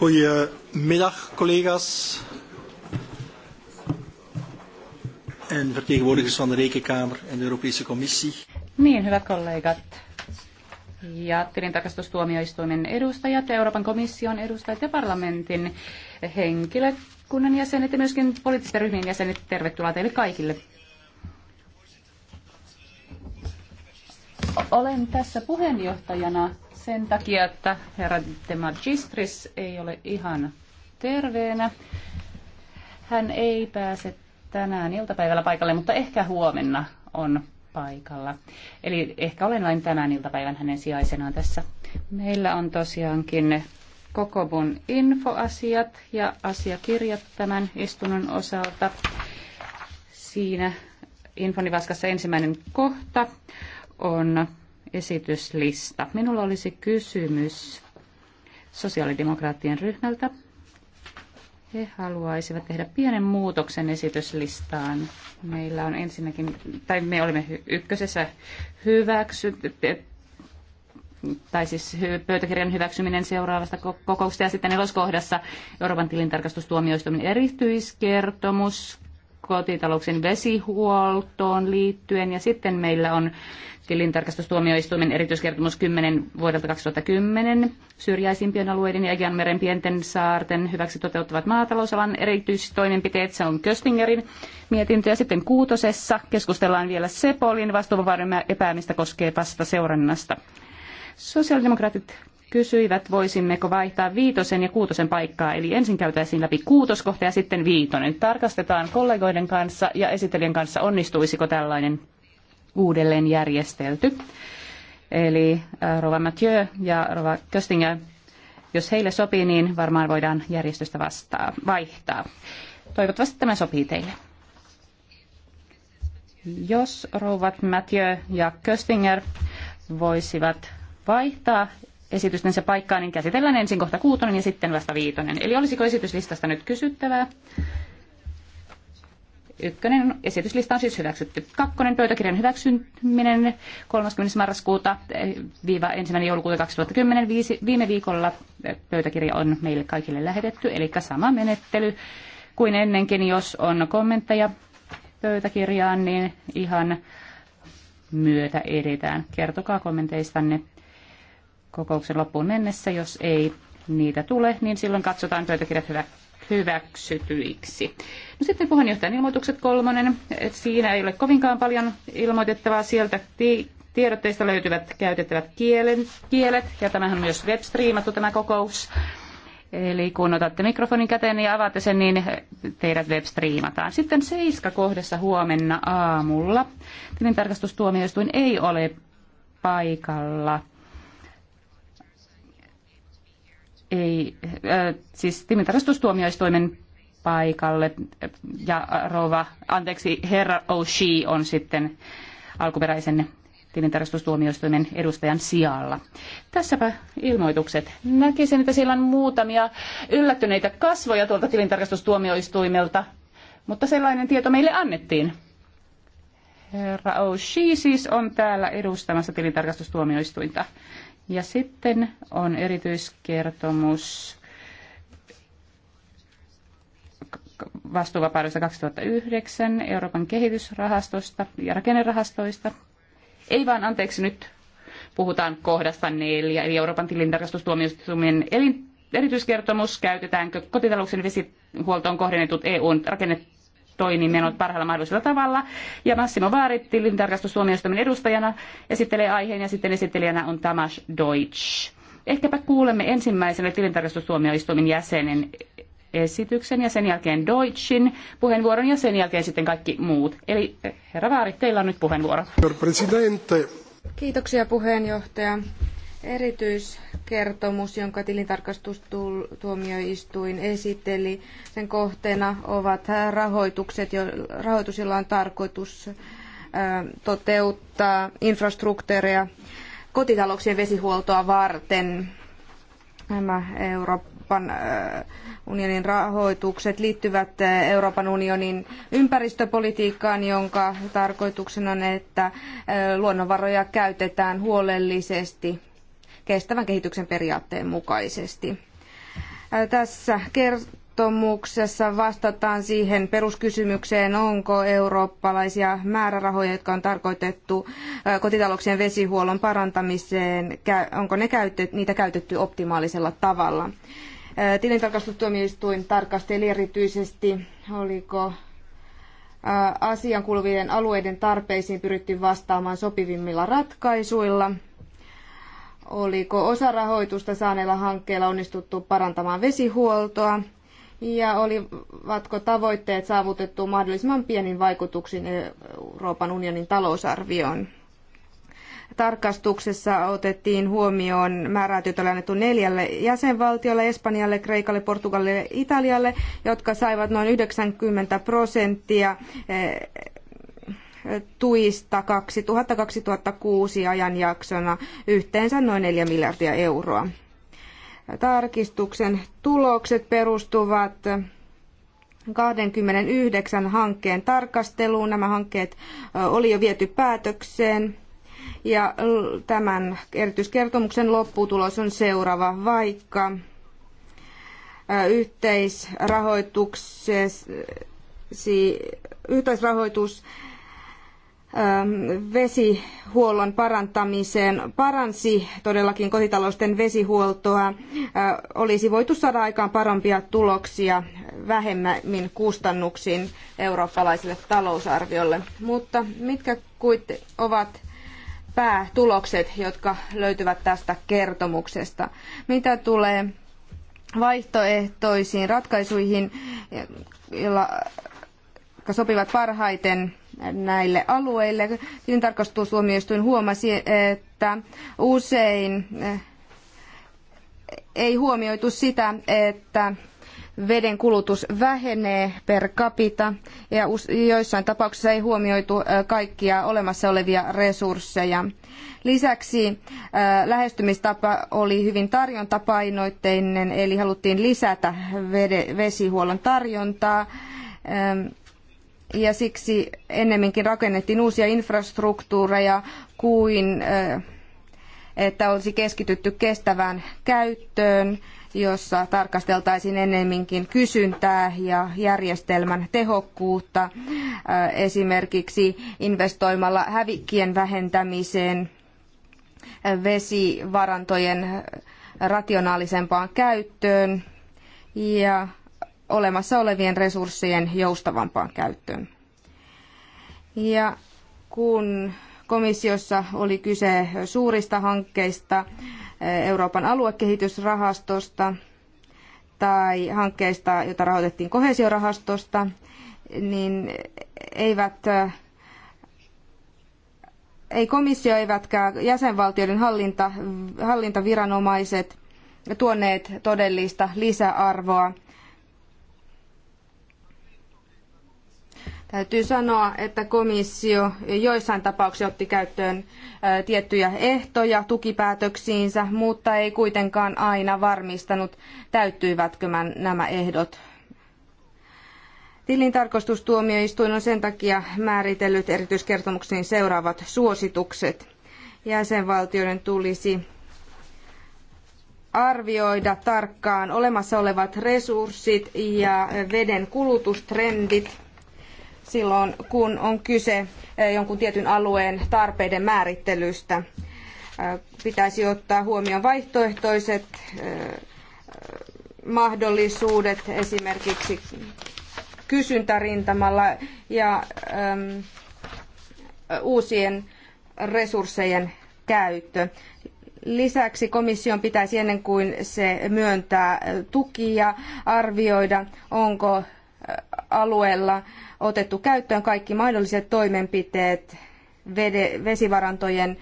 Goedemiddag, collega's en vertegenwoordigers van de Rekenkamer en de Europese Commissie. Niin, hyvät kollegat ja tilintarkastustuomioistuimen edustajat ja Euroopan komission edustajat ja parlamentin henkilökunnan jäsenet ja myöskin poliittisten ryhmien jäsenet. Tervetuloa teille kaikille. Olen tässä puheenjohtajana sen takia, että herra de Magistris ei ole ihan terveenä. Hän ei pääse tänään iltapäivällä paikalle, mutta ehkä huomenna on paikalla. Eli ehkä olen vain tänään iltapäivän hänen sijaisenaan tässä. Meillä on tosiaankin mun infoasiat ja asiakirjat tämän istunnon osalta. Siinä infonivaskassa ensimmäinen kohta on esityslista. Minulla olisi kysymys sosiaalidemokraattien ryhmältä. He haluaisivat tehdä pienen muutoksen esityslistaan. Meillä on ensinnäkin, tai me olemme ykkösessä hyväksytty, tai siis pöytäkirjan hyväksyminen seuraavasta kokouksesta ja sitten eloskohdassa Euroopan tilintarkastustuomioistuimen erityiskertomus kotitalouksien vesihuoltoon liittyen ja sitten meillä on tilintarkastustuomioistuimen erityiskertomus 10 vuodelta 2010 syrjäisimpien alueiden ja Egeanmeren pienten saarten hyväksi toteuttavat maatalousalan erityistoimenpiteet. Se on Köstingerin mietintö. Ja sitten kuutosessa keskustellaan vielä Sepolin vastuuvapauden epäämistä koskevasta seurannasta. Sosiaalidemokraatit kysyivät, voisimmeko vaihtaa viitosen ja kuutosen paikkaa. Eli ensin käytäisiin läpi kuutoskohta ja sitten viitonen. Tarkastetaan kollegoiden kanssa ja esittelijän kanssa, onnistuisiko tällainen uudelleen järjestelty. Eli äh, Rova Mathieu ja Rova Köstinger, jos heille sopii, niin varmaan voidaan järjestystä vastaa, vaihtaa. Toivottavasti tämä sopii teille. Jos rouvat Mathieu ja Köstinger voisivat vaihtaa esitystensä paikkaa, niin käsitellään ensin kohta kuutonen ja sitten vasta viitonen. Eli olisiko esityslistasta nyt kysyttävää? Ykkönen esityslista on siis hyväksytty. Kakkonen pöytäkirjan hyväksyminen 30. marraskuuta eh, viiva 1. joulukuuta 2010. Viisi, viime viikolla eh, pöytäkirja on meille kaikille lähetetty, eli sama menettely kuin ennenkin, jos on kommentteja pöytäkirjaan, niin ihan myötä edetään. Kertokaa kommenteistanne kokouksen loppuun mennessä. Jos ei niitä tule, niin silloin katsotaan pöytäkirjat hyvä, hyväksytyiksi. No sitten puheenjohtajan ilmoitukset kolmonen. Et siinä ei ole kovinkaan paljon ilmoitettavaa sieltä. Ti- tiedotteista löytyvät käytettävät kielen, kielet, ja tämähän on myös webstreamattu tämä kokous. Eli kun otatte mikrofonin käteen ja avaatte sen, niin teidät webstreamataan. Sitten seiska kohdassa huomenna aamulla. Tilintarkastustuomioistuin ei ole paikalla. ei, äh, siis tilintarkastustuomioistuimen paikalle ja äh, rouva, anteeksi, herra O'Shi on sitten alkuperäisen tilintarkastustuomioistuimen edustajan sijalla. Tässäpä ilmoitukset. Näkisin, että siellä on muutamia yllättyneitä kasvoja tuolta tilintarkastustuomioistuimelta, mutta sellainen tieto meille annettiin. Herra O'Shi siis on täällä edustamassa tilintarkastustuomioistuinta. Ja sitten on erityiskertomus vastuuvapaudesta 2009 Euroopan kehitysrahastosta ja rakennerahastoista. Ei vaan, anteeksi, nyt puhutaan kohdasta neljä, eli Euroopan tilintarkastustuomioistuimen elin, erityiskertomus, käytetäänkö kotitalouksen vesihuoltoon kohdennetut EUn rakennet, toimi menot parhaalla mahdollisella tavalla. Ja Massimo Vaari, tilintarkastustuomioistuimen edustajana, esittelee aiheen ja sitten esittelijänä on Tamas Deutsch. Ehkäpä kuulemme ensimmäisenä tilintarkastustuomioistuimen jäsenen esityksen ja sen jälkeen Deutschin puheenvuoron ja sen jälkeen sitten kaikki muut. Eli eh, herra Vaari, teillä on nyt puheenvuoro. Kiitoksia puheenjohtaja. Erityis kertomus, jonka tilintarkastustuomioistuin esitteli. Sen kohteena ovat rahoitukset, jo, rahoitus, jolla on tarkoitus toteuttaa infrastruktuuria kotitalouksien vesihuoltoa varten. Nämä Euroopan unionin rahoitukset liittyvät Euroopan unionin ympäristöpolitiikkaan, jonka tarkoituksena on, että luonnonvaroja käytetään huolellisesti kestävän kehityksen periaatteen mukaisesti. Tässä kertomuksessa vastataan siihen peruskysymykseen, onko eurooppalaisia määrärahoja, jotka on tarkoitettu kotitalouksien vesihuollon parantamiseen, onko ne käytetty, niitä käytetty optimaalisella tavalla. Tilintarkastustuomioistuin tarkasteli erityisesti, oliko asian kuuluvien alueiden tarpeisiin pyritty vastaamaan sopivimmilla ratkaisuilla – oliko osa rahoitusta saaneilla hankkeilla onnistuttu parantamaan vesihuoltoa ja olivatko tavoitteet saavutettu mahdollisimman pienin vaikutuksin Euroopan unionin talousarvioon. Tarkastuksessa otettiin huomioon määräytyt oli annettu neljälle jäsenvaltiolle, Espanjalle, Kreikalle, Portugalille ja Italialle, jotka saivat noin 90 prosenttia eh, tuista 2000-2006 ajanjaksona yhteensä noin 4 miljardia euroa. Tarkistuksen tulokset perustuvat 29 hankkeen tarkasteluun. Nämä hankkeet oli jo viety päätökseen. Ja tämän erityiskertomuksen lopputulos on seuraava, vaikka yhteisrahoituksesi yhteisrahoitus Ähm, vesihuollon parantamiseen paransi todellakin kotitalousten vesihuoltoa, äh, olisi voitu saada aikaan parempia tuloksia vähemmin kustannuksiin eurooppalaiselle talousarviolle. Mutta mitkä ovat päätulokset, jotka löytyvät tästä kertomuksesta? Mitä tulee vaihtoehtoisiin ratkaisuihin, jotka sopivat parhaiten näille alueille. Tilintarkastustuomioistuin huomasi, että usein eh, ei huomioitu sitä, että veden kulutus vähenee per capita ja joissain tapauksissa ei huomioitu eh, kaikkia olemassa olevia resursseja. Lisäksi eh, lähestymistapa oli hyvin tarjontapainoitteinen, eli haluttiin lisätä vesihuollon tarjontaa ja siksi ennemminkin rakennettiin uusia infrastruktuureja kuin eh, että olisi keskitytty kestävään käyttöön, jossa tarkasteltaisiin ennemminkin kysyntää ja järjestelmän tehokkuutta eh, esimerkiksi investoimalla hävikkien vähentämiseen, eh, vesivarantojen rationaalisempaan käyttöön ja olemassa olevien resurssien joustavampaan käyttöön. Ja kun komissiossa oli kyse suurista hankkeista, eh, Euroopan aluekehitysrahastosta tai hankkeista, joita rahoitettiin kohesiorahastosta, niin eivät eh, ei komissio eivätkä jäsenvaltioiden hallinta, hallintaviranomaiset tuoneet todellista lisäarvoa Täytyy sanoa, että komissio joissain tapauksissa otti käyttöön tiettyjä ehtoja tukipäätöksiinsä, mutta ei kuitenkaan aina varmistanut, täyttyivätkö nämä ehdot. Tilintarkastustuomioistuin on sen takia määritellyt erityiskertomuksiin seuraavat suositukset. Jäsenvaltioiden tulisi arvioida tarkkaan olemassa olevat resurssit ja veden kulutustrendit – silloin, kun on kyse eh, jonkun tietyn alueen tarpeiden määrittelystä. Eh, pitäisi ottaa huomioon vaihtoehtoiset eh, mahdollisuudet esimerkiksi kysyntärintamalla ja uusien resurssejen käyttö. Lisäksi komission pitäisi ennen kuin se myöntää tukia arvioida, onko alueella otettu käyttöön kaikki mahdolliset toimenpiteet vesivarantojen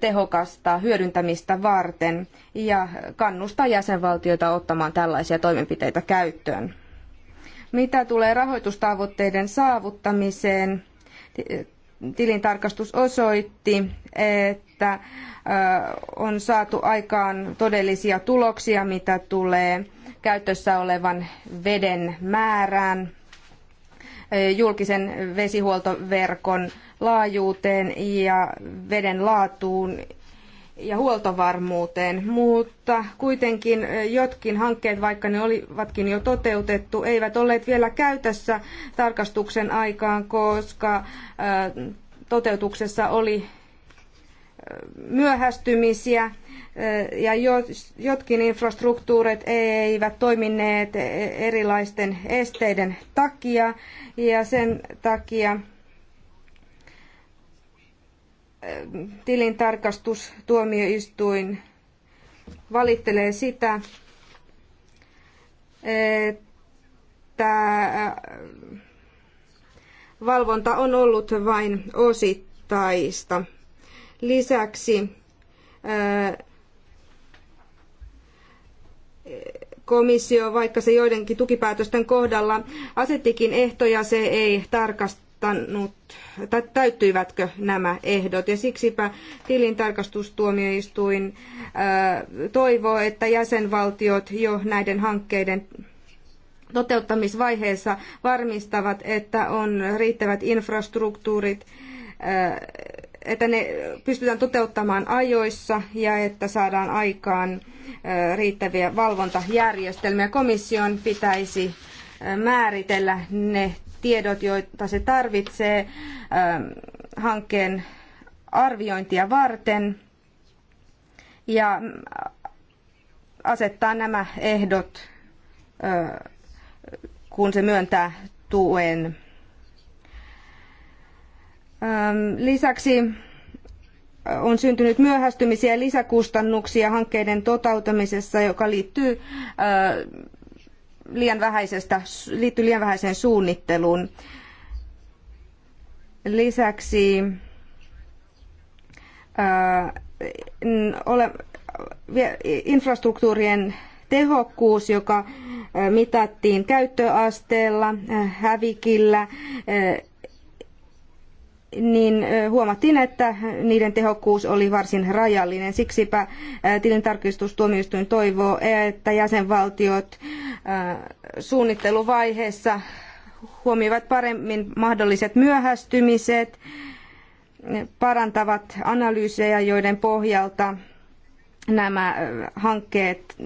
tehokasta hyödyntämistä varten ja kannustaa jäsenvaltioita ottamaan tällaisia toimenpiteitä käyttöön. Mitä tulee rahoitustavoitteiden saavuttamiseen, tilintarkastus osoitti, että on saatu aikaan todellisia tuloksia, mitä tulee käytössä olevan veden määrään, julkisen vesihuoltoverkon laajuuteen ja veden laatuun ja huoltovarmuuteen, mutta kuitenkin jotkin hankkeet, vaikka ne olivatkin jo toteutettu, eivät olleet vielä käytössä tarkastuksen aikaan, koska toteutuksessa oli myöhästymisiä ja jotkin infrastruktuurit eivät toimineet erilaisten esteiden takia ja sen takia eh, tilintarkastustuomioistuin valittelee sitä, että eh, valvonta on ollut vain osittaista. Lisäksi eh, komissio, vaikka se joidenkin tukipäätösten kohdalla asettikin ehtoja, se ei tarkastanut, täyttyivätkö nämä ehdot. Ja siksipä tilintarkastustuomioistuin äh, toivoo, että jäsenvaltiot jo näiden hankkeiden toteuttamisvaiheessa varmistavat, että on riittävät infrastruktuurit äh, että ne pystytään toteuttamaan ajoissa ja että saadaan aikaan riittäviä valvontajärjestelmiä. Komission pitäisi määritellä ne tiedot, joita se tarvitsee hankkeen arviointia varten ja asettaa nämä ehdot, kun se myöntää tuen Ähm, lisäksi äh, on syntynyt myöhästymisiä ja lisäkustannuksia hankkeiden toteutumisessa, joka liittyy äh, liian, vähäisestä, liittyy liian vähäiseen suunnitteluun. Lisäksi äh, infrastruktuurien tehokkuus, joka mitattiin käyttöasteella, hävikillä niin huomattiin, että niiden tehokkuus oli varsin rajallinen. Siksipä tilintarkistustuomioistuin toivoo, että jäsenvaltiot suunnitteluvaiheessa huomioivat paremmin mahdolliset myöhästymiset, parantavat analyysejä, joiden pohjalta nämä hankkeet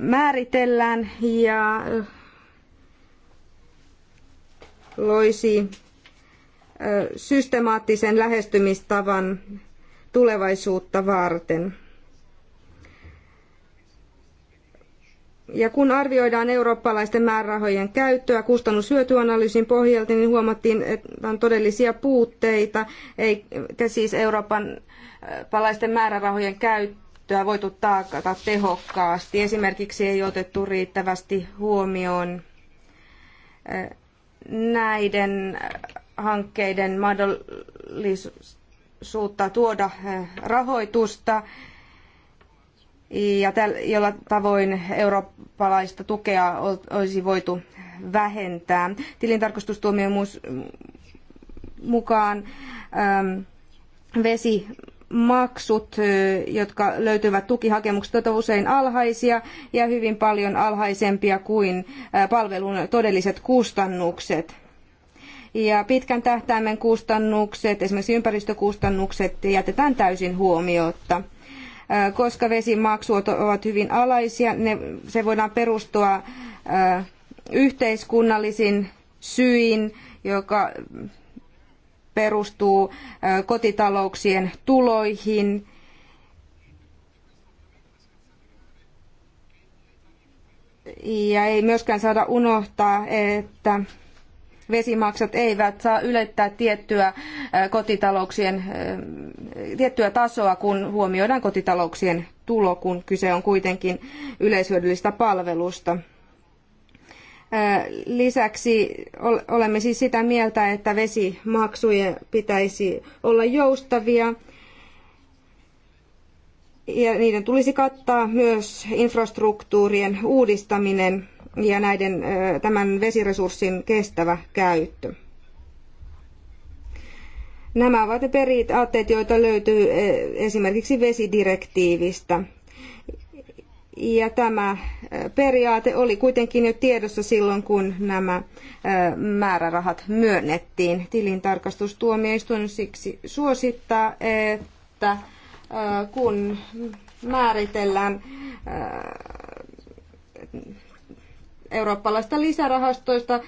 määritellään ja loisi systemaattisen lähestymistavan tulevaisuutta varten. Ja kun arvioidaan eurooppalaisten määrärahojen käyttöä kustannushyötyanalyysin pohjalta, niin huomattiin, että on todellisia puutteita, eikä siis eurooppalaisten määrärahojen käyttöä voitu taakata tehokkaasti. Esimerkiksi ei otettu riittävästi huomioon näiden hankkeiden mahdollisuutta tuoda eh, rahoitusta ja jolla tavoin eurooppalaista tukea olisi voitu vähentää. Tilintarkastustuomiomus mukaan ähm, vesimaksut, eh, jotka löytyvät tukihakemuksista, ovat usein alhaisia ja hyvin paljon alhaisempia kuin äh, palvelun todelliset kustannukset ja pitkän tähtäimen kustannukset, esimerkiksi ympäristökustannukset, jätetään täysin huomiotta koska vesimaksut ovat hyvin alaisia, ne, se voidaan perustua yhteiskunnallisiin syihin, joka perustuu kotitalouksien tuloihin. Ja ei myöskään saada unohtaa, että vesimaksat eivät saa ylittää tiettyä kotitalouksien tiettyä tasoa, kun huomioidaan kotitalouksien tulo, kun kyse on kuitenkin yleishyödyllistä palvelusta. Lisäksi olemme siis sitä mieltä, että vesimaksujen pitäisi olla joustavia ja niiden tulisi kattaa myös infrastruktuurien uudistaminen ja näiden, tämän vesiresurssin kestävä käyttö. Nämä ovat ne periaatteet, joita löytyy esimerkiksi vesidirektiivistä. Ja tämä periaate oli kuitenkin jo tiedossa silloin, kun nämä määrärahat myönnettiin. Tilintarkastustuomioistuin siksi suosittaa, että kun määritellään eurooppalaista lisärahastoista.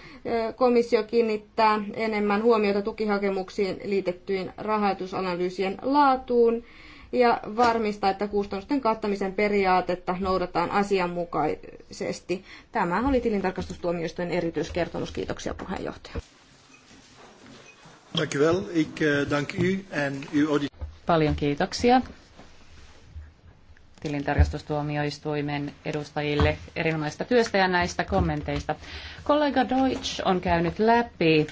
Komissio kiinnittää enemmän huomiota tukihakemuksiin liitettyjen rahoitusanalyysien laatuun ja varmistaa, että kustannusten kattamisen periaatetta noudataan asianmukaisesti. Tämä oli tilintarkastustuomioistuin erityiskertomus. Kiitoksia puheenjohtaja. Eh, Paljon kiitoksia tilintarkastustuomioistuimen edustajille erinomaisesta työstä ja näistä kommenteista. Kollega Deutsch on käynyt läpi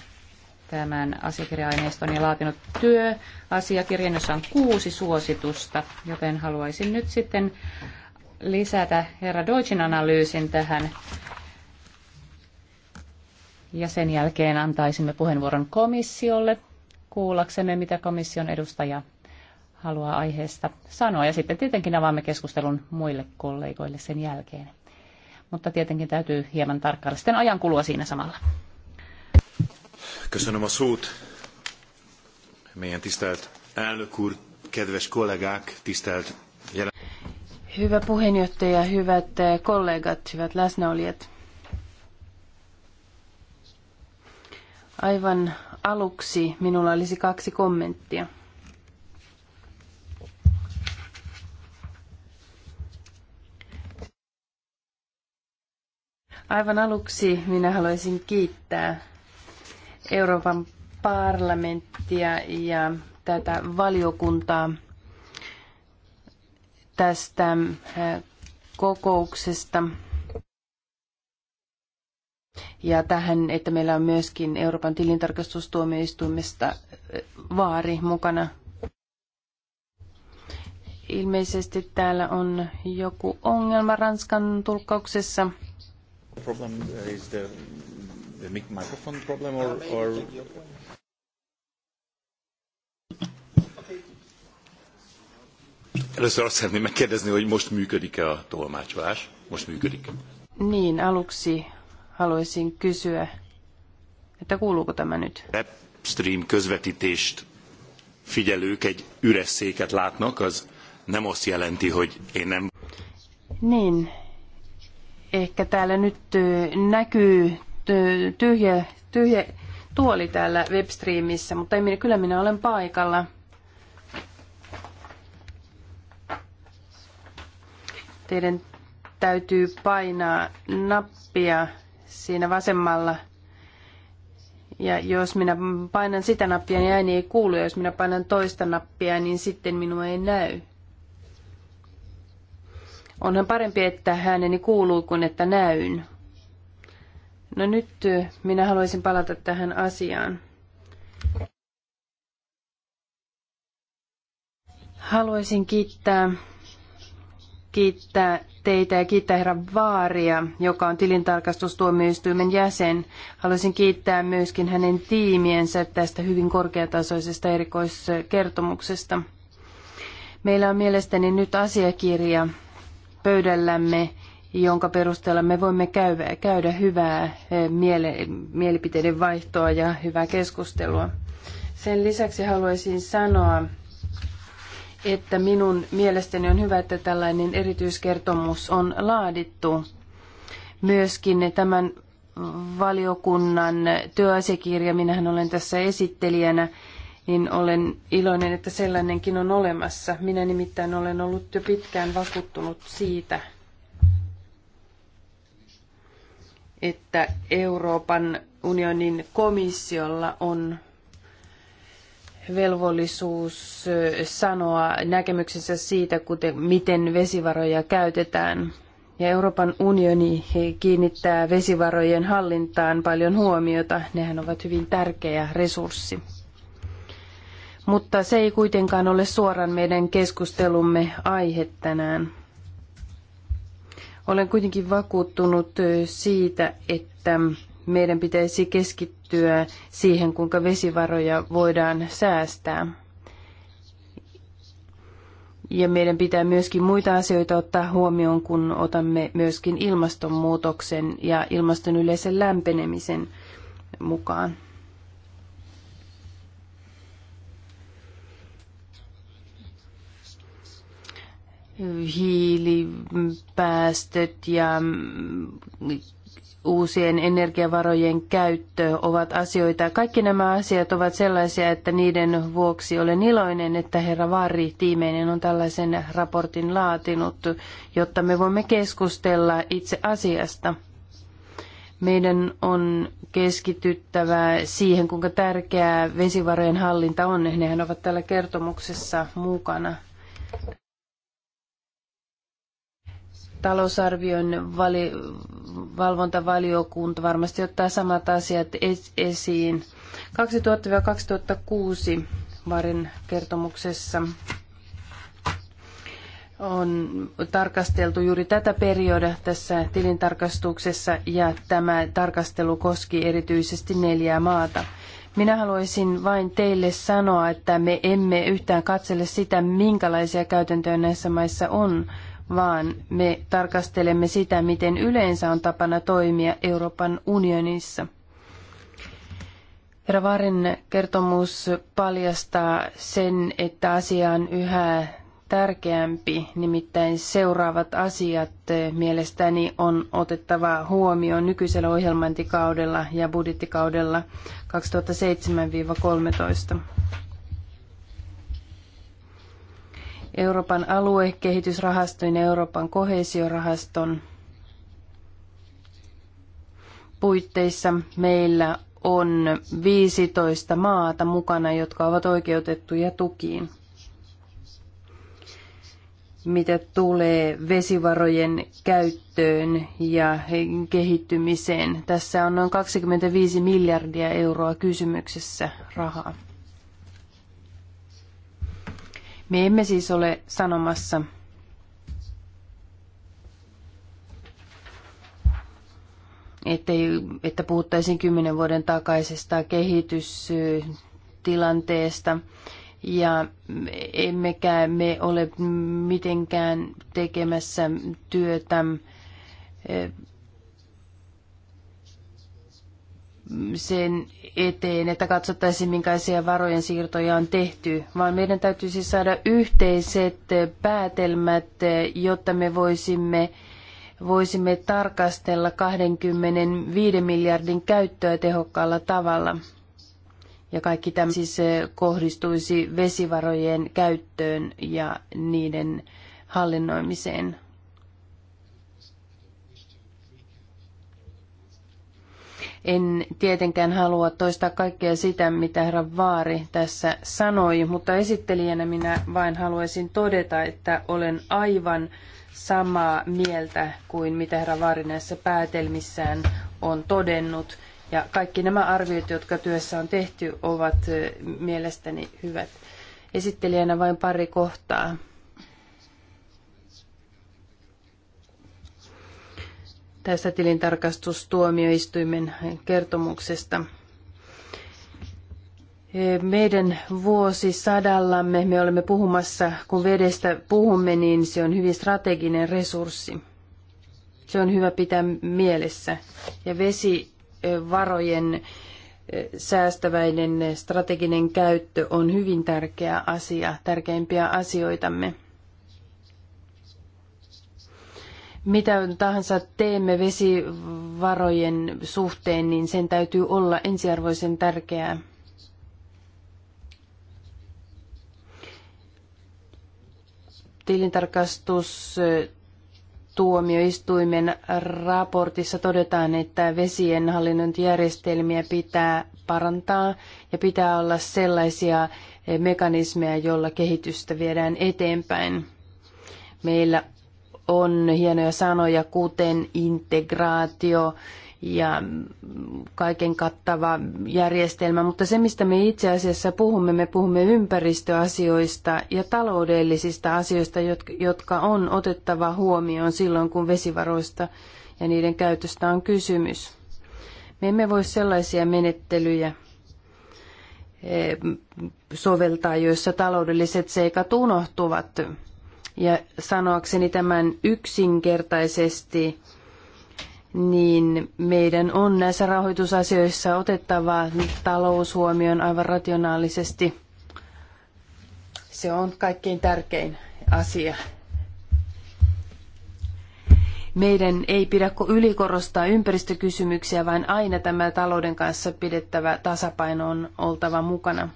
tämän asiakirja-aineiston ja laatinut työasiakirjan, jossa on kuusi suositusta, joten haluaisin nyt sitten lisätä herra Deutschin analyysin tähän. Ja sen jälkeen antaisimme puheenvuoron komissiolle kuullaksemme, mitä komission edustaja haluaa aiheesta sanoa. Ja sitten tietenkin avaamme keskustelun muille kollegoille sen jälkeen. Mutta tietenkin täytyy hieman tarkkailla sitten ajan kulua siinä samalla. Köszönöm a szót. Meidän tisztelt elnök kedves kollégák, tisztelt jelen... Hyvä puheenjohtaja, hyvät kollegat, hyvät läsnäolijat. Aivan aluksi minulla olisi kaksi kommenttia. Aivan aluksi minä haluaisin kiittää Euroopan parlamenttia ja tätä valiokuntaa tästä äh, kokouksesta. Ja tähän, että meillä on myöskin Euroopan tilintarkastustuomioistuimesta äh, vaari mukana. Ilmeisesti täällä on joku ongelma Ranskan tulkkauksessa problem uh, is the, the mic microphone problem or, uh, or Először azt szeretném megkérdezni, hogy most működik-e a tolmácsolás? Most működik. Niin, aluksi haluaisin kysyä, että kuuluuko tämä nyt? Webstream közvetítést figyelők egy üres széket látnak, az nem azt jelenti, hogy én nem... Niin, ehkä täällä nyt näkyy tyhjä, tyhjä tuoli täällä webstreamissä, mutta ei, kyllä minä olen paikalla. Teidän täytyy painaa nappia siinä vasemmalla. Ja jos minä painan sitä nappia, niin ääni ei kuulu. Ja jos minä painan toista nappia, niin sitten minua ei näy. Onhan parempi, että ääneni kuuluu kuin että näyn. No nyt minä haluaisin palata tähän asiaan. Haluaisin kiittää, kiittää teitä ja kiittää herra Vaaria, joka on tilintarkastustuomioistuimen jäsen. Haluaisin kiittää myöskin hänen tiimiensä tästä hyvin korkeatasoisesta erikoiskertomuksesta. Meillä on mielestäni nyt asiakirja, pöydällämme, jonka perusteella me voimme käydä, käydä hyvää eh, miele, mielipiteiden vaihtoa ja hyvää keskustelua. Sen lisäksi haluaisin sanoa, että minun mielestäni on hyvä, että tällainen erityiskertomus on laadittu. Myöskin tämän valiokunnan työasiakirja, minähän olen tässä esittelijänä, niin olen iloinen, että sellainenkin on olemassa. Minä nimittäin olen ollut jo pitkään vakuuttunut siitä, että Euroopan unionin komissiolla on velvollisuus sanoa näkemyksensä siitä, kuten, miten vesivaroja käytetään. Ja Euroopan unioni kiinnittää vesivarojen hallintaan paljon huomiota. Nehän ovat hyvin tärkeä resurssi mutta se ei kuitenkaan ole suoraan meidän keskustelumme aihe tänään. Olen kuitenkin vakuuttunut siitä, että meidän pitäisi keskittyä siihen, kuinka vesivaroja voidaan säästää. Ja meidän pitää myöskin muita asioita ottaa huomioon, kun otamme myöskin ilmastonmuutoksen ja ilmaston yleisen lämpenemisen mukaan. hiilipäästöt ja uusien energiavarojen käyttö ovat asioita. Kaikki nämä asiat ovat sellaisia, että niiden vuoksi olen iloinen, että herra Vaari Tiimeinen on tällaisen raportin laatinut, jotta me voimme keskustella itse asiasta. Meidän on keskityttävä siihen, kuinka tärkeää vesivarojen hallinta on. Nehän ovat täällä kertomuksessa mukana talousarvion vali, valvontavaliokunta varmasti ottaa samat asiat esiin. 2000-2006 Varin kertomuksessa on tarkasteltu juuri tätä periodia tässä tilintarkastuksessa ja tämä tarkastelu koski erityisesti neljää maata. Minä haluaisin vain teille sanoa, että me emme yhtään katsele sitä, minkälaisia käytäntöjä näissä maissa on, vaan me tarkastelemme sitä, miten yleensä on tapana toimia Euroopan unionissa. Herra Vaarin kertomus paljastaa sen, että asia on yhä tärkeämpi, nimittäin seuraavat asiat mielestäni on otettava huomioon nykyisellä ohjelmointikaudella ja budjettikaudella 2007-2013. Euroopan aluekehitysrahaston ja Euroopan kohesiorahaston puitteissa meillä on 15 maata mukana, jotka ovat oikeutettuja tukiin. Mitä tulee vesivarojen käyttöön ja kehittymiseen, tässä on noin 25 miljardia euroa kysymyksessä rahaa. Me emme siis ole sanomassa, ettei, että puhuttaisiin kymmenen vuoden takaisesta kehitystilanteesta. Ja emmekä me ole mitenkään tekemässä työtä sen eteen, että katsottaisiin, minkälaisia varojen siirtoja on tehty, vaan meidän täytyisi siis saada yhteiset päätelmät, jotta me voisimme, voisimme tarkastella 25 miljardin käyttöä tehokkaalla tavalla. Ja kaikki tämä siis kohdistuisi vesivarojen käyttöön ja niiden hallinnoimiseen. En tietenkään halua toistaa kaikkea sitä, mitä herra Vaari tässä sanoi, mutta esittelijänä minä vain haluaisin todeta, että olen aivan samaa mieltä kuin mitä herra Vaari näissä päätelmissään on todennut. Ja kaikki nämä arviot, jotka työssä on tehty, ovat eh, mielestäni hyvät. Esittelijänä vain pari kohtaa. tästä tilintarkastustuomioistuimen kertomuksesta. Meidän vuosisadallamme me olemme puhumassa, kun vedestä puhumme, niin se on hyvin strateginen resurssi. Se on hyvä pitää mielessä. Ja vesivarojen eh, säästäväinen strateginen käyttö on hyvin tärkeä asia, tärkeimpiä asioitamme. mitä tahansa teemme vesivarojen suhteen, niin sen täytyy olla ensiarvoisen tärkeää. Tilintarkastustuomioistuimen raportissa todetaan, että vesien hallinnointijärjestelmiä pitää parantaa ja pitää olla sellaisia mekanismeja, joilla kehitystä viedään eteenpäin. Meillä on hienoja sanoja, kuten integraatio ja kaiken kattava järjestelmä, mutta se mistä me itse asiassa puhumme, me puhumme ympäristöasioista ja taloudellisista asioista, jotka on otettava huomioon silloin, kun vesivaroista ja niiden käytöstä on kysymys. Me emme voi sellaisia menettelyjä eh, soveltaa, joissa taloudelliset seikat unohtuvat ja sanoakseni tämän yksinkertaisesti, niin meidän on näissä rahoitusasioissa otettava talous huomioon aivan rationaalisesti. Se on kaikkein tärkein asia. Meidän ei pidä ylikorostaa ympäristökysymyksiä, vaan aina tämä talouden kanssa pidettävä tasapaino on oltava mukana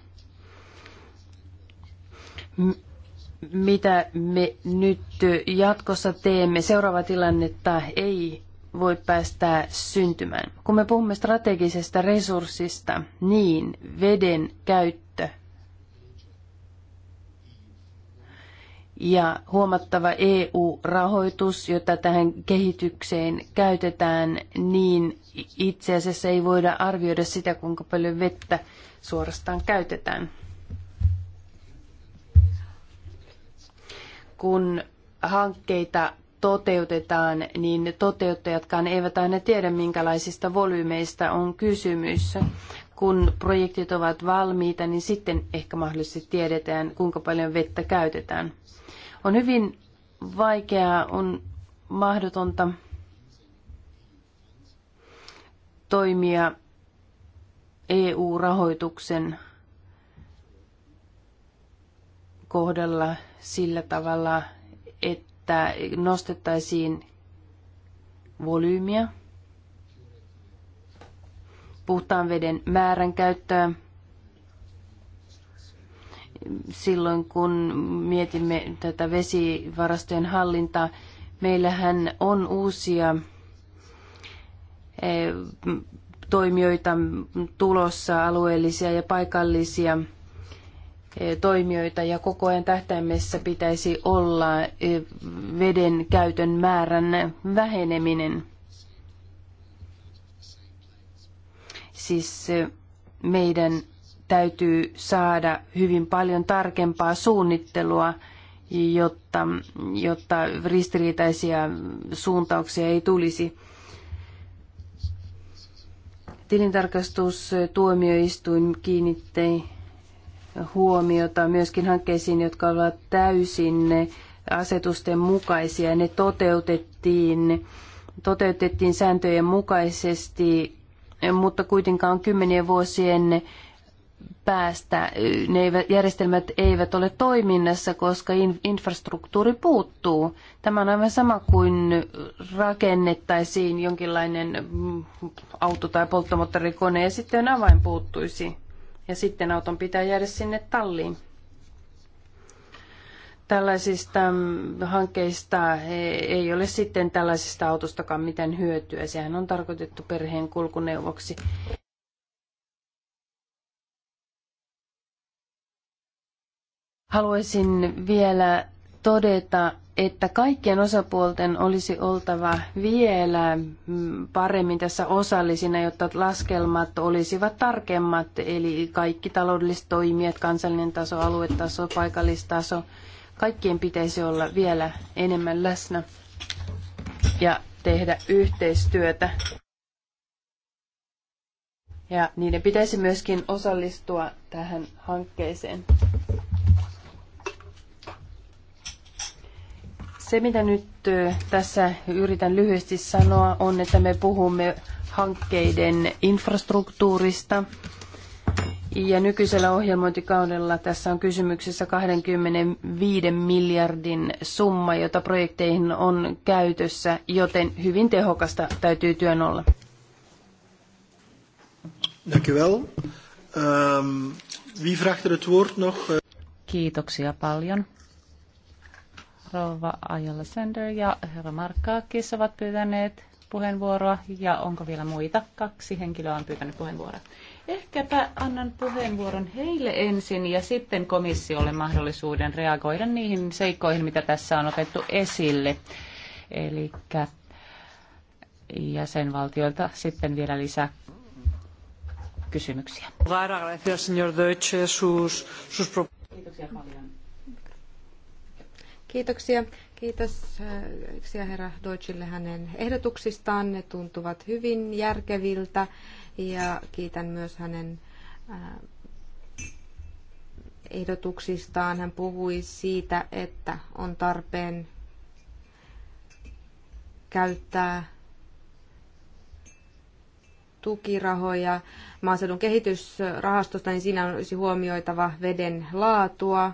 mitä me nyt jatkossa teemme. Seuraava tilannetta ei voi päästää syntymään. Kun me puhumme strategisesta resurssista, niin veden käyttö ja huomattava EU-rahoitus, jota tähän kehitykseen käytetään, niin itse asiassa ei voida arvioida sitä, kuinka paljon vettä suorastaan käytetään. kun hankkeita toteutetaan, niin toteuttajatkaan eivät aina tiedä, minkälaisista volyymeista on kysymys. Kun projektit ovat valmiita, niin sitten ehkä mahdollisesti tiedetään, kuinka paljon vettä käytetään. On hyvin vaikeaa, on mahdotonta toimia EU-rahoituksen kohdella sillä tavalla, että nostettaisiin volyymiä, puhtaan veden määrän käyttöä, silloin kun mietimme tätä vesivarastojen hallintaa, meillähän on uusia eh, toimijoita tulossa, alueellisia ja paikallisia E, toimijoita ja koko ajan tähtäimessä pitäisi olla e, veden käytön määrän väheneminen. Siis e, meidän täytyy saada hyvin paljon tarkempaa suunnittelua, jotta, jotta ristiriitaisia suuntauksia ei tulisi. Tilintarkastustuomioistuin kiinnitti huomiota myöskin hankkeisiin, jotka ovat täysin asetusten mukaisia. Ne toteutettiin, toteutettiin sääntöjen mukaisesti, mutta kuitenkaan kymmenien vuosien päästä ne järjestelmät eivät ole toiminnassa, koska infrastruktuuri puuttuu. Tämä on aivan sama kuin rakennettaisiin jonkinlainen auto tai polttomoottorikone ja sitten avain puuttuisi ja sitten auton pitää jäädä sinne talliin. Tällaisista mm, hankkeista ei ole sitten tällaisista autostakaan mitään hyötyä. Sehän on tarkoitettu perheen kulkuneuvoksi. Haluaisin vielä todeta, että kaikkien osapuolten olisi oltava vielä mm, paremmin tässä osallisina, jotta laskelmat olisivat tarkemmat, eli kaikki taloudelliset toimijat, kansallinen taso, aluetaso, paikallistaso, kaikkien pitäisi olla vielä enemmän läsnä ja tehdä yhteistyötä. Ja niiden pitäisi myöskin osallistua tähän hankkeeseen. Se, mitä nyt tässä yritän lyhyesti sanoa, on, että me puhumme hankkeiden infrastruktuurista. Ja nykyisellä ohjelmointikaudella tässä on kysymyksessä 25 miljardin summa, jota projekteihin on käytössä, joten hyvin tehokasta täytyy työn olla. Dank Um, wie vraagt er het woord nog? Kiitoksia paljon. Rouva Ajalla Sender ja herra Markkaakis ovat pyytäneet puheenvuoroa ja onko vielä muita? Kaksi henkilöä on pyytänyt puheenvuoroa. Ehkäpä annan puheenvuoron heille ensin ja sitten komissiolle mahdollisuuden reagoida niihin seikkoihin, mitä tässä on otettu esille. Eli jäsenvaltioilta sitten vielä lisää kysymyksiä. Kiitoksia paljon. Kiitoksia. Kiitoksia äh, herra Deutschille hänen ehdotuksistaan. Ne tuntuvat hyvin järkeviltä ja kiitän myös hänen äh, ehdotuksistaan. Hän puhui siitä, että on tarpeen käyttää tukirahoja maaseudun kehitysrahastosta, niin siinä olisi huomioitava veden laatua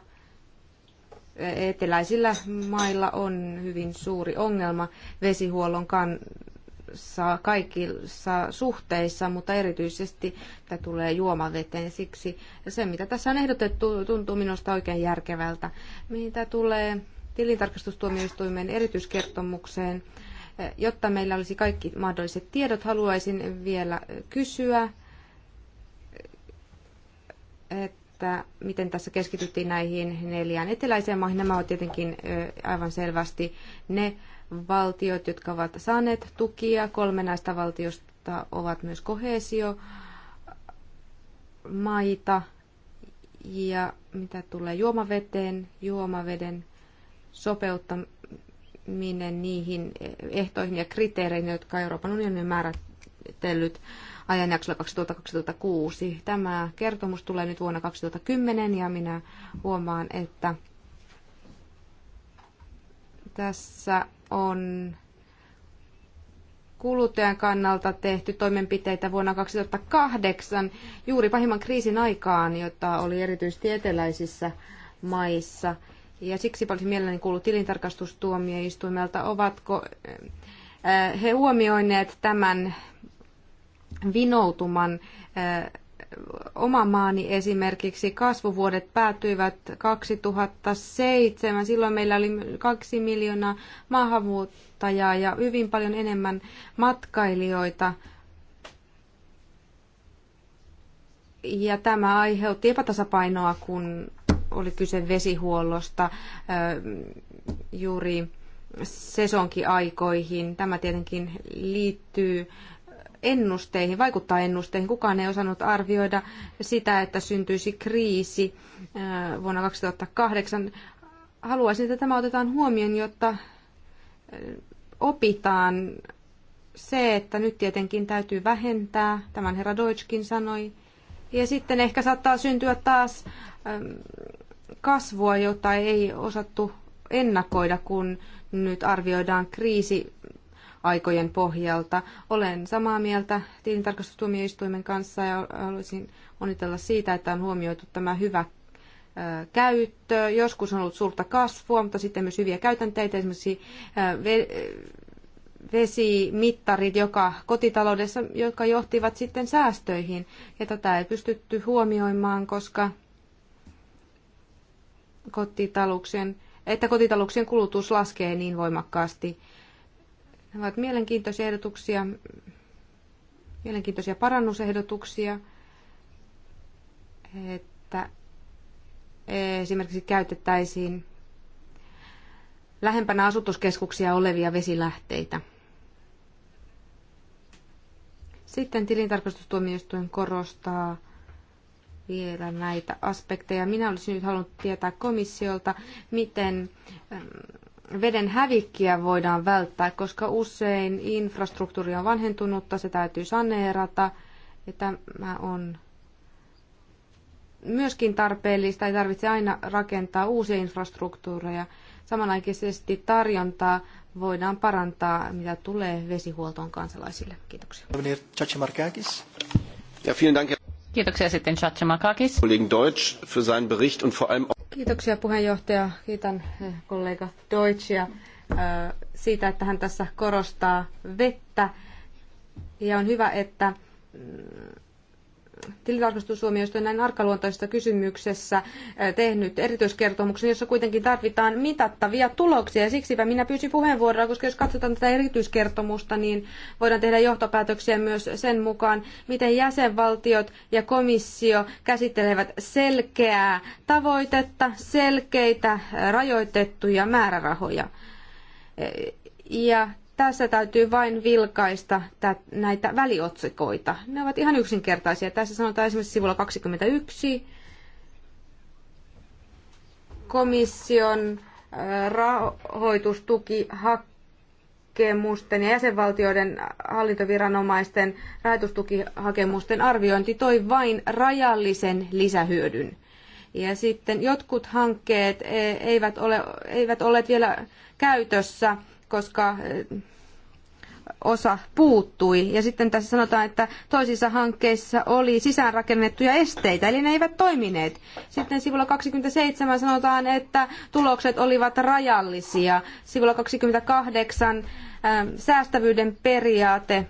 eteläisillä mailla on hyvin suuri ongelma vesihuollon kanssa kaikissa suhteissa, mutta erityisesti tämä tulee juomaveteen. Siksi se, mitä tässä on ehdotettu, tuntuu minusta oikein järkevältä. Mitä tulee tilintarkastustuomioistuimen erityiskertomukseen, jotta meillä olisi kaikki mahdolliset tiedot, haluaisin vielä kysyä, että että miten tässä keskityttiin näihin neljään eteläiseen maihin. Nämä ovat tietenkin aivan selvästi ne valtiot, jotka ovat saaneet tukia. Kolme näistä valtiosta ovat myös kohesio maita. Ja mitä tulee juomaveteen, juomaveden sopeuttaminen niihin ehtoihin ja kriteereihin, jotka Euroopan unioni on ajanjaksolla 2000-2006. Tämä kertomus tulee nyt vuonna 2010 ja minä huomaan, että tässä on kuluttajan kannalta tehty toimenpiteitä vuonna 2008 juuri pahimman kriisin aikaan, jota oli erityisesti eteläisissä maissa. Ja siksi olisin mielelläni kuullut tilintarkastustuomioistuimelta, ovatko eh, he huomioineet tämän vinoutuman. Oma maani esimerkiksi kasvuvuodet päätyivät 2007. Silloin meillä oli kaksi miljoonaa maahanmuuttajaa ja hyvin paljon enemmän matkailijoita ja tämä aiheutti epätasapainoa, kun oli kyse vesihuollosta juuri sesonkiaikoihin. Tämä tietenkin liittyy ennusteihin, vaikuttaa ennusteihin. Kukaan ei osannut arvioida sitä, että syntyisi kriisi vuonna 2008. Haluaisin, että tämä otetaan huomioon, jotta opitaan se, että nyt tietenkin täytyy vähentää, tämän herra Deutschkin sanoi. Ja sitten ehkä saattaa syntyä taas kasvua, jota ei osattu ennakoida, kun nyt arvioidaan kriisi aikojen pohjalta. Olen samaa mieltä tilintarkastustuomioistuimen kanssa ja haluaisin onnitella siitä, että on huomioitu tämä hyvä käyttö. Joskus on ollut suurta kasvua, mutta sitten myös hyviä käytänteitä, esimerkiksi vesimittarit joka kotitaloudessa, jotka johtivat sitten säästöihin. Ja tätä ei pystytty huomioimaan, koska kotitalouksien, että kotitalouksien kulutus laskee niin voimakkaasti. Nämä ovat mielenkiintoisia ehdotuksia, mielenkiintoisia parannusehdotuksia, että esimerkiksi käytettäisiin lähempänä asutuskeskuksia olevia vesilähteitä. Sitten tilintarkastustuomioistuin korostaa vielä näitä aspekteja. Minä olisin nyt halunnut tietää komissiolta, miten veden hävikkiä voidaan välttää, koska usein infrastruktuuri on vanhentunutta, se täytyy saneerata. Ja tämä on myöskin tarpeellista, ei tarvitse aina rakentaa uusia infrastruktuureja. Samanaikaisesti tarjontaa voidaan parantaa, mitä tulee vesihuoltoon kansalaisille. Kiitoksia. Ja, Kiitoksia sitten Chachimakakis. Deutsch für seinen Bericht und vor allem... Kiitoksia puheenjohtaja. Kiitän eh, kollega Deutschia eh, siitä, että hän tässä korostaa vettä. Ja on hyvä, että mm, tilintarkastustuomioistuin näin arkaluontoisessa kysymyksessä tehnyt erityiskertomuksen, jossa kuitenkin tarvitaan mitattavia tuloksia. Ja siksipä minä pyysin puheenvuoroa, koska jos katsotaan tätä erityiskertomusta, niin voidaan tehdä johtopäätöksiä myös sen mukaan, miten jäsenvaltiot ja komissio käsittelevät selkeää tavoitetta, selkeitä rajoitettuja määrärahoja. Ja tässä täytyy vain vilkaista näitä väliotsikoita. Ne ovat ihan yksinkertaisia. Tässä sanotaan esimerkiksi sivulla 21 komission äh, rahoitustukihakemusten ja jäsenvaltioiden hallintoviranomaisten rahoitustukihakemusten arviointi toi vain rajallisen lisähyödyn. Ja sitten jotkut hankkeet e, eivät ole, eivät olleet vielä käytössä koska eh, osa puuttui. Ja sitten tässä sanotaan, että toisissa hankkeissa oli sisäänrakennettuja esteitä, eli ne eivät toimineet. Sitten sivulla 27 sanotaan, että tulokset olivat rajallisia. Sivulla 28 eh, säästävyyden periaate eh,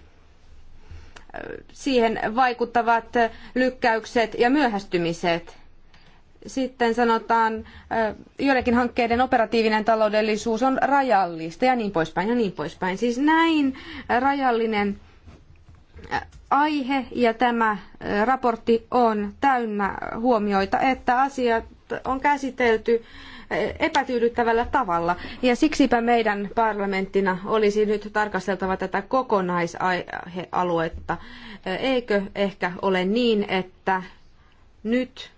siihen vaikuttavat lykkäykset ja myöhästymiset sitten sanotaan, joidenkin hankkeiden operatiivinen taloudellisuus on rajallista ja niin poispäin ja niin poispäin. Siis näin rajallinen aihe ja tämä raportti on täynnä huomioita, että asiat on käsitelty epätyydyttävällä tavalla. Ja siksipä meidän parlamenttina olisi nyt tarkasteltava tätä kokonaisaihealuetta. Eikö ehkä ole niin, että nyt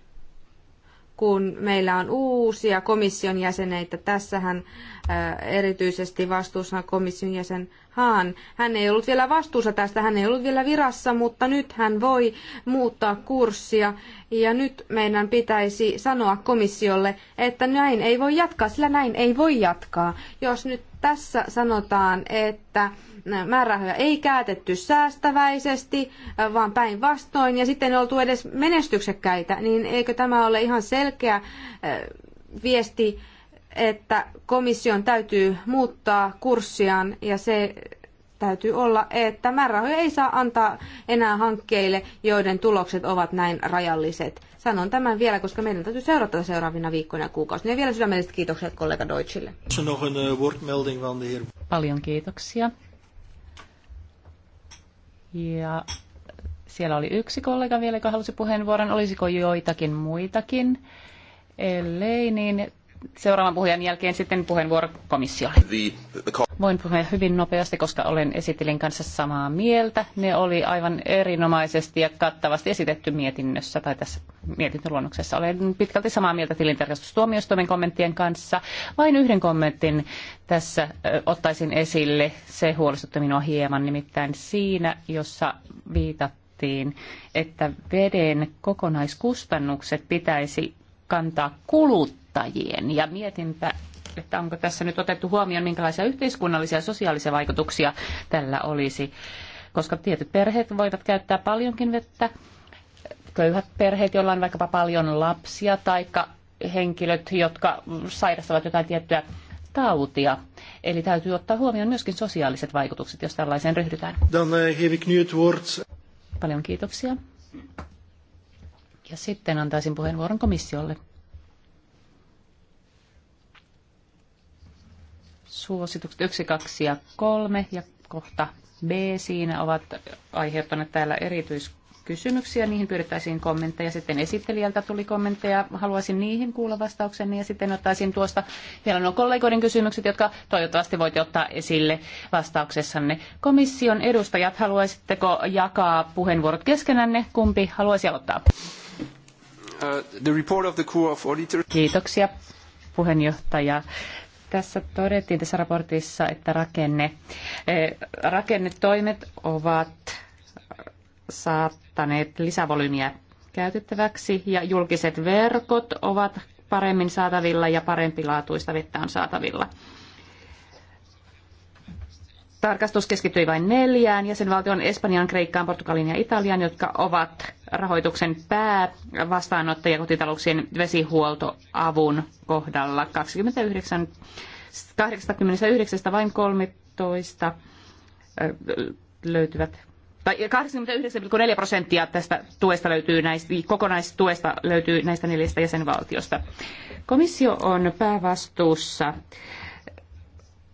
kun meillä on uusia komission jäseneitä. Tässähän äh, erityisesti vastuussa komission jäsen Haan. Hän ei ollut vielä vastuussa tästä, hän ei ollut vielä virassa, mutta nyt hän voi muuttaa kurssia. Ja nyt meidän pitäisi sanoa komissiolle, että näin ei voi jatkaa, sillä näin ei voi jatkaa. Jos nyt tässä sanotaan, että määrärahoja ei käytetty säästäväisesti, äh, vaan päinvastoin, ja sitten ei oltu edes menestyksekkäitä, niin eikö tämä ole ihan selkeä äh, viesti, että komission täytyy muuttaa kurssiaan, ja se täytyy olla, että määrärahoja ei saa antaa enää hankkeille, joiden tulokset ovat näin rajalliset. Sanon tämän vielä, koska meidän täytyy seurata seuraavina viikkoina ja kuukausina. Ja vielä sydämelliset kiitokset kollega Deutschille. Eh, Paljon kiitoksia. Ja siellä oli yksi kollega vielä, joka halusi puheenvuoron. Olisiko joitakin muitakin? Ellei, niin seuraavan puhujan jälkeen sitten puheenvuoro komissiolle. Voin puhua hyvin nopeasti, koska olen esittelin kanssa samaa mieltä. Ne oli aivan erinomaisesti ja kattavasti esitetty mietinnössä tai tässä mietintöluonnoksessa. Olen pitkälti samaa mieltä tilintarkastustuomioistuimen kommenttien kanssa. Vain yhden kommentin tässä ottaisin esille. Se huolestutti minua hieman, nimittäin siinä, jossa viitattiin, että veden kokonaiskustannukset pitäisi kantaa kulut kuluttajien. Ja mietinpä, että onko tässä nyt otettu huomioon, minkälaisia yhteiskunnallisia ja sosiaalisia vaikutuksia tällä olisi. Koska tietyt perheet voivat käyttää paljonkin vettä, köyhät perheet, joilla on vaikkapa paljon lapsia, tai henkilöt, jotka sairastavat jotain tiettyä tautia. Eli täytyy ottaa huomioon myöskin sosiaaliset vaikutukset, jos tällaiseen ryhdytään. Dan eh, geef ik woord. Paljon kiitoksia. Ja sitten antaisin puheenvuoron komissiolle. Suositukset 1, 2 ja 3 ja kohta B siinä ovat aiheuttaneet täällä erityiskysymyksiä. Niihin pyydettäisiin kommentteja. Sitten esittelijältä tuli kommentteja. Haluaisin niihin kuulla vastauksen. ja sitten ottaisin tuosta vielä nuo kollegoiden kysymykset, jotka toivottavasti voitte ottaa esille vastauksessanne. Komission edustajat, haluaisitteko jakaa puheenvuorot keskenänne? Kumpi haluaisi aloittaa? Uh, the report of the of Kiitoksia puheenjohtaja. Tässä todettiin tässä raportissa, että rakenne, eh, rakennetoimet ovat saattaneet lisävolyymiä käytettäväksi ja julkiset verkot ovat paremmin saatavilla ja parempilaatuista vettä on saatavilla tarkastus keskittyi vain neljään jäsenvaltion Espanjaan, Kreikkaan, Portugaliin ja Italiaan, jotka ovat rahoituksen päävastaanottajia kotitalouksien vesihuoltoavun kohdalla. 29, 89 vain 13 löytyvät tai 89,4 prosenttia tästä tuesta löytyy näistä, kokonaistuesta löytyy näistä neljästä jäsenvaltiosta. Komissio on päävastuussa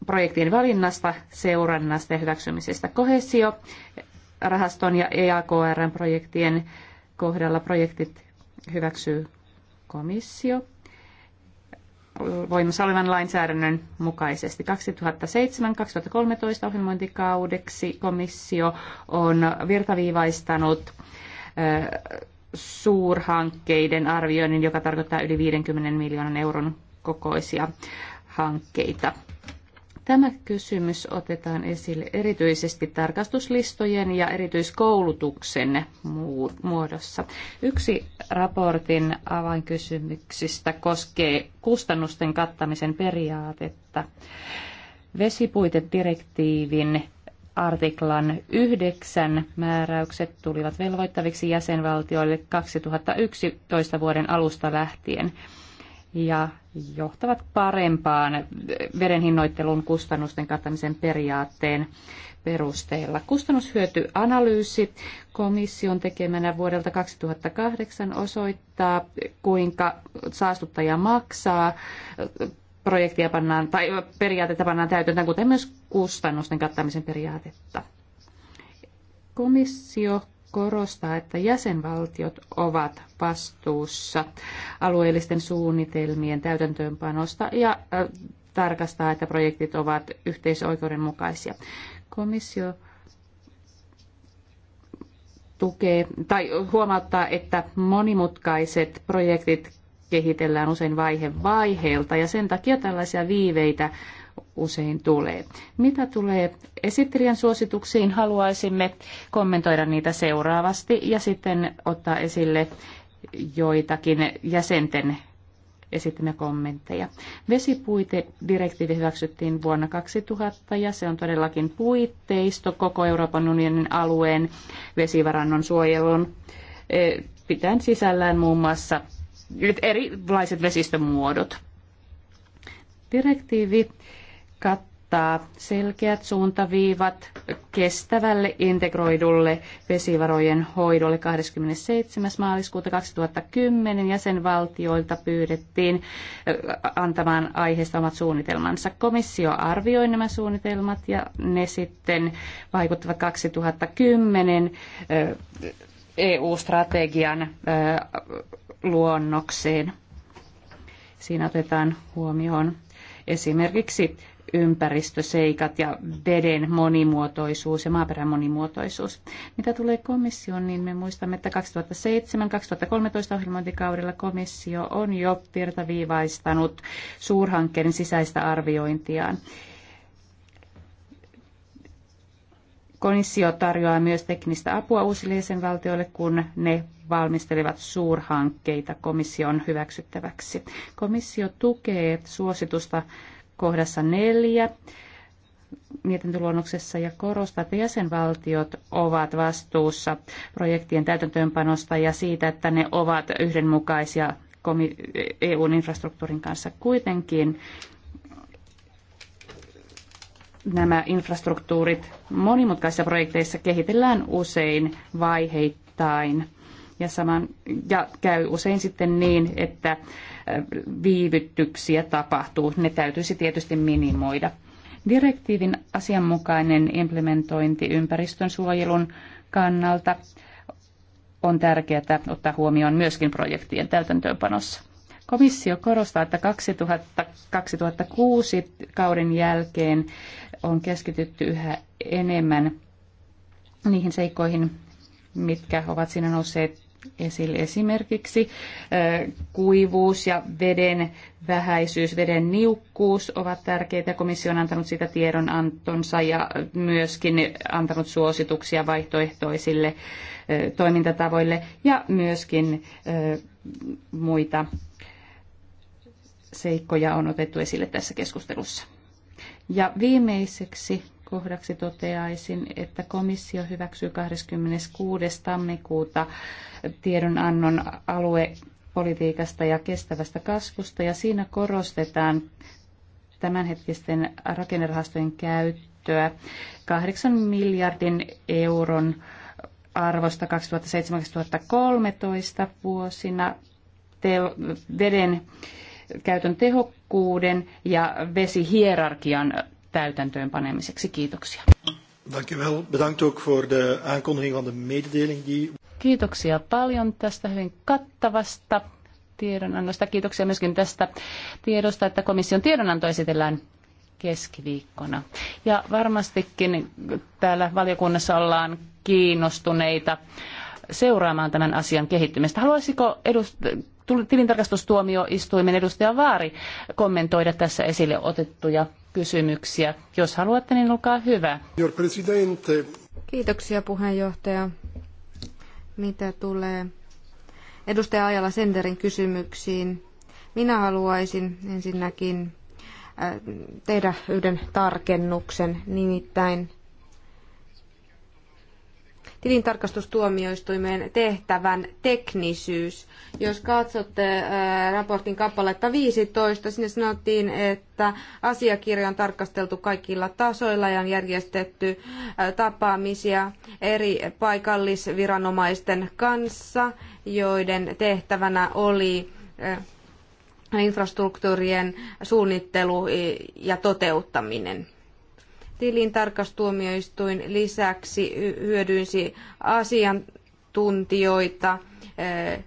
projektien valinnasta, seurannasta ja hyväksymisestä. Kohesio, rahaston ja EAKRn projektien kohdalla projektit hyväksyy komissio voimassa olevan lainsäädännön mukaisesti. 2007-2013 ohjelmointikaudeksi komissio on virtaviivaistanut suurhankkeiden arvioinnin, joka tarkoittaa yli 50 miljoonan euron kokoisia hankkeita. Tämä kysymys otetaan esille erityisesti tarkastuslistojen ja erityiskoulutuksen muodossa. Yksi raportin avainkysymyksistä koskee kustannusten kattamisen periaatetta. Vesipuitedirektiivin artiklan 9 määräykset tulivat velvoittaviksi jäsenvaltioille 2011 vuoden alusta lähtien. Ja johtavat parempaan veden kustannusten kattamisen periaatteen perusteella. Kustannushyötyanalyysi komission tekemänä vuodelta 2008 osoittaa, kuinka saastuttaja maksaa projektia pannaan, tai periaatetta pannaan täytäntöön, kuten myös kustannusten kattamisen periaatetta. Komissio korostaa, että jäsenvaltiot ovat vastuussa alueellisten suunnitelmien täytäntöönpanosta ja tarkastaa, että projektit ovat yhteisoikeudenmukaisia. Komissio tukee tai huomauttaa, että monimutkaiset projektit kehitellään usein vaihe vaiheelta ja sen takia tällaisia viiveitä usein tulee. Mitä tulee esittelijän suosituksiin, haluaisimme kommentoida niitä seuraavasti ja sitten ottaa esille joitakin jäsenten esittämiä kommentteja. Vesipuitedirektiivi hyväksyttiin vuonna 2000 ja se on todellakin puitteisto koko Euroopan unionin alueen vesivarannon suojelun e, pitäen sisällään muun muassa erilaiset vesistömuodot. Direktiivi kattaa selkeät suuntaviivat kestävälle integroidulle vesivarojen hoidolle 27. maaliskuuta 2010 jäsenvaltioilta pyydettiin äh, antamaan aiheesta omat suunnitelmansa. Komissio arvioi nämä suunnitelmat ja ne sitten vaikuttavat 2010 äh, EU-strategian äh, luonnokseen. Siinä otetaan huomioon esimerkiksi ympäristöseikat ja veden monimuotoisuus ja maaperän monimuotoisuus. Mitä tulee komissioon, niin me muistamme, että 2007-2013 ohjelmointikaudella komissio on jo virtaviivaistanut suurhankkeen sisäistä arviointiaan. Komissio tarjoaa myös teknistä apua uusille jäsenvaltioille, kun ne valmistelevat suurhankkeita komission hyväksyttäväksi. Komissio tukee suositusta kohdassa neljä mietintöluonnoksessa ja korostaa, että jäsenvaltiot ovat vastuussa projektien täytäntöönpanosta ja siitä, että ne ovat yhdenmukaisia EUn infrastruktuurin kanssa kuitenkin. Nämä infrastruktuurit monimutkaisissa projekteissa kehitellään usein vaiheittain ja, saman, ja käy usein sitten niin, että äh, viivytyksiä tapahtuu. Ne täytyisi tietysti minimoida. Direktiivin asianmukainen implementointi ympäristön suojelun kannalta on tärkeää ottaa huomioon myöskin projektien täytäntöönpanossa. Komissio korostaa, että 2000, 2006 kauden jälkeen on keskitytty yhä enemmän niihin seikkoihin, mitkä ovat siinä nousseet esille esimerkiksi kuivuus ja veden vähäisyys, veden niukkuus ovat tärkeitä. Komissio on antanut siitä tiedonantonsa ja myöskin antanut suosituksia vaihtoehtoisille toimintatavoille ja myöskin muita seikkoja on otettu esille tässä keskustelussa. Ja viimeiseksi kohdaksi toteaisin, että komissio hyväksyy 26. tammikuuta tiedonannon aluepolitiikasta ja kestävästä kasvusta ja siinä korostetaan tämänhetkisten rakennerahastojen käyttöä 8 miljardin euron arvosta 2007-2013 vuosina veden käytön tehokkuuden ja vesihierarkian Täytäntöönpanemiseksi Kiitoksia. Kiitoksia paljon tästä hyvin kattavasta tiedonannosta. Kiitoksia myöskin tästä tiedosta, että komission tiedonanto esitellään keskiviikkona. Ja varmastikin täällä valiokunnassa ollaan kiinnostuneita seuraamaan tämän asian kehittymistä. Haluaisiko edust- tilintarkastustuomioistuimen edustaja Vaari kommentoida tässä esille otettuja kysymyksiä. Jos haluatte, niin olkaa hyvä. Kiitoksia puheenjohtaja. Mitä tulee edustaja Ajala Senderin kysymyksiin, minä haluaisin ensinnäkin äh, tehdä yhden tarkennuksen, nimittäin tilintarkastustuomioistuimen tehtävän teknisyys. Jos katsotte äh, raportin kappaletta 15, sinne sanottiin, että asiakirja on tarkasteltu kaikilla tasoilla ja on järjestetty äh, tapaamisia eri paikallisviranomaisten kanssa, joiden tehtävänä oli äh, infrastruktuurien suunnittelu ja toteuttaminen. Tilintarkastuomioistuin lisäksi hyödynsi asiantuntijoita, eh,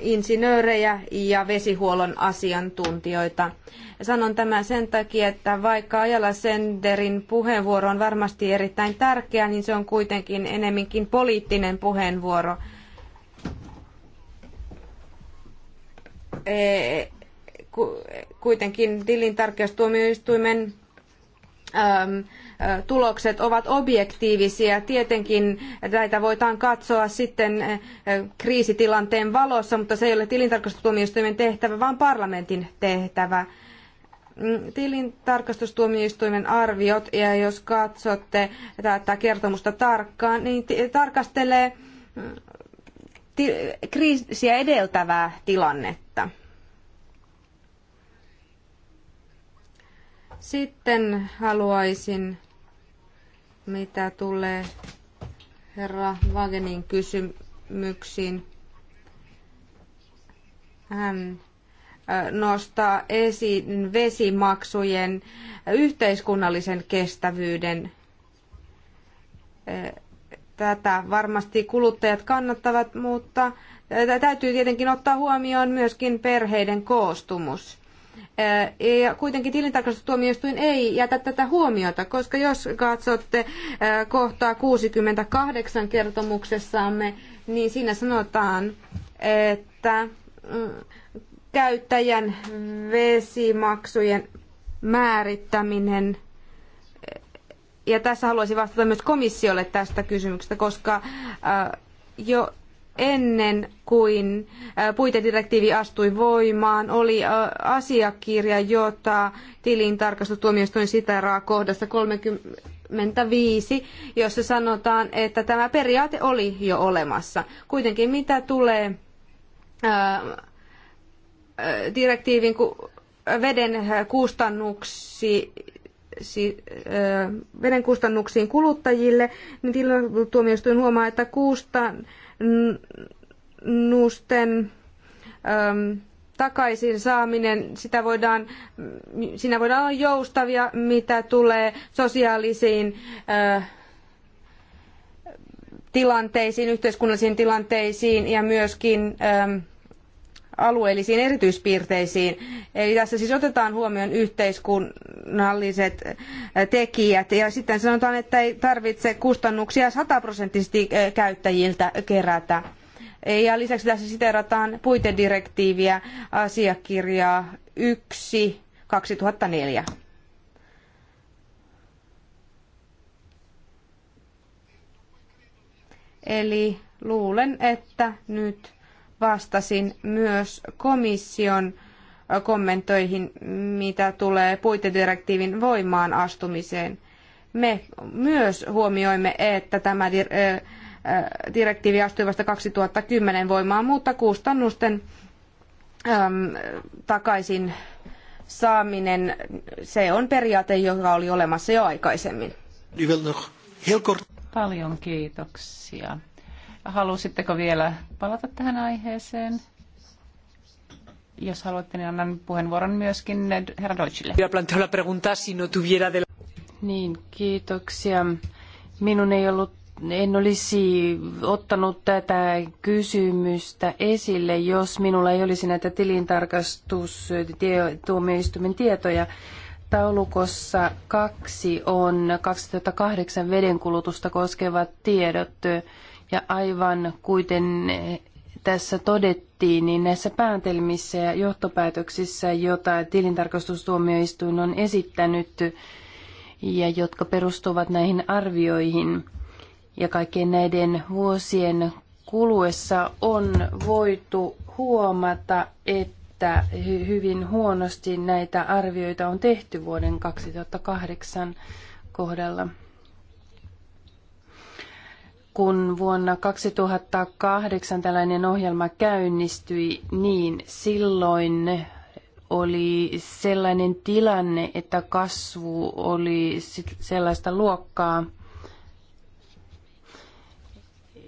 insinöörejä ja vesihuollon asiantuntijoita. Sanon tämän sen takia, että vaikka Ajala Senderin puheenvuoro on varmasti erittäin tärkeä, niin se on kuitenkin enemminkin poliittinen puheenvuoro. Eh, kuitenkin tilintarkastuomioistuimen Ähm, äh, tulokset ovat objektiivisia. Tietenkin näitä voidaan katsoa sitten äh, kriisitilanteen valossa, mutta se ei ole tilintarkastustuomioistuimen tehtävä, vaan parlamentin tehtävä mm, tilintarkastustuomioistuimen arviot, ja jos katsotte tätä kertomusta tarkkaan, niin tarkastelee mm, kriisiä edeltävää tilannetta. Sitten haluaisin, mitä tulee herra Wagenin kysymyksiin. Hän nostaa esiin vesimaksujen yhteiskunnallisen kestävyyden. Tätä varmasti kuluttajat kannattavat, mutta täytyy tietenkin ottaa huomioon myöskin perheiden koostumus. Ja kuitenkin tilintarkastustuomioistuin ei jätä tätä huomiota, koska jos katsotte kohtaa 68 kertomuksessamme, niin siinä sanotaan, että mm, käyttäjän vesimaksujen määrittäminen ja tässä haluaisin vastata myös komissiolle tästä kysymyksestä, koska jo ennen kuin puitedirektiivi astui voimaan, oli asiakirja, jota tilintarkastustuomioistuin siteraa kohdasta 35, jossa sanotaan, että tämä periaate oli jo olemassa. Kuitenkin mitä tulee direktiivin veden kustannuksiin, veden kustannuksiin kuluttajille, niin tuomioistuin huomaa, että kustannukset kustannusten ähm, takaisin saaminen, sitä voidaan, siinä voidaan olla joustavia, mitä tulee sosiaalisiin äh, tilanteisiin, yhteiskunnallisiin tilanteisiin ja myöskin ähm, alueellisiin erityispiirteisiin. Eli tässä siis otetaan huomioon yhteiskunnalliset eh, tekijät ja sitten sanotaan, että ei tarvitse kustannuksia sataprosenttisesti eh, käyttäjiltä kerätä. Ja lisäksi tässä siterataan puitedirektiiviä asiakirjaa 1 2004. Eli luulen, että nyt vastasin myös komission kommentoihin, mitä tulee puitedirektiivin voimaan astumiseen. Me myös huomioimme, että tämä direktiivi astui vasta 2010 voimaan, mutta kustannusten takaisin saaminen, se on periaate, joka oli olemassa jo aikaisemmin. No, Paljon kiitoksia. Halusitteko vielä palata tähän aiheeseen? Jos haluatte, niin annan puheenvuoron myöskin herra Deutschille. No niin, kiitoksia. Minun ei ollut, en olisi ottanut tätä kysymystä esille, jos minulla ei olisi näitä tilintarkastustuomioistuimen tietoja. Taulukossa kaksi on 2008 vedenkulutusta koskevat tiedot. Ja aivan kuten tässä todettiin, niin näissä päätelmissä ja johtopäätöksissä, joita tilintarkastustuomioistuin on esittänyt ja jotka perustuvat näihin arvioihin, ja kaikkien näiden vuosien kuluessa on voitu huomata, että hyvin huonosti näitä arvioita on tehty vuoden 2008 kohdalla kun vuonna 2008 tällainen ohjelma käynnistyi, niin silloin oli sellainen tilanne, että kasvu oli sellaista luokkaa,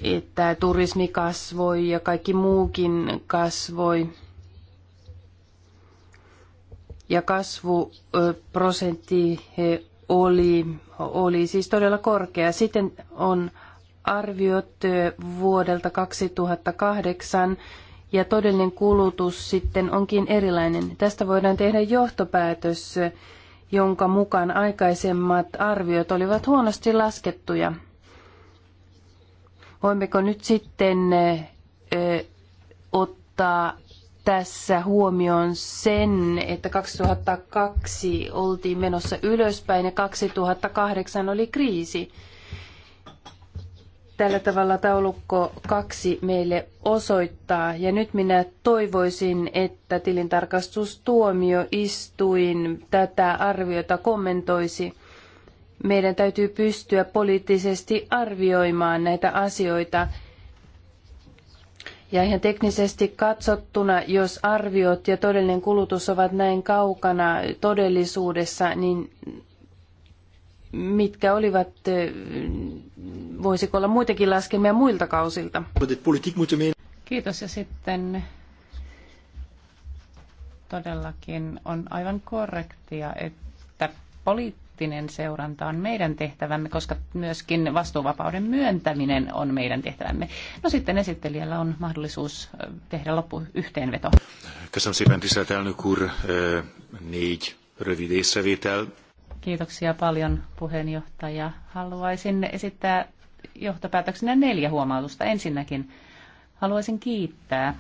että turismi kasvoi ja kaikki muukin kasvoi. Ja kasvuprosentti oli, oli siis todella korkea. Sitten on arviot vuodelta 2008 ja todellinen kulutus sitten onkin erilainen. Tästä voidaan tehdä johtopäätös, jonka mukaan aikaisemmat arviot olivat huonosti laskettuja. Voimmeko nyt sitten ö, ottaa tässä huomioon sen, että 2002 oltiin menossa ylöspäin ja 2008 oli kriisi tällä tavalla taulukko kaksi meille osoittaa. Ja nyt minä toivoisin, että tilintarkastustuomioistuin tätä arviota kommentoisi. Meidän täytyy pystyä poliittisesti arvioimaan näitä asioita. Ja ihan teknisesti katsottuna, jos arviot ja todellinen kulutus ovat näin kaukana todellisuudessa, niin mitkä olivat, voisiko olla muitakin laskelmia muilta kausilta. Kiitos ja sitten todellakin on aivan korrektia, että poliittinen seuranta on meidän tehtävämme, koska myöskin vastuuvapauden myöntäminen on meidän tehtävämme. No sitten esittelijällä on mahdollisuus tehdä loppuyhteenveto. Köszönöm szépen, tisztelt elnök úr, négy Kiitoksia paljon puheenjohtaja. Haluaisin esittää johtopäätöksenä neljä huomautusta. Ensinnäkin haluaisin kiittää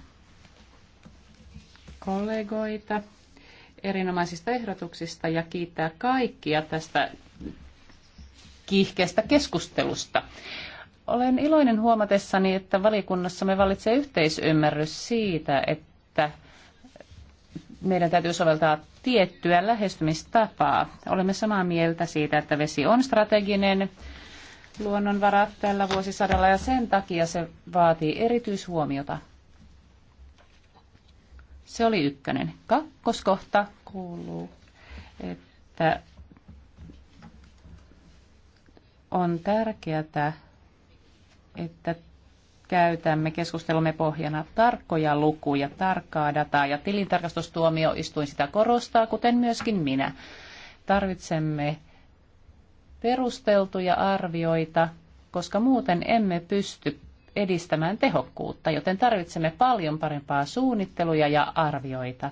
kollegoita erinomaisista ehdotuksista ja kiittää kaikkia tästä kiihkeästä keskustelusta. Olen iloinen huomatessani, että valiokunnassa me valitsee yhteisymmärrys siitä, että meidän täytyy soveltaa tiettyä lähestymistapaa. Olemme samaa mieltä siitä, että vesi on strateginen luonnonvara tällä vuosisadalla ja sen takia se vaatii erityishuomiota. Se oli ykkönen. Kakkoskohta kuuluu, että on tärkeää, että käytämme keskustelumme pohjana tarkkoja lukuja, tarkkaa dataa ja tilintarkastustuomioistuin sitä korostaa, kuten myöskin minä. Tarvitsemme perusteltuja arvioita, koska muuten emme pysty edistämään tehokkuutta, joten tarvitsemme paljon parempaa suunnitteluja ja arvioita.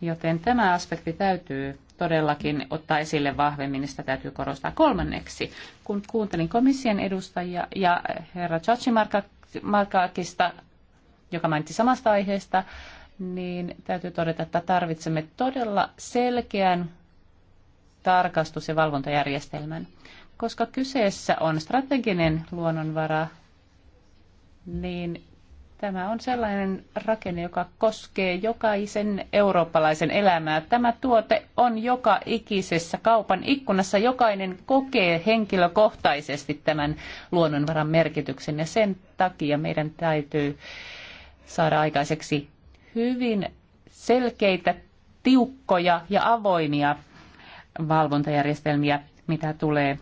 Joten tämä aspekti täytyy todellakin ottaa esille vahvemmin, sitä täytyy korostaa kolmanneksi. Kun kuuntelin komission edustajia ja herra Chachimarka Markaakista, joka mainitsi samasta aiheesta, niin täytyy todeta, että tarvitsemme todella selkeän tarkastus- ja valvontajärjestelmän. Koska kyseessä on strateginen luonnonvara, niin Tämä on sellainen rakenne, joka koskee jokaisen eurooppalaisen elämää. Tämä tuote on joka ikisessä kaupan ikkunassa. Jokainen kokee henkilökohtaisesti tämän luonnonvaran merkityksen ja sen takia meidän täytyy saada aikaiseksi hyvin selkeitä, tiukkoja ja avoimia valvontajärjestelmiä, mitä tulee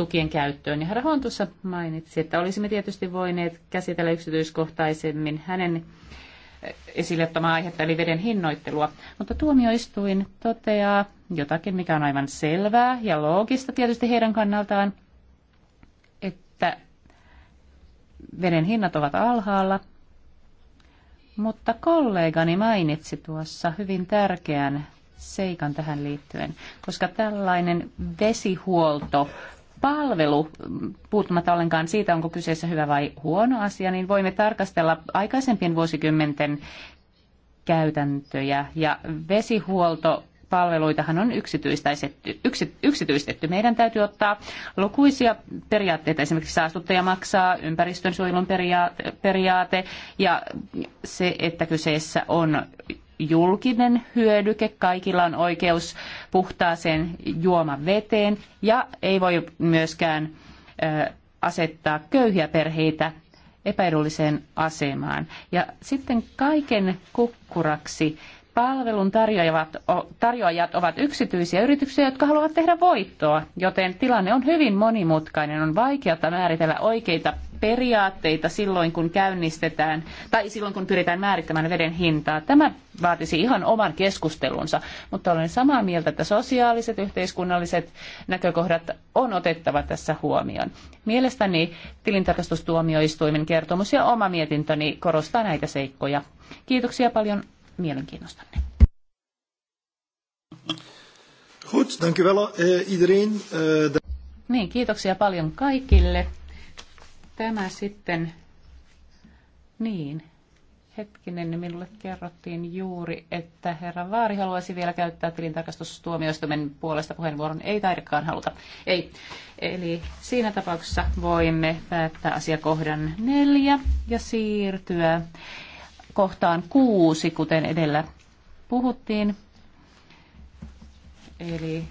tukien käyttöön. Ja herra tuossa mainitsi, että olisimme tietysti voineet käsitellä yksityiskohtaisemmin hänen eh, esille ottamaa aihetta, eli veden hinnoittelua. Mutta tuomioistuin toteaa jotakin, mikä on aivan selvää ja loogista tietysti heidän kannaltaan, että veden hinnat ovat alhaalla, mutta kollegani mainitsi tuossa hyvin tärkeän seikan tähän liittyen, koska tällainen vesihuolto palvelu, puuttumatta ollenkaan siitä, onko kyseessä hyvä vai huono asia, niin voimme tarkastella aikaisempien vuosikymmenten käytäntöjä ja vesihuolto palveluitahan on yksityistetty, yksi, yksityistetty. Meidän täytyy ottaa lukuisia periaatteita, esimerkiksi saastuttaja maksaa, ympäristönsuojelun periaate, periaate ja se, että kyseessä on julkinen hyödyke, kaikilla on oikeus puhtaaseen juomaveteen ja ei voi myöskään asettaa köyhiä perheitä epäedulliseen asemaan. Ja sitten kaiken kukkuraksi palvelun tarjoajat, ovat yksityisiä yrityksiä, jotka haluavat tehdä voittoa, joten tilanne on hyvin monimutkainen. On vaikeata määritellä oikeita periaatteita silloin, kun käynnistetään tai silloin, kun pyritään määrittämään veden hintaa. Tämä vaatisi ihan oman keskustelunsa, mutta olen samaa mieltä, että sosiaaliset, yhteiskunnalliset näkökohdat on otettava tässä huomioon. Mielestäni tilintarkastustuomioistuimen kertomus ja oma mietintöni korostaa näitä seikkoja. Kiitoksia paljon mielenkiinnostanne. Goed, dank eh, iedereen. Eh, niin, kiitoksia paljon kaikille tämä sitten, niin, hetkinen, niin minulle kerrottiin juuri, että herra Vaari haluaisi vielä käyttää tilintarkastustuomioistuimen puolesta puheenvuoron. Ei taidekaan haluta. Ei. Eli siinä tapauksessa voimme päättää asiakohdan neljä ja siirtyä kohtaan kuusi, kuten edellä puhuttiin. Eli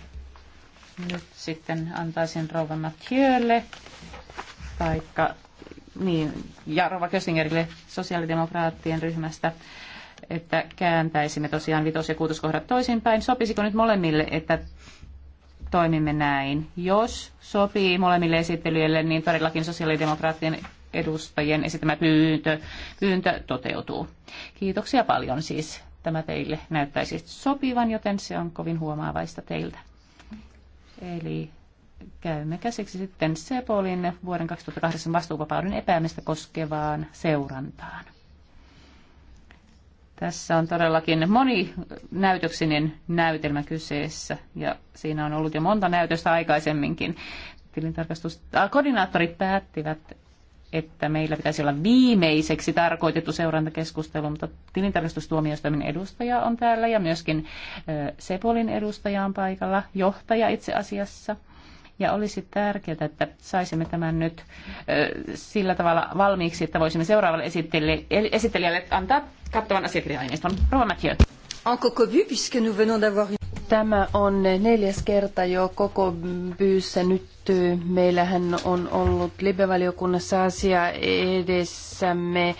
nyt sitten antaisin rouva Mathieulle taikka niin, Jarova Kösingerille sosiaalidemokraattien ryhmästä, että kääntäisimme tosiaan vitos- ja kuutoskohdat toisinpäin. Sopisiko nyt molemmille, että toimimme näin? Jos sopii molemmille esittelyille, niin todellakin sosiaalidemokraattien edustajien esittämä pyyntö, pyyntö toteutuu. Kiitoksia paljon siis. Tämä teille näyttäisi sopivan, joten se on kovin huomaavaista teiltä. Eli käymme käsiksi sitten Sepolin vuoden 2008 vastuuvapauden epäämistä koskevaan seurantaan. Tässä on todellakin näytöksinen näytelmä kyseessä ja siinä on ollut jo monta näytöstä aikaisemminkin. Tilintarkastus, ah, koordinaattorit päättivät, että meillä pitäisi olla viimeiseksi tarkoitettu seurantakeskustelu, mutta tilintarkastustuomioistuimen edustaja on täällä ja myöskin Sepolin edustaja on paikalla, johtaja itse asiassa – ja olisi tärkeää, että saisimme tämän nyt sillä tavalla valmiiksi, että voisimme seuraavalle esittelijälle antaa kattavan asiakirja-aineiston. Rova Mathieu. Tämä on neljäs kerta jo koko byyssä nyt. Meillähän on ollut libevaliokunnassa asia edessämme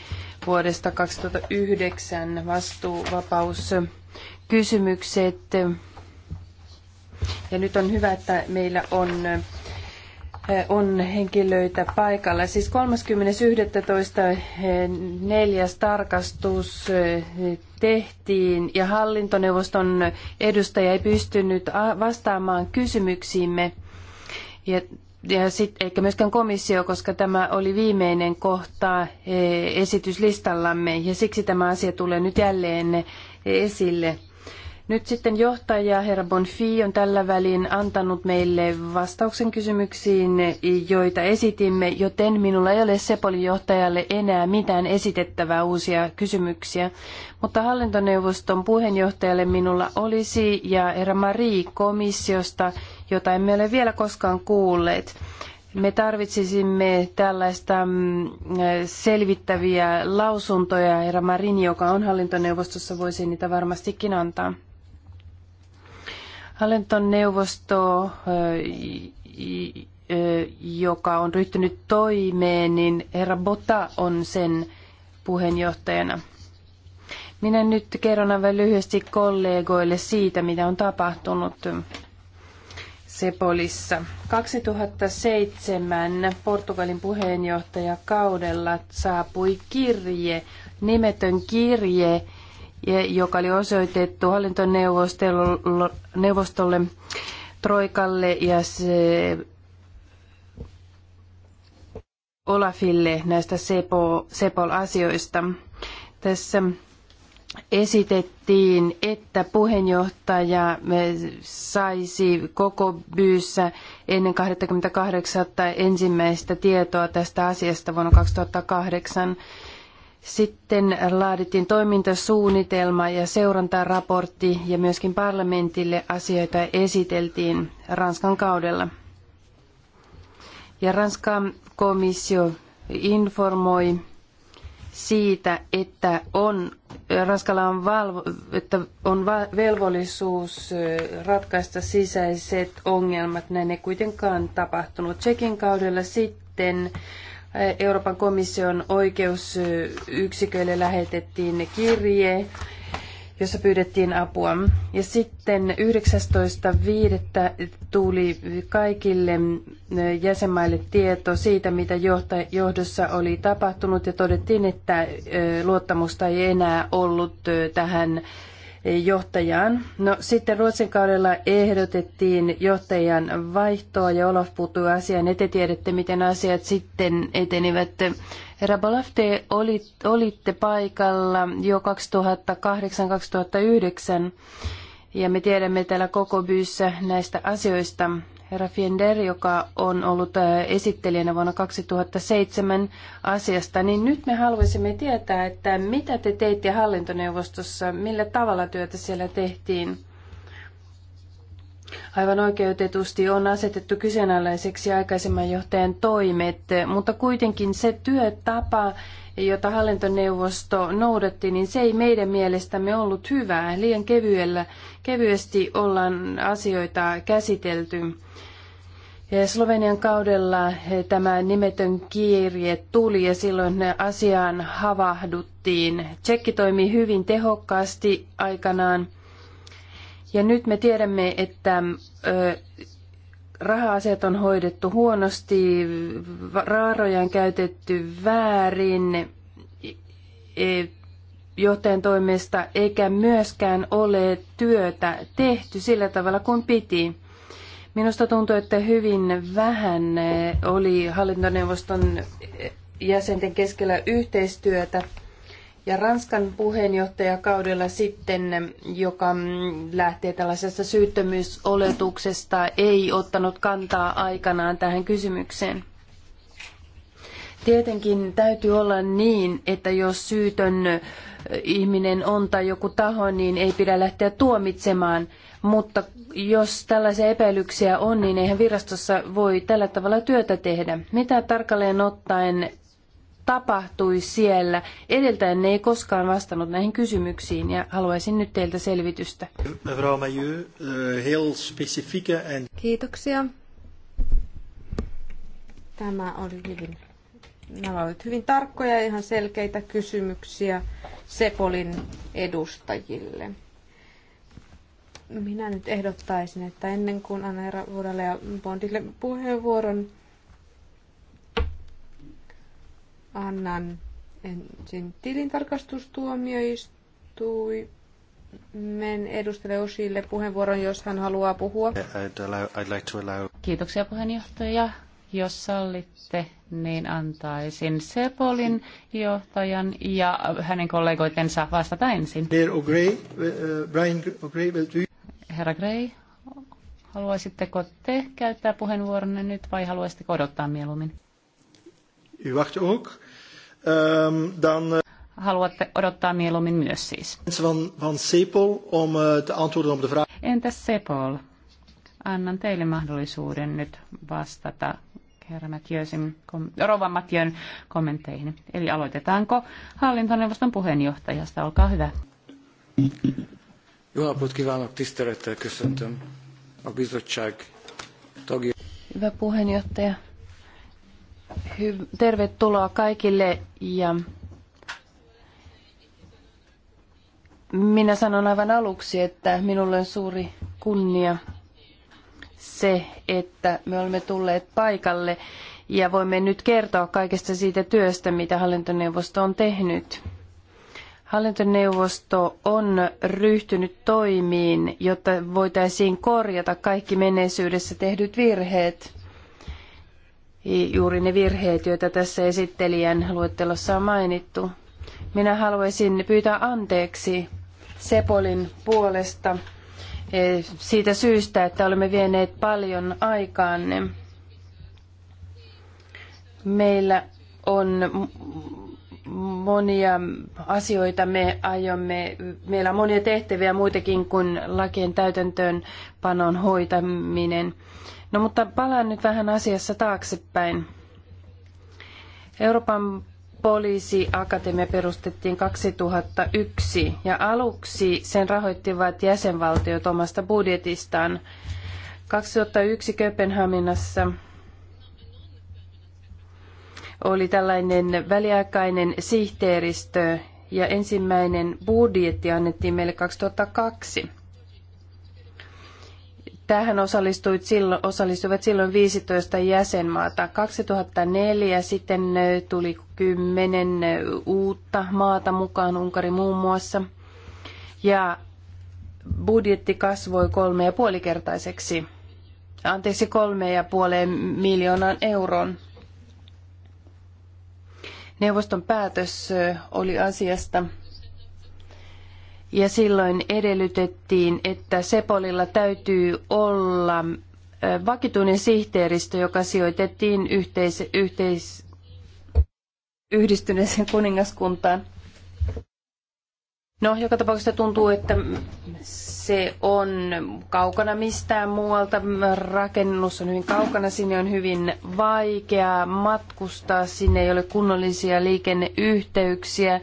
vuodesta 2009 vastuuvapauskysymykset. kysymykset ja nyt on hyvä, että meillä on, äh, on henkilöitä paikalla. Siis 30.11. Äh, neljäs tarkastus äh, tehtiin ja hallintoneuvoston edustaja ei pystynyt vastaamaan kysymyksiimme. Ja ja sit, eikä myöskään komissio, koska tämä oli viimeinen kohta esityslistallamme ja siksi tämä asia tulee nyt jälleen esille. Nyt sitten johtaja herra Bonfi on tällä välin antanut meille vastauksen kysymyksiin, joita esitimme, joten minulla ei ole Sepolin johtajalle enää mitään esitettävää uusia kysymyksiä. Mutta hallintoneuvoston puheenjohtajalle minulla olisi ja herra Marie komissiosta, jota emme ole vielä koskaan kuulleet. Me tarvitsisimme tällaista mm, selvittäviä lausuntoja. Herra Marin, joka on hallintoneuvostossa, voisi niitä varmastikin antaa hallintoneuvosto, joka on ryhtynyt toimeen, niin herra Bota on sen puheenjohtajana. Minä nyt kerron aivan lyhyesti kollegoille siitä, mitä on tapahtunut Sepolissa. 2007 Portugalin puheenjohtajakaudella saapui kirje, nimetön kirje, joka oli osoitettu hallintoneuvostolle Troikalle ja se Olafille näistä Sepol-asioista. Tässä esitettiin, että puheenjohtaja saisi koko byyssä ennen 28. ensimmäistä tietoa tästä asiasta vuonna 2008. Sitten laadittiin toimintasuunnitelma ja seurantaraportti ja myöskin parlamentille asioita esiteltiin Ranskan kaudella. Ja Ranskan komissio informoi siitä, että on, Ranskalla on, valvo, että on velvollisuus ratkaista sisäiset ongelmat. Näin ei kuitenkaan tapahtunut. Tsekin kaudella sitten Euroopan komission oikeusyksiköille lähetettiin kirje, jossa pyydettiin apua. Ja sitten 19.5. tuli kaikille jäsenmaille tieto siitä, mitä johdossa oli tapahtunut ja todettiin, että luottamusta ei enää ollut tähän johtajaan. No sitten Ruotsin kaudella ehdotettiin johtajan vaihtoa ja Olaf puuttui asiaan Ette tiedätte, miten asiat sitten etenivät. Herra Balafte, olitte paikalla jo 2008-2009 ja me tiedämme täällä koko byyssä näistä asioista herra Fiender, joka on ollut äh, esittelijänä vuonna 2007 asiasta, niin nyt me haluaisimme tietää, että mitä te teitte hallintoneuvostossa, millä tavalla työtä siellä tehtiin. Aivan oikeutetusti on asetettu kyseenalaiseksi aikaisemman johtajan toimet, mutta kuitenkin se työtapa, jota hallintoneuvosto noudatti, niin se ei meidän mielestämme ollut hyvää. Liian kevyellä, kevyesti ollaan asioita käsitelty. Slovenian kaudella tämä nimetön kirje tuli ja silloin asiaan havahduttiin. Tsekki toimi hyvin tehokkaasti aikanaan. Ja nyt me tiedämme, että raha-asiat on hoidettu huonosti, raaroja on käytetty väärin e- e- johtajan toimesta, eikä myöskään ole työtä tehty sillä tavalla kuin piti. Minusta tuntuu, että hyvin vähän e, oli hallintoneuvoston jäsenten keskellä yhteistyötä ja Ranskan puheenjohtajakaudella sitten, joka lähtee tällaisesta syyttömyysoletuksesta, ei ottanut kantaa aikanaan tähän kysymykseen. Tietenkin täytyy olla niin, että jos syytön ihminen on tai joku taho, niin ei pidä lähteä tuomitsemaan. Mutta jos tällaisia epäilyksiä on, niin eihän virastossa voi tällä tavalla työtä tehdä. Mitä tarkalleen ottaen tapahtui siellä. Edeltäjänne ei koskaan vastannut näihin kysymyksiin ja haluaisin nyt teiltä selvitystä. Eh, Kiitoksia. Tämä oli hyvin, nämä olivat hyvin tarkkoja ja ihan selkeitä kysymyksiä Sepolin edustajille. Minä nyt ehdottaisin, että ennen kuin annan herra Vuodelle ja Bondille puheenvuoron, annan ensin tilintarkastustuomioistuimen edustajalle Osille puheenvuoron, jos hän haluaa puhua. I'd allow, I'd like to allow... Kiitoksia puheenjohtaja. Jos sallitte, niin antaisin Sepolin johtajan ja hänen kollegoitensa vastata ensin. Uh, Herra Gray, haluaisitteko te käyttää puheenvuoronne nyt vai haluaisitteko odottaa mieluummin? Um, dan, uh... Haluatte odottaa mieluummin myös siis. Van, van Sepol om eh, te antwoorden op de vraag. Entäs Sepol? Annan teille mahdollisuuden nyt vastata herra Mathieusin, kom, Rova Mathieusin kommentteihin. Eli aloitetaanko hallintoneuvoston puheenjohtajasta? Olkaa hyvä. Jó napot kívánok, tisztelettel köszöntöm a bizottság tagja. Hyvä puheenjohtaja, Hy- tervetuloa kaikille ja minä sanon aivan aluksi, että minulle on suuri kunnia se, että me olemme tulleet paikalle ja voimme nyt kertoa kaikesta siitä työstä, mitä hallintoneuvosto on tehnyt. Hallintoneuvosto on ryhtynyt toimiin, jotta voitaisiin korjata kaikki menneisyydessä tehdyt virheet juuri ne virheet, joita tässä esittelijän luettelossa on mainittu. Minä haluaisin pyytää anteeksi Sepolin puolesta e, siitä syystä, että olemme vieneet paljon aikaanne. Meillä on monia asioita, me aiomme, meillä on monia tehtäviä muitakin kuin lakien täytäntöönpanon hoitaminen. No mutta palaan nyt vähän asiassa taaksepäin. Euroopan poliisiakatemia perustettiin 2001 ja aluksi sen rahoittivat jäsenvaltiot omasta budjetistaan. 2001 Kööpenhaminassa oli tällainen väliaikainen sihteeristö ja ensimmäinen budjetti annettiin meille 2002. Tähän osallistuivat silloin, osallistuivat silloin 15 jäsenmaata. 2004 sitten tuli 10 uutta maata mukaan, Unkari muun muassa. Ja budjetti kasvoi kolme ja puolikertaiseksi, anteeksi kolme ja puoleen miljoonaan euroon. Neuvoston päätös oli asiasta ja silloin edellytettiin, että Sepolilla täytyy olla vakituinen sihteeristö, joka sijoitettiin yhteis, yhteis, yhdistyneeseen kuningaskuntaan. No, joka tapauksessa tuntuu, että se on kaukana mistään muualta. Rakennus on hyvin kaukana, sinne on hyvin vaikeaa matkustaa, sinne ei ole kunnollisia liikenneyhteyksiä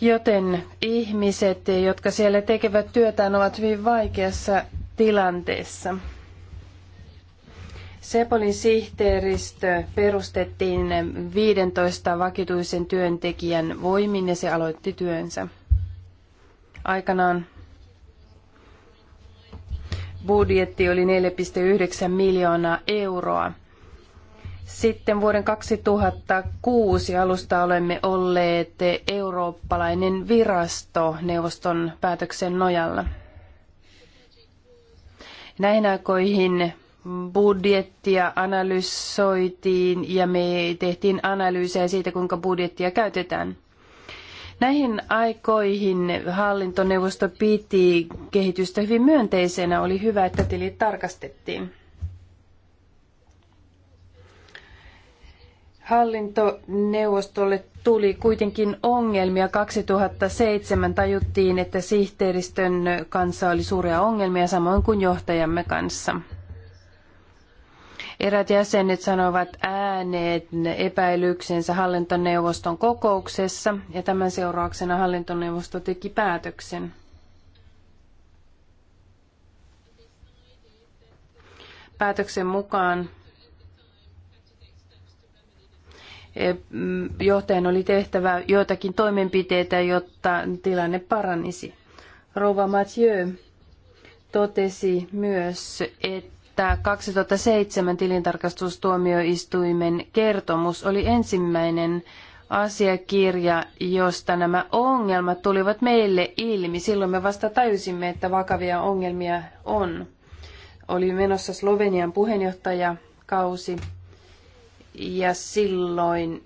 Joten ihmiset, jotka siellä tekevät työtään, ovat hyvin vaikeassa tilanteessa. Sepolin sihteeristö perustettiin 15 vakituisen työntekijän voimin ja se aloitti työnsä. Aikanaan budjetti oli 4,9 miljoonaa euroa. Sitten vuoden 2006 alusta olemme olleet eurooppalainen virasto neuvoston päätöksen nojalla. Näihin aikoihin budjettia analysoitiin ja me tehtiin analyysejä siitä, kuinka budjettia käytetään. Näihin aikoihin hallintoneuvosto piti kehitystä hyvin myönteisenä. Oli hyvä, että tilit tarkastettiin. Hallintoneuvostolle tuli kuitenkin ongelmia. 2007 tajuttiin, että sihteeristön kanssa oli suuria ongelmia, samoin kuin johtajamme kanssa. Erät jäsenet sanoivat ääneen epäilyksensä hallintoneuvoston kokouksessa ja tämän seurauksena hallintoneuvosto teki päätöksen. Päätöksen mukaan johtajan oli tehtävä joitakin toimenpiteitä, jotta tilanne paranisi. Rouva Mathieu totesi myös, että 2007 tilintarkastustuomioistuimen kertomus oli ensimmäinen asiakirja, josta nämä ongelmat tulivat meille ilmi. Silloin me vasta tajusimme, että vakavia ongelmia on. Oli menossa Slovenian puheenjohtajakausi ja silloin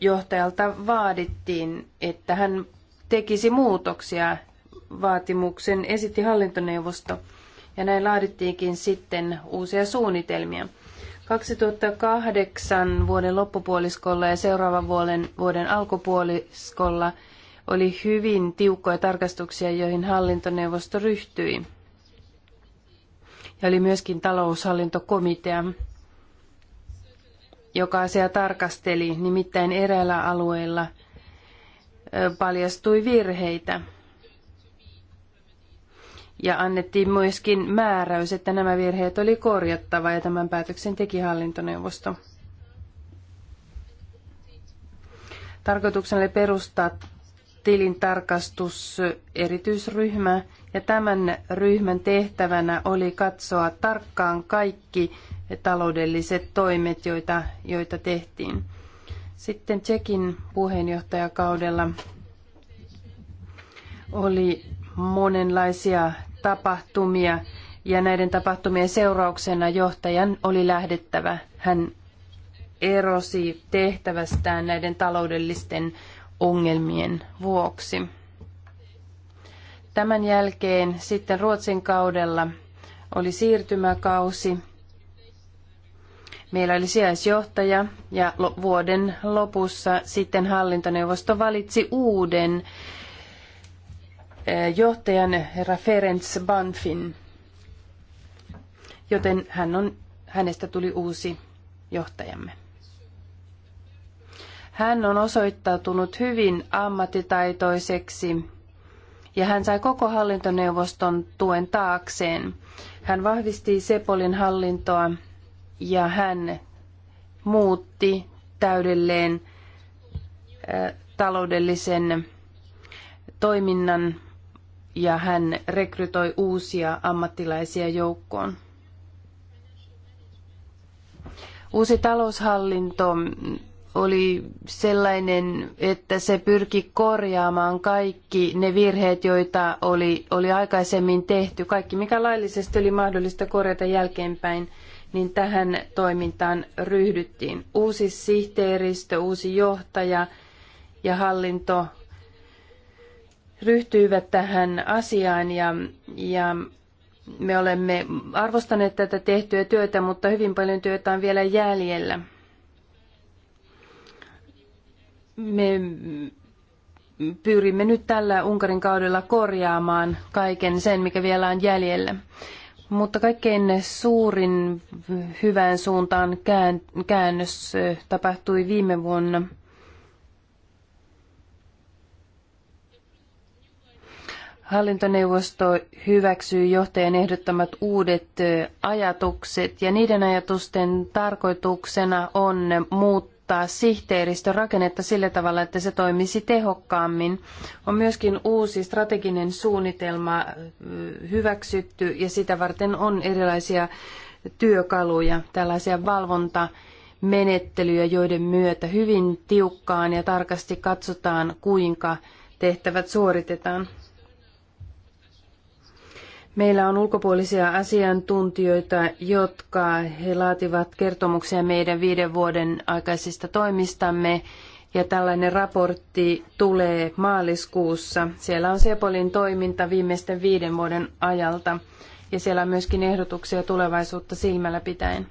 johtajalta vaadittiin, että hän tekisi muutoksia vaatimuksen, esitti hallintoneuvosto ja näin laadittiinkin sitten uusia suunnitelmia. 2008 vuoden loppupuoliskolla ja seuraavan vuoden, vuoden alkupuoliskolla oli hyvin tiukkoja tarkastuksia, joihin hallintoneuvosto ryhtyi. Ja oli myöskin taloushallintokomitea joka asiaa tarkasteli, nimittäin eräillä alueilla paljastui virheitä. Ja annettiin myöskin määräys, että nämä virheet oli korjattava ja tämän päätöksen teki hallintoneuvosto. Tarkoituksena oli perustaa tilintarkastus erityisryhmä ja tämän ryhmän tehtävänä oli katsoa tarkkaan kaikki taloudelliset toimet, joita, joita tehtiin. Sitten Tsekin puheenjohtajakaudella oli monenlaisia tapahtumia ja näiden tapahtumien seurauksena johtajan oli lähdettävä. Hän erosi tehtävästään näiden taloudellisten ongelmien vuoksi. Tämän jälkeen sitten Ruotsin kaudella oli siirtymäkausi Meillä oli sijaisjohtaja ja vuoden lopussa sitten hallintoneuvosto valitsi uuden eh, johtajan herra Ferenc Banfin, joten hän on, hänestä tuli uusi johtajamme. Hän on osoittautunut hyvin ammattitaitoiseksi ja hän sai koko hallintoneuvoston tuen taakseen. Hän vahvisti Sepolin hallintoa ja hän muutti täydelleen taloudellisen toiminnan ja hän rekrytoi uusia ammattilaisia joukkoon. Uusi taloushallinto oli sellainen, että se pyrki korjaamaan kaikki ne virheet, joita oli, oli aikaisemmin tehty. Kaikki, mikä laillisesti oli mahdollista korjata jälkeenpäin – niin tähän toimintaan ryhdyttiin. Uusi sihteeristö, uusi johtaja ja hallinto ryhtyivät tähän asiaan ja, ja me olemme arvostaneet tätä tehtyä työtä, mutta hyvin paljon työtä on vielä jäljellä. Me pyrimme nyt tällä Unkarin kaudella korjaamaan kaiken sen, mikä vielä on jäljellä. Mutta kaikkein suurin hyvään suuntaan käännös tapahtui viime vuonna. Hallintoneuvosto hyväksyy johtajan ehdottamat uudet ajatukset ja niiden ajatusten tarkoituksena on muuttaa muuttaa sihteeristön rakennetta sillä tavalla, että se toimisi tehokkaammin. On myöskin uusi strateginen suunnitelma hyväksytty ja sitä varten on erilaisia työkaluja, tällaisia valvontamenettelyjä, joiden myötä hyvin tiukkaan ja tarkasti katsotaan, kuinka tehtävät suoritetaan. Meillä on ulkopuolisia asiantuntijoita, jotka he laativat kertomuksia meidän viiden vuoden aikaisista toimistamme. Ja tällainen raportti tulee maaliskuussa. Siellä on Sepolin toiminta viimeisten viiden vuoden ajalta. Ja siellä on myöskin ehdotuksia tulevaisuutta silmällä pitäen.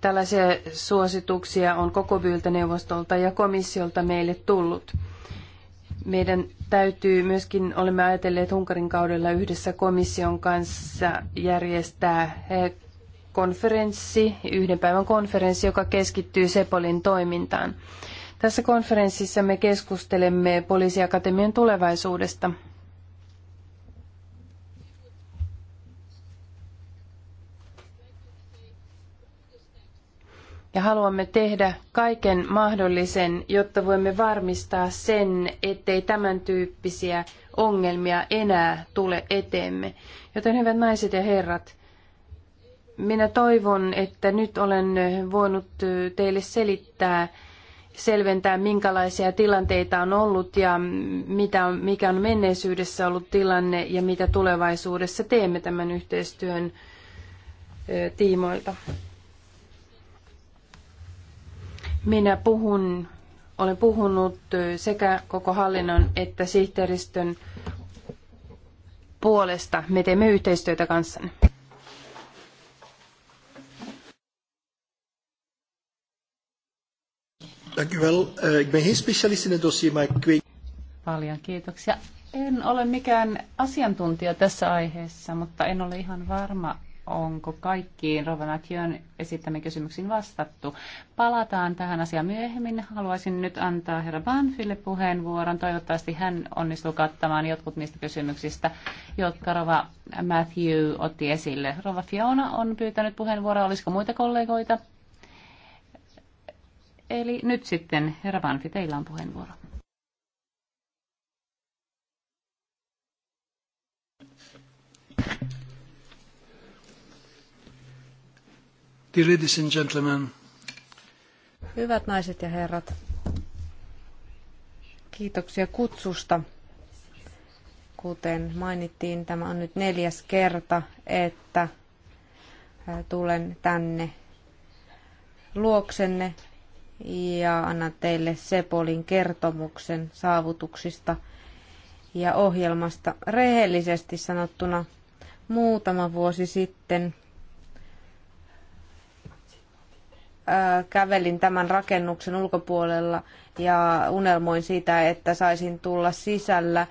Tällaisia suosituksia on koko neuvostolta ja komissiolta meille tullut. Meidän täytyy myöskin, olemme ajatelleet Unkarin kaudella yhdessä komission kanssa järjestää eh, konferenssi, yhden päivän konferenssi, joka keskittyy Sepolin toimintaan. Tässä konferenssissa me keskustelemme poliisiakatemian tulevaisuudesta. ja haluamme tehdä kaiken mahdollisen, jotta voimme varmistaa sen, ettei tämän tyyppisiä ongelmia enää tule eteemme. Joten hyvät naiset ja herrat, minä toivon, että nyt olen voinut teille selittää, selventää, minkälaisia tilanteita on ollut ja mitä mikä on menneisyydessä ollut tilanne ja mitä tulevaisuudessa teemme tämän yhteistyön tiimoilta. Minä puhun, olen puhunut sekä koko hallinnon että sihteeristön puolesta. Me teemme yhteistyötä kanssanne. Uh, Paljon kiitoksia. En ole mikään asiantuntija tässä aiheessa, mutta en ole ihan varma, onko kaikkiin Rovanakion esittämiin kysymyksiin vastattu. Palataan tähän asiaan myöhemmin. Haluaisin nyt antaa herra Banfille puheenvuoron. Toivottavasti hän onnistuu kattamaan jotkut niistä kysymyksistä, jotka Rova Matthew otti esille. Rova Fiona on pyytänyt puheenvuoroa. Olisiko muita kollegoita? Eli nyt sitten, herra Banfi, teillä on puheenvuoro. Dear ladies and gentlemen. Hyvät naiset ja herrat, kiitoksia kutsusta. Kuten mainittiin, tämä on nyt neljäs kerta, että tulen tänne luoksenne ja annan teille Sepolin kertomuksen saavutuksista ja ohjelmasta. Rehellisesti sanottuna muutama vuosi sitten kävelin tämän rakennuksen ulkopuolella ja unelmoin siitä, että saisin tulla sisällä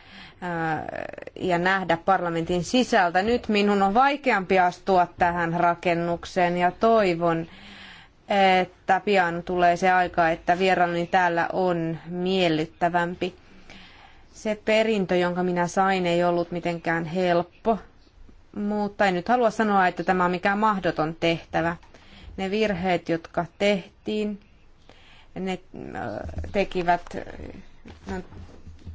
ja nähdä parlamentin sisältä. Nyt minun on vaikeampi astua tähän rakennukseen ja toivon, että pian tulee se aika, että vierailuni täällä on miellyttävämpi. Se perintö, jonka minä sain, ei ollut mitenkään helppo, mutta en nyt halua sanoa, että tämä on mikään mahdoton tehtävä ne virheet, jotka tehtiin, ne äh, tekivät äh,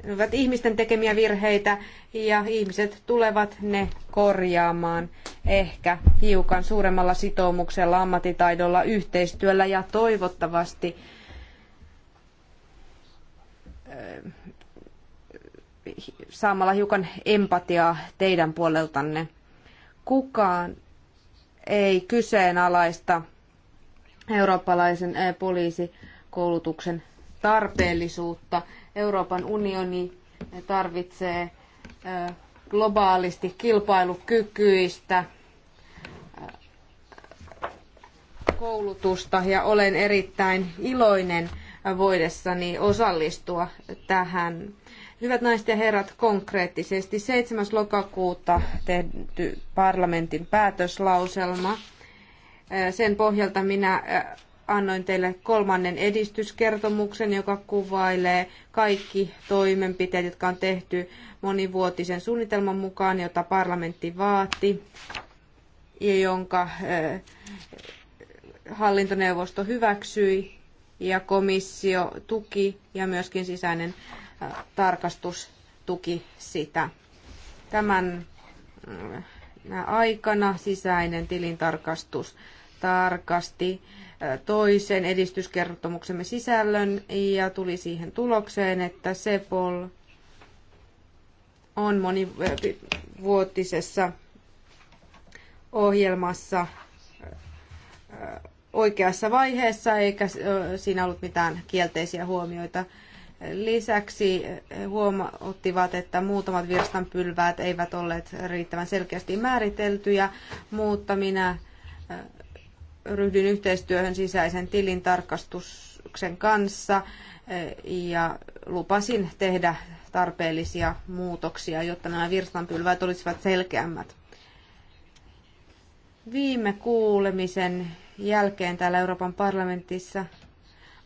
ne ovat ihmisten tekemiä virheitä ja ihmiset tulevat ne korjaamaan ehkä hiukan suuremmalla sitoumuksella, ammattitaidolla, yhteistyöllä ja toivottavasti äh, saamalla hiukan empatiaa teidän puoleltanne. Kukaan ei kyseenalaista eurooppalaisen poliisikoulutuksen tarpeellisuutta. Euroopan unioni tarvitsee globaalisti kilpailukykyistä koulutusta ja olen erittäin iloinen voidessani osallistua tähän Hyvät naiset ja herrat, konkreettisesti 7. lokakuuta tehty parlamentin päätöslauselma. Äh, sen pohjalta minä äh, annoin teille kolmannen edistyskertomuksen, joka kuvailee kaikki toimenpiteet, jotka on tehty monivuotisen suunnitelman mukaan, jota parlamentti vaati ja jonka äh, hallintoneuvosto hyväksyi ja komissio tuki ja myöskin sisäinen tarkastus tuki sitä. Tämän mm, aikana sisäinen tilintarkastus tarkasti toisen edistyskertomuksemme sisällön ja tuli siihen tulokseen, että Sepol on monivuotisessa ohjelmassa oikeassa vaiheessa, eikä siinä ollut mitään kielteisiä huomioita. Lisäksi huomauttivat, että muutamat virstanpylväät eivät olleet riittävän selkeästi määriteltyjä, mutta minä äh, ryhdyin yhteistyöhön sisäisen tilin tarkastuksen kanssa äh, ja lupasin tehdä tarpeellisia muutoksia, jotta nämä virstanpylväät olisivat selkeämmät. Viime kuulemisen jälkeen täällä Euroopan parlamentissa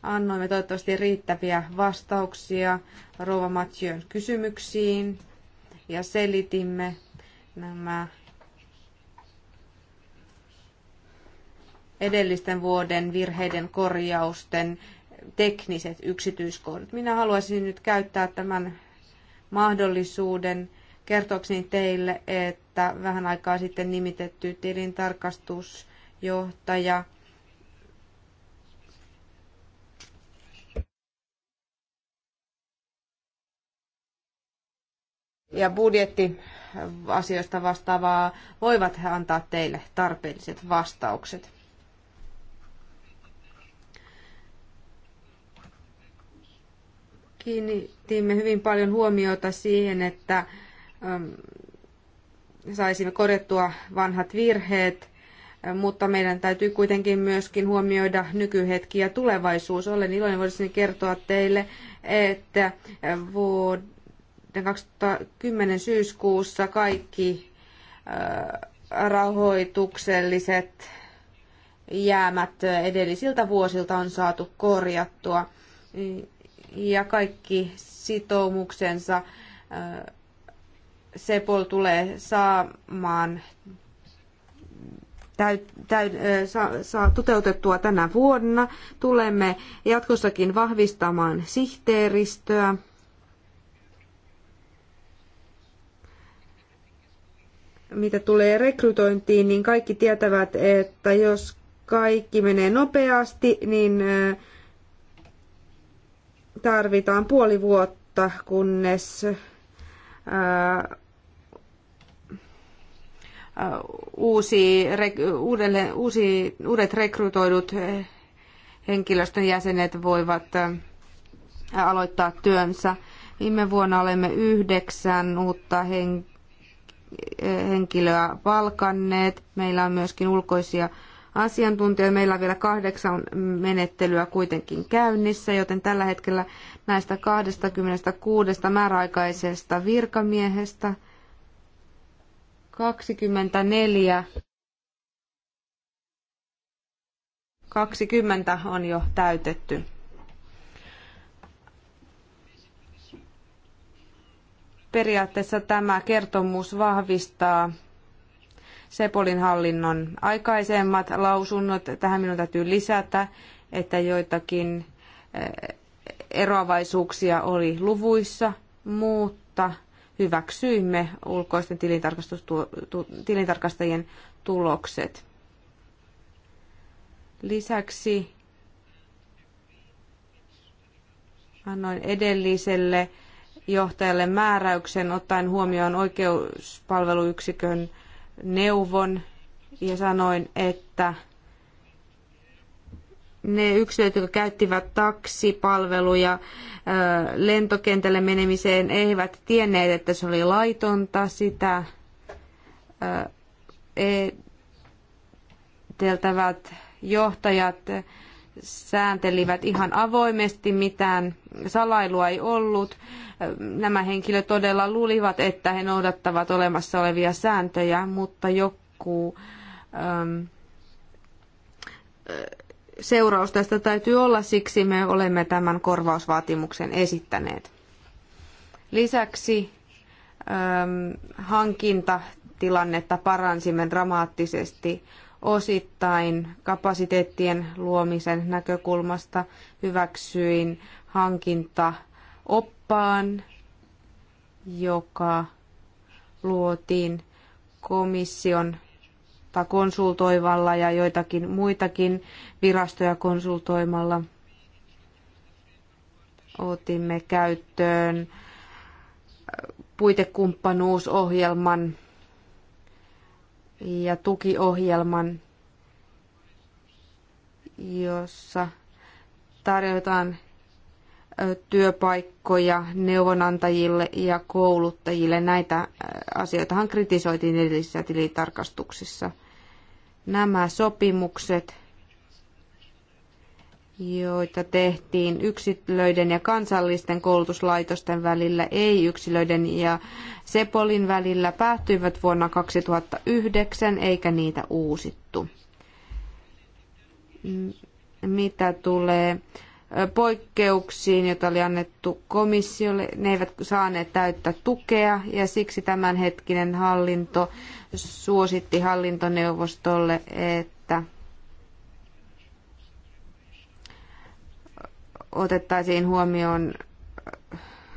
annoimme toivottavasti riittäviä vastauksia Rova Mathieu kysymyksiin ja selitimme nämä edellisten vuoden virheiden korjausten tekniset yksityiskohdat. Minä haluaisin nyt käyttää tämän mahdollisuuden kertoakseni teille, että vähän aikaa sitten nimitetty tilintarkastusjohtaja – ja budjettiasioista vastaavaa voivat he antaa teille tarpeelliset vastaukset. Kiinnitimme hyvin paljon huomiota siihen, että ähm, saisimme korjattua vanhat virheet, äh, mutta meidän täytyy kuitenkin myöskin huomioida nykyhetki ja tulevaisuus. Olen iloinen voisin kertoa teille, että äh, vuod- vuoden 2010 syyskuussa kaikki rahoitukselliset jäämät edellisiltä vuosilta on saatu korjattua ja kaikki sitoumuksensa Sepol tulee saamaan täyt, täy saa, saa toteutettua tänä vuonna. Tulemme jatkossakin vahvistamaan sihteeristöä mitä tulee rekrytointiin, niin kaikki tietävät, että jos kaikki menee nopeasti, niin äh, tarvitaan puoli vuotta, kunnes äh, äh, uusi, uudelle, uusi, uudet rekrytoidut eh, henkilöstön jäsenet voivat aloittaa työnsä. Viime vuonna olemme yhdeksän uutta henkilöä henkilöä palkanneet. Meillä on myöskin ulkoisia asiantuntijoita. Meillä on vielä kahdeksan menettelyä kuitenkin käynnissä, joten tällä hetkellä näistä 26 määräaikaisesta virkamiehestä 24 20 on jo täytetty. Periaatteessa tämä kertomus vahvistaa Sepolin hallinnon aikaisemmat lausunnot. Tähän minun täytyy lisätä, että joitakin eh, eroavaisuuksia oli luvuissa, mutta hyväksyimme ulkoisten tilintarkastajien tulokset. Lisäksi annoin edelliselle johtajalle määräyksen ottaen huomioon oikeuspalveluyksikön neuvon ja sanoin, että ne yksilöt, jotka käyttivät taksipalveluja lentokentälle menemiseen, eivät tienneet, että se oli laitonta sitä edeltävät johtajat sääntelivät ihan avoimesti, mitään salailua ei ollut. Nämä henkilöt todella luulivat, että he noudattavat olemassa olevia sääntöjä, mutta joku ähm, äh, seuraus tästä täytyy olla, siksi me olemme tämän korvausvaatimuksen esittäneet. Lisäksi ähm, hankintatilannetta paransimme dramaattisesti osittain kapasiteettien luomisen näkökulmasta hyväksyin hankintaoppaan, joka luotiin komission tai konsultoivalla ja joitakin muitakin virastoja konsultoimalla. Otimme käyttöön puitekumppanuusohjelman ja tukiohjelman, jossa tarjotaan työpaikkoja neuvonantajille ja kouluttajille. Näitä asioitahan kritisoitiin edellisissä tilitarkastuksissa. Nämä sopimukset joita tehtiin yksilöiden ja kansallisten koulutuslaitosten välillä, ei yksilöiden ja Sepolin välillä, päättyivät vuonna 2009 eikä niitä uusittu. Mitä tulee poikkeuksiin, joita oli annettu komissiolle, ne eivät saaneet täyttä tukea ja siksi tämänhetkinen hallinto suositti hallintoneuvostolle, että otettaisiin huomioon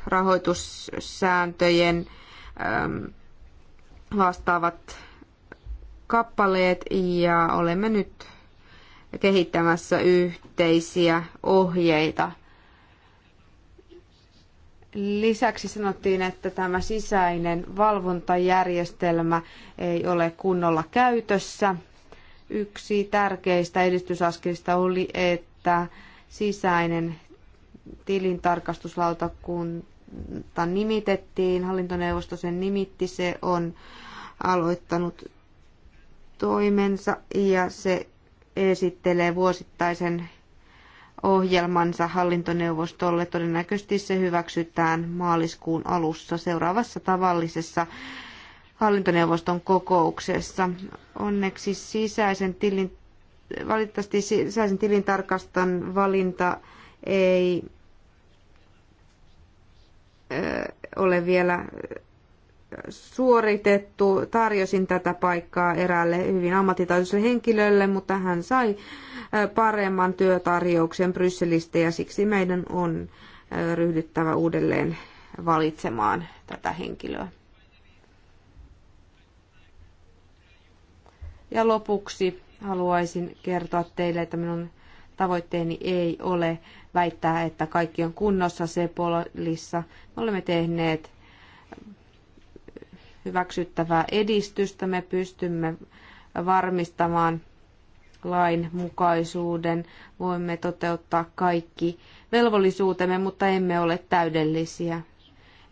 rahoitussääntöjen ähm, vastaavat kappaleet ja olemme nyt kehittämässä yhteisiä ohjeita. Lisäksi sanottiin, että tämä sisäinen valvontajärjestelmä ei ole kunnolla käytössä. Yksi tärkeistä edistysaskelista oli, että sisäinen tilintarkastuslautakunta nimitettiin, hallintoneuvosto sen nimitti, se on aloittanut toimensa ja se esittelee vuosittaisen ohjelmansa hallintoneuvostolle. Todennäköisesti se hyväksytään maaliskuun alussa seuraavassa tavallisessa hallintoneuvoston kokouksessa. Onneksi sisäisen tilin, valitettavasti sisäisen tilintarkastan valinta ei ole vielä suoritettu. Tarjosin tätä paikkaa eräälle hyvin ammattitaitoiselle henkilölle, mutta hän sai paremman työtarjouksen Brysselistä ja siksi meidän on ryhdyttävä uudelleen valitsemaan tätä henkilöä. Ja lopuksi haluaisin kertoa teille, että minun tavoitteeni ei ole väittää, että kaikki on kunnossa Sepolissa. Me olemme tehneet hyväksyttävää edistystä. Me pystymme varmistamaan lain mukaisuuden. Voimme toteuttaa kaikki velvollisuutemme, mutta emme ole täydellisiä.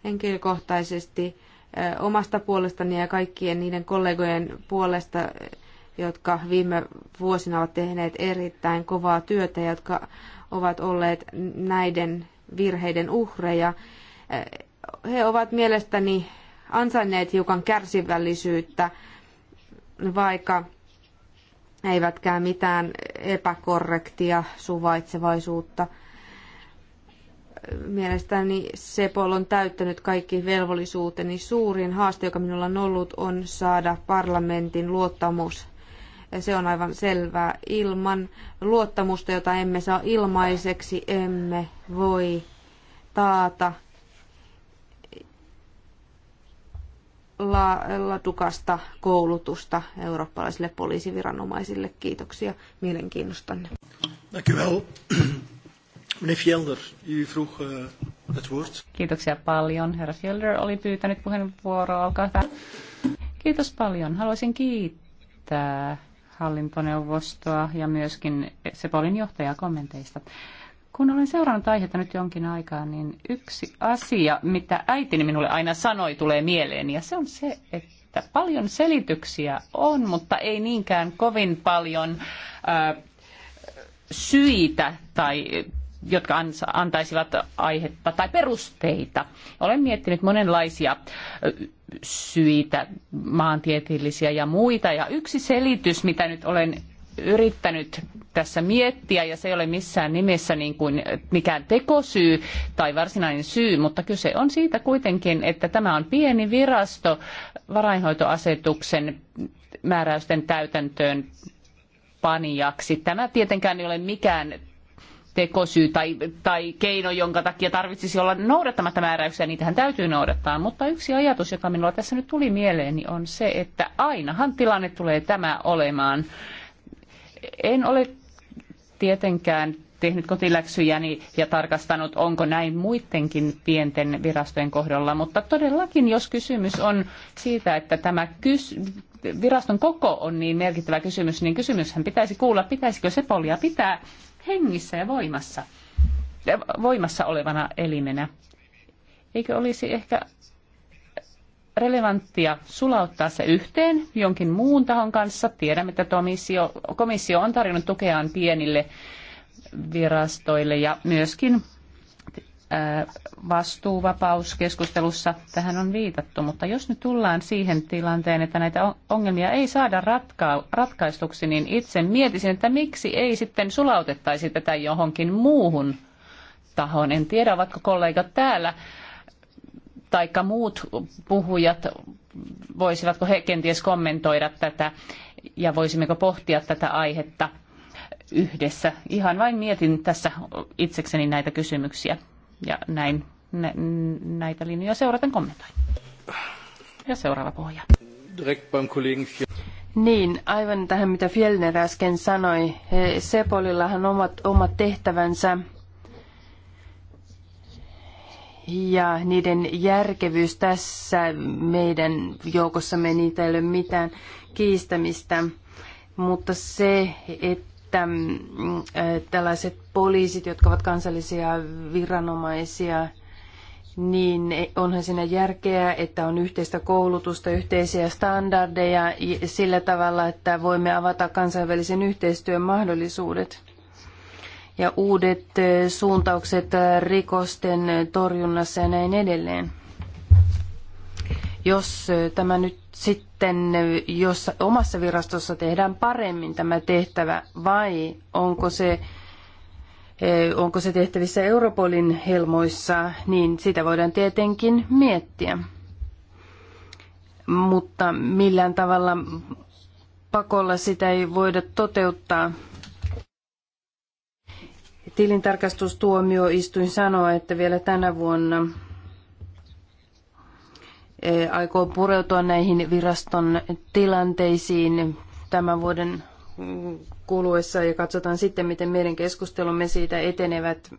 Henkilökohtaisesti omasta puolestani ja kaikkien niiden kollegojen puolesta, jotka viime vuosina ovat tehneet erittäin kovaa työtä, jotka ovat olleet näiden virheiden uhreja. Eh, he ovat mielestäni ansainneet hiukan kärsivällisyyttä, vaikka eivätkään mitään epäkorrektia suvaitsevaisuutta. Mielestäni Sepol on täyttänyt kaikki velvollisuuteni. Suurin haaste, joka minulla on ollut, on saada parlamentin luottamus se on aivan selvää. Ilman luottamusta, jota emme saa ilmaiseksi, emme voi taata laadukasta koulutusta eurooppalaisille poliisiviranomaisille. Kiitoksia mielenkiinnostanne. Eh, Kiitoksia paljon. Herra Fjellner oli pyytänyt puheenvuoroa. Olkaa hyvä. Kiitos paljon. Haluaisin kiittää hallintoneuvostoa ja myöskin Sepolin johtajaa kommenteista. Kun olen seurannut aihetta nyt jonkin aikaa, niin yksi asia, mitä äitini minulle aina sanoi, tulee mieleen, ja se on se, että paljon selityksiä on, mutta ei niinkään kovin paljon äh, syitä tai jotka antaisivat aihetta tai perusteita. Olen miettinyt monenlaisia syitä, maantieteellisiä ja muita. Ja yksi selitys, mitä nyt olen yrittänyt tässä miettiä, ja se ei ole missään nimessä niin kuin mikään tekosyy tai varsinainen syy, mutta kyse on siitä kuitenkin, että tämä on pieni virasto varainhoitoasetuksen määräysten täytäntöön panijaksi. Tämä tietenkään ei ole mikään tekosyy tai, tai keino, jonka takia tarvitsisi olla noudattamatta määräyksiä, niitähän täytyy noudattaa. Mutta yksi ajatus, joka minulla tässä nyt tuli mieleeni, on se, että ainahan tilanne tulee tämä olemaan. En ole tietenkään tehnyt kotiläksyjäni ja tarkastanut, onko näin muidenkin pienten virastojen kohdalla, mutta todellakin, jos kysymys on siitä, että tämä kys- viraston koko on niin merkittävä kysymys, niin kysymyshän pitäisi kuulla, pitäisikö se polia pitää hengissä ja voimassa, voimassa olevana elimenä. Eikö olisi ehkä relevanttia sulauttaa se yhteen jonkin muun tahon kanssa. Tiedämme, että komissio, komissio on tarjonnut tukeaan pienille virastoille ja myöskin vastuuvapauskeskustelussa tähän on viitattu, mutta jos nyt tullaan siihen tilanteen, että näitä ongelmia ei saada ratka- ratkaistuksi, niin itse mietisin, että miksi ei sitten sulautettaisi tätä johonkin muuhun tahoon. En tiedä, ovatko kollegat täällä tai muut puhujat, voisivatko he kenties kommentoida tätä ja voisimmeko pohtia tätä aihetta yhdessä. Ihan vain mietin tässä itsekseni näitä kysymyksiä. Ja näin nä- näitä linjoja seuraten kommentoin. Ja seuraava pohja. Niin, aivan tähän mitä Fjellner äsken sanoi. Sepolillahan omat, omat tehtävänsä ja niiden järkevyys tässä meidän joukossamme, niitä ei ole mitään kiistämistä. Mutta se, että että mm, äh, tällaiset poliisit, jotka ovat kansallisia viranomaisia, niin onhan siinä järkeä, että on yhteistä koulutusta, yhteisiä standardeja sillä tavalla, että voimme avata kansainvälisen yhteistyön mahdollisuudet. Ja uudet äh, suuntaukset äh, rikosten torjunnassa ja näin edelleen. Jos tämä nyt sitten sitten, jos omassa virastossa tehdään paremmin tämä tehtävä, vai onko se, eh, onko se tehtävissä Europolin helmoissa, niin sitä voidaan tietenkin miettiä. Mutta millään tavalla pakolla sitä ei voida toteuttaa. Tilintarkastustuomioistuin sanoo, että vielä tänä vuonna Eh, aikoo pureutua näihin viraston tilanteisiin tämän vuoden kuluessa ja katsotaan sitten, miten meidän keskustelumme siitä etenevät.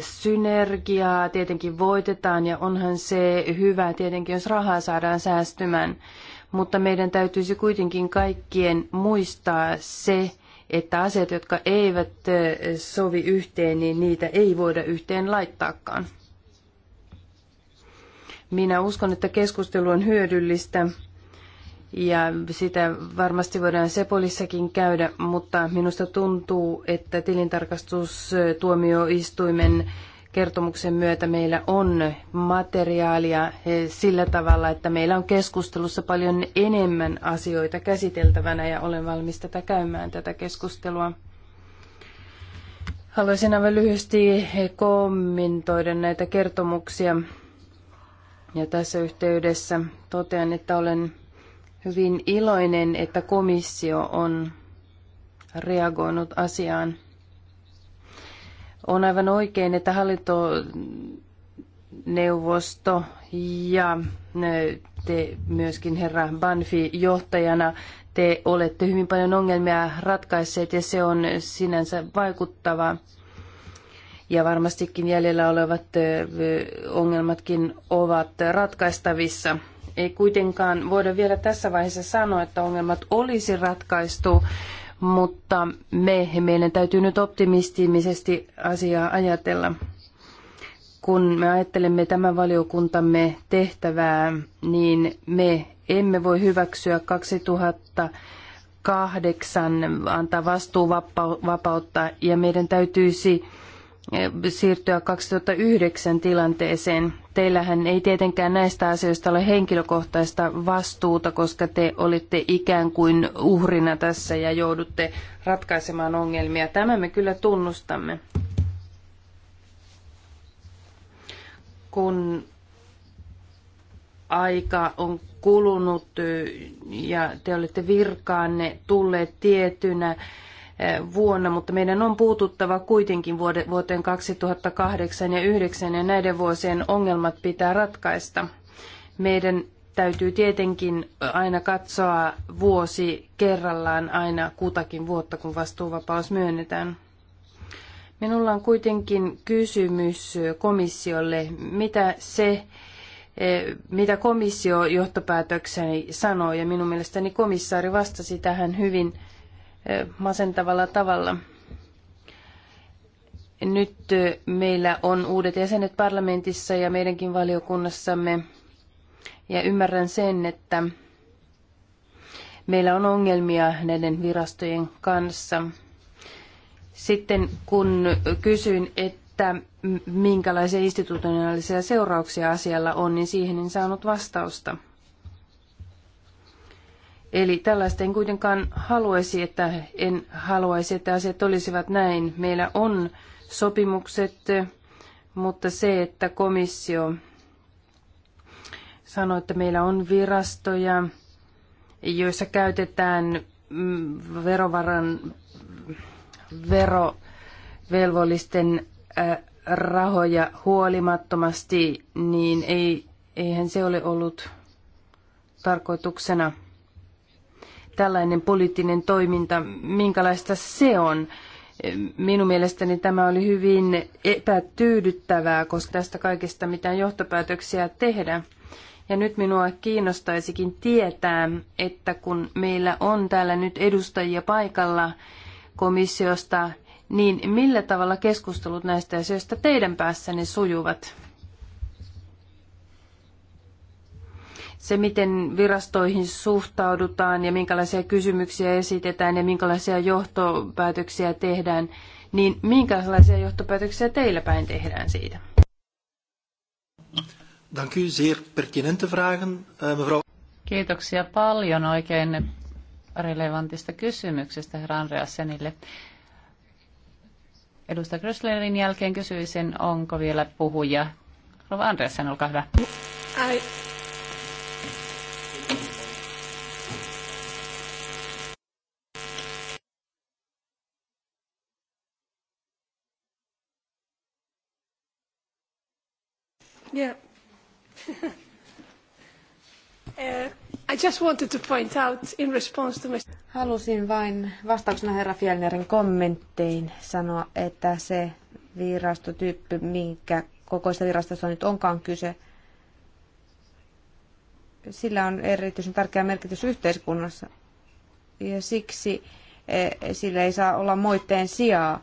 synergiaa tietenkin voitetaan ja onhan se hyvä tietenkin, jos rahaa saadaan säästymään, mutta meidän täytyisi kuitenkin kaikkien muistaa se, että asiat, jotka eivät eh, sovi yhteen, niin niitä ei voida yhteen laittaakaan. Minä uskon, että keskustelu on hyödyllistä ja sitä varmasti voidaan Sepolissakin käydä, mutta minusta tuntuu, että tilintarkastustuomioistuimen kertomuksen myötä meillä on materiaalia eh, sillä tavalla, että meillä on keskustelussa paljon enemmän asioita käsiteltävänä ja olen valmis tätä käymään tätä keskustelua. Haluaisin aivan lyhyesti kommentoida näitä kertomuksia. Ja tässä yhteydessä totean, että olen hyvin iloinen, että komissio on reagoinut asiaan. On aivan oikein, että hallintoneuvosto ja te myöskin herra Banfi johtajana, te olette hyvin paljon ongelmia ratkaisseet ja se on sinänsä vaikuttava ja varmastikin jäljellä olevat ongelmatkin ovat ratkaistavissa. Ei kuitenkaan voida vielä tässä vaiheessa sanoa, että ongelmat olisi ratkaistu, mutta me, meidän täytyy nyt optimistimisesti asiaa ajatella. Kun me ajattelemme tämän valiokuntamme tehtävää, niin me emme voi hyväksyä 2000 kahdeksan antaa vastuuvapautta ja meidän täytyisi Eh, siirtyä 2009 tilanteeseen. Teillähän ei tietenkään näistä asioista ole henkilökohtaista vastuuta, koska te olitte ikään kuin uhrina tässä ja joudutte ratkaisemaan ongelmia. Tämä me kyllä tunnustamme. Kun aika on kulunut eh, ja te olette virkaanne tulleet tietynä, vuonna, mutta meidän on puututtava kuitenkin vuoteen 2008 ja 2009 ja näiden vuosien ongelmat pitää ratkaista. Meidän täytyy tietenkin aina katsoa vuosi kerrallaan aina kutakin vuotta, kun vastuuvapaus myönnetään. Minulla on kuitenkin kysymys komissiolle, mitä se, mitä komissio johtopäätökseni sanoo, ja minun mielestäni komissaari vastasi tähän hyvin masentavalla tavalla. Nyt meillä on uudet jäsenet parlamentissa ja meidänkin valiokunnassamme. Ja ymmärrän sen, että meillä on ongelmia näiden virastojen kanssa. Sitten kun kysyin, että minkälaisia institutionaalisia seurauksia asialla on, niin siihen en saanut vastausta. Eli tällaista en kuitenkaan haluaisi, että en haluaisi, että asiat olisivat näin. Meillä on sopimukset, mutta se, että komissio sanoi, että meillä on virastoja, joissa käytetään mm, verovaran verovelvollisten rahoja huolimattomasti, niin ei, eihän se ole ollut tarkoituksena tällainen poliittinen toiminta, minkälaista se on. Minun mielestäni tämä oli hyvin epätyydyttävää, koska tästä kaikesta mitään johtopäätöksiä tehdä. Ja nyt minua kiinnostaisikin tietää, että kun meillä on täällä nyt edustajia paikalla komissiosta, niin millä tavalla keskustelut näistä asioista teidän päässänne sujuvat? se, miten virastoihin suhtaudutaan ja minkälaisia kysymyksiä esitetään ja minkälaisia johtopäätöksiä tehdään, niin minkälaisia johtopäätöksiä teillä päin tehdään siitä? Dank u, zeer pertinente vragen, eh, mevrouw. Kiitoksia paljon oikein relevantista kysymyksestä herra Andreasenille. Edustaja grösslerin jälkeen kysyisin, onko vielä puhuja. Rova Andreasen, olkaa hyvä. I Halusin vain vastauksena herra Fjellnerin kommenttiin sanoa, että se virastotyyppi, minkä kokoista virastossa nyt onkaan kyse, sillä on erityisen tärkeä merkitys yhteiskunnassa. Ja siksi eh, sillä ei saa olla moitteen sijaa.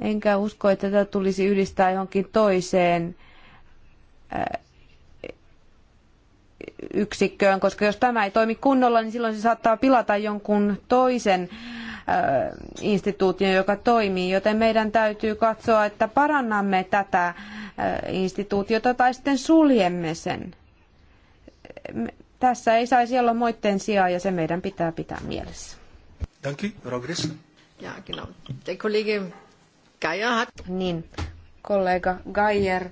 enkä usko, että tätä tulisi yhdistää johonkin toiseen äh, yksikköön, koska jos tämä ei toimi kunnolla, niin silloin se saattaa pilata jonkun toisen äh, instituution, joka toimii, joten meidän täytyy katsoa, että parannamme tätä äh, instituutiota tai sitten suljemme sen. Tässä ei saisi olla moitteen sijaa ja se meidän pitää pitää mielessä. Danke, Frau Ja, genau. Der Kollege niin, kollega Geier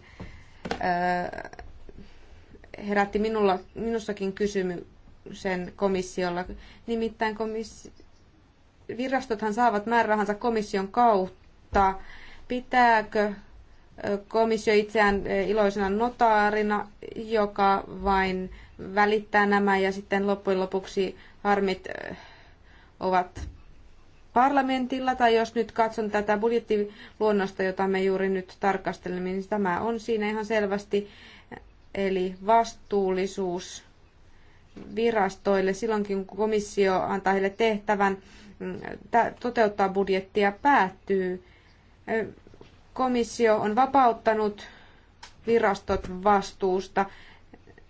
äh, herätti minulla, minussakin kysymyksen komissiolla. Nimittäin komissi- virastothan saavat määrärahansa komission kautta. Pitääkö äh, komissio itseään äh, iloisena notaarina, joka vain välittää nämä ja sitten loppujen lopuksi harmit ovat parlamentilla, tai jos nyt katson tätä budjettiluonnosta, jota me juuri nyt tarkastelemme, niin tämä on siinä ihan selvästi, eli vastuullisuus virastoille silloinkin, kun komissio antaa heille tehtävän mm, toteuttaa budjettia, päättyy. Komissio on vapauttanut virastot vastuusta.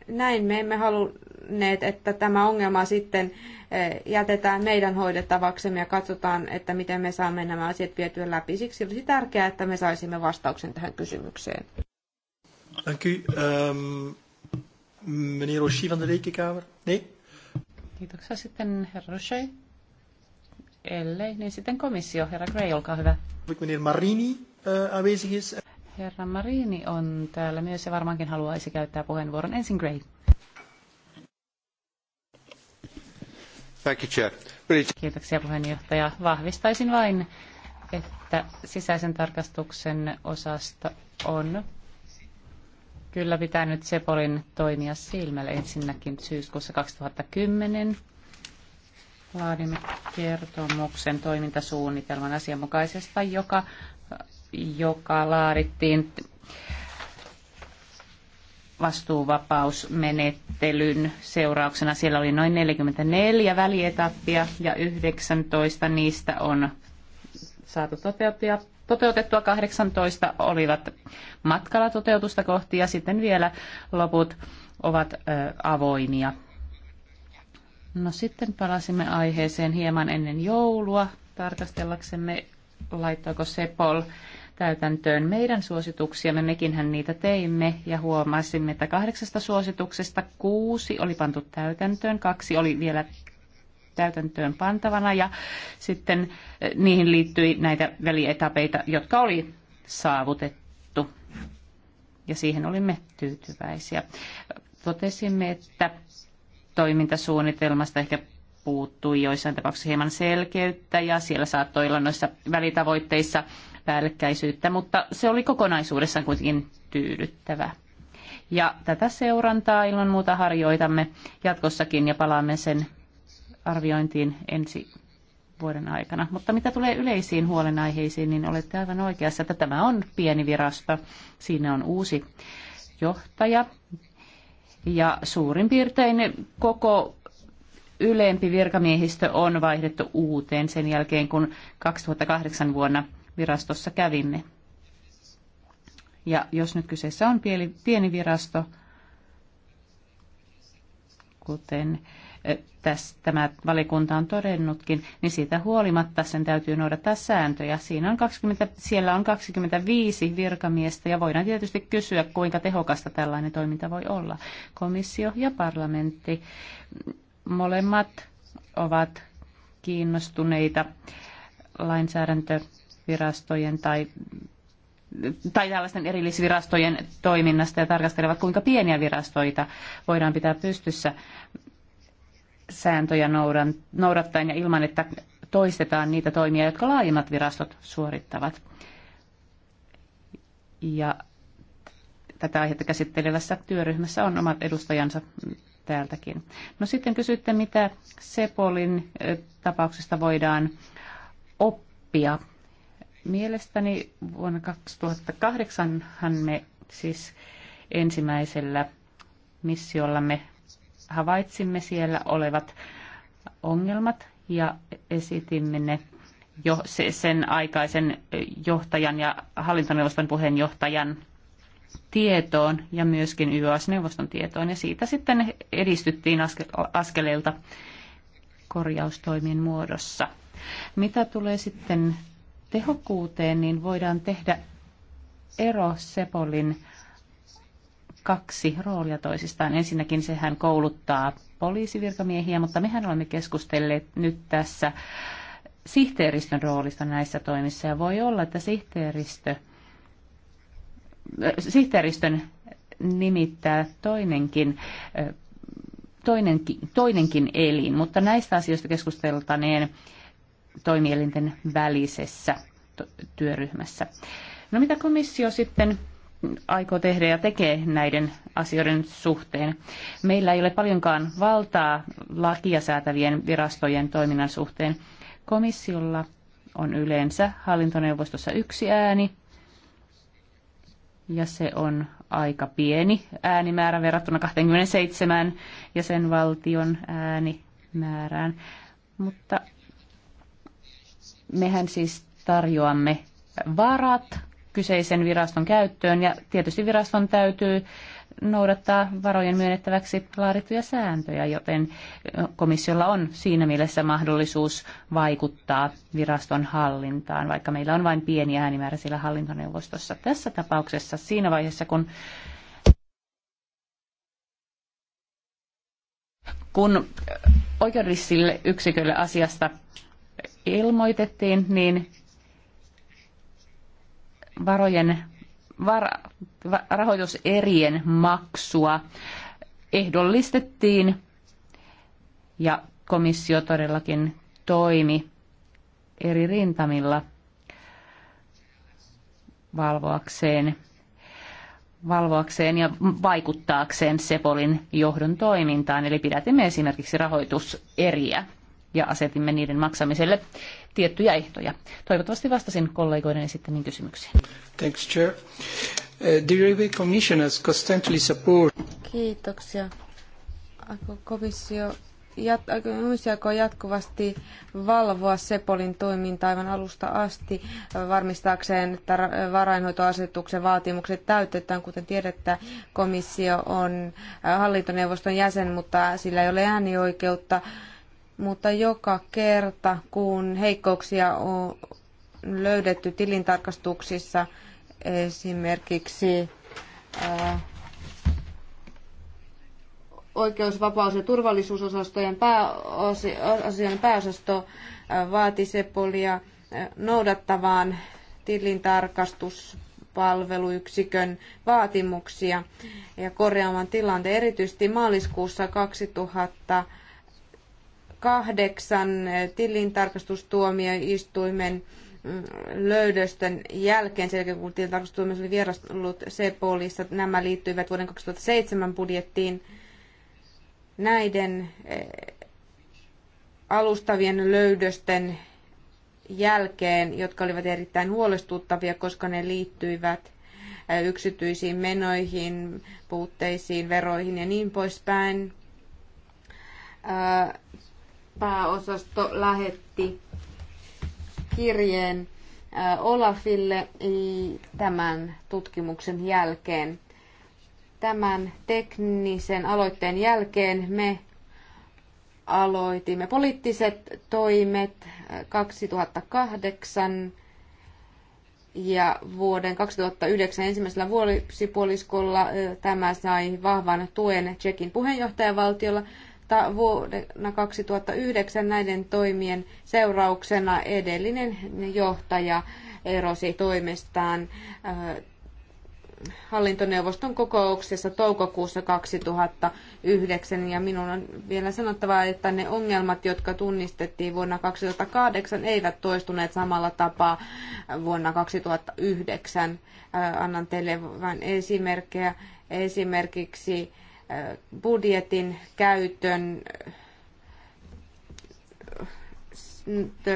Näin me emme halunneet, että tämä ongelma sitten Eh, jätetään meidän hoidettavaksemme ja katsotaan, että miten me saamme nämä asiat vietyä läpi. Siksi olisi tärkeää, että me saisimme vastauksen tähän kysymykseen. Dank u. Um, meneer Roshi van de Rekenkamer. Nee? Kiitoksia sitten herra Roche. Ellei, niin sitten komissio. Herra Gray, olkaa hyvä. Meneer Marini uh, aanwezig is. Herra Marini on täällä myös ja varmaankin haluaisi käyttää puheenvuoron. Ensin Gray. Thank you, Chair. Kiitoksia puheenjohtaja. Vahvistaisin vain, että sisäisen tarkastuksen osasta on kyllä pitänyt Sepolin toimia silmällä ensinnäkin syyskuussa 2010. Laadimme kertomuksen toimintasuunnitelman asianmukaisesta, joka, joka laadittiin vastuuvapausmenettelyn seurauksena. Siellä oli noin 44 välietappia ja 19 niistä on saatu toteutettua. Toteutettua 18 olivat matkalla toteutusta kohti ja sitten vielä loput ovat avoimia. No sitten palasimme aiheeseen hieman ennen joulua tarkastellaksemme, laittoiko Sepol täytäntöön meidän suosituksiamme. Mekinhän niitä teimme ja huomasimme, että kahdeksasta suosituksesta kuusi oli pantu täytäntöön, kaksi oli vielä täytäntöön pantavana ja sitten eh, niihin liittyi näitä välietapeita, jotka oli saavutettu ja siihen olimme tyytyväisiä. Totesimme, että toimintasuunnitelmasta ehkä puuttui joissain tapauksissa hieman selkeyttä ja siellä saattoi olla noissa välitavoitteissa päällekkäisyyttä, mutta se oli kokonaisuudessaan kuitenkin tyydyttävä. Ja tätä seurantaa ilman muuta harjoitamme jatkossakin ja palaamme sen arviointiin ensi vuoden aikana. Mutta mitä tulee yleisiin huolenaiheisiin, niin olette aivan oikeassa, että tämä on pieni virasto. Siinä on uusi johtaja ja suurin piirtein koko ylempi virkamiehistö on vaihdettu uuteen sen jälkeen, kun 2008 vuonna – virastossa kävimme. Ja jos nyt kyseessä on pieni, pieni virasto, kuten eh, tässä, tämä valikunta on todennutkin, niin siitä huolimatta sen täytyy noudattaa sääntöjä. Siinä on 20, siellä on 25 virkamiestä ja voidaan tietysti kysyä, kuinka tehokasta tällainen toiminta voi olla. Komissio ja parlamentti, molemmat ovat kiinnostuneita lainsäädäntö virastojen tai tai tällaisten erillisvirastojen toiminnasta ja tarkastelevat, kuinka pieniä virastoita voidaan pitää pystyssä sääntöjä noudattaen ja ilman, että toistetaan niitä toimia, jotka laajemmat virastot suorittavat. Ja tätä aihetta käsittelevässä työryhmässä on omat edustajansa täältäkin. No sitten kysytte, mitä Sepolin tapauksesta voidaan oppia Mielestäni vuonna 2008 me siis ensimmäisellä missiollamme havaitsimme siellä olevat ongelmat ja esitimme ne jo sen aikaisen johtajan ja hallintoneuvoston puheenjohtajan tietoon ja myöskin yas neuvoston tietoon. Ja siitä sitten edistyttiin askeleilta korjaustoimien muodossa. Mitä tulee sitten tehokkuuteen, niin voidaan tehdä ero Sepolin kaksi roolia toisistaan. Ensinnäkin sehän kouluttaa poliisivirkamiehiä, mutta mehän olemme keskustelleet nyt tässä sihteeristön roolista näissä toimissa. Ja voi olla, että sihteeristö, äh, sihteeristön nimittää toinenkin, äh, toinenkin, toinenkin elin, mutta näistä asioista keskusteltaneen toimielinten välisessä työryhmässä. No mitä komissio sitten aikoo tehdä ja tekee näiden asioiden suhteen. Meillä ei ole paljonkaan valtaa lakia säätävien virastojen toiminnan suhteen. Komissiolla on yleensä hallintoneuvostossa yksi ääni, ja se on aika pieni äänimäärä verrattuna 27 jäsenvaltion äänimäärään. Mutta Mehän siis tarjoamme varat kyseisen viraston käyttöön ja tietysti viraston täytyy noudattaa varojen myönnettäväksi laadittuja sääntöjä, joten komissiolla on siinä mielessä mahdollisuus vaikuttaa viraston hallintaan, vaikka meillä on vain pieni äänimäärä siellä hallintoneuvostossa. Tässä tapauksessa siinä vaiheessa, kun kun oikeudellisille yksiköille asiasta ilmoitettiin, niin varojen var, rahoituserien maksua ehdollistettiin ja komissio todellakin toimi eri rintamilla valvoakseen, valvoakseen ja vaikuttaakseen Sepolin johdon toimintaan. Eli pidätimme esimerkiksi rahoituseriä ja asetimme niiden maksamiselle tiettyjä ehtoja. Toivottavasti vastasin kollegoiden esittämiin kysymyksiin. Thanks, Chair. The uh, Commission has constantly support... Kiitoksia. Komissio jat, jatkuvasti valvoa Sepolin toimintaa aivan alusta asti varmistaakseen, että varainhoitoasetuksen vaatimukset täytetään. Kuten tiedettä, komissio on äh, hallintoneuvoston jäsen, mutta sillä ei ole äänioikeutta. oikeutta mutta joka kerta, kun heikkouksia on löydetty tilintarkastuksissa, esimerkiksi ää, oikeus, vapaus- ja turvallisuusosastojen pääosi, pääosasto vaati Sepolia noudattavaan tilintarkastuspalveluyksikön vaatimuksia ja korjaamaan tilanteen erityisesti maaliskuussa 2000 kahdeksan tilintarkastustuomioistuimen mm, löydösten jälkeen, sen jälkeen kun tilintarkastustuomioistuin oli vierailut Sepolissa, nämä liittyivät vuoden 2007 budjettiin. Näiden eh, alustavien löydösten jälkeen, jotka olivat erittäin huolestuttavia, koska ne liittyivät eh, yksityisiin menoihin, puutteisiin, veroihin ja niin poispäin. Eh, pääosasto lähetti kirjeen Olafille tämän tutkimuksen jälkeen. Tämän teknisen aloitteen jälkeen me aloitimme poliittiset toimet 2008 ja vuoden 2009 ensimmäisellä vuosipuoliskolla tämä sai vahvan tuen Tsekin puheenjohtajavaltiolla mutta vuonna 2009 näiden toimien seurauksena edellinen johtaja erosi toimestaan äh, hallintoneuvoston kokouksessa toukokuussa 2009 ja minun on vielä sanottava, että ne ongelmat, jotka tunnistettiin vuonna 2008, eivät toistuneet samalla tapaa vuonna 2009. Äh, annan teille vain esimerkkejä. Esimerkiksi budjetin käytön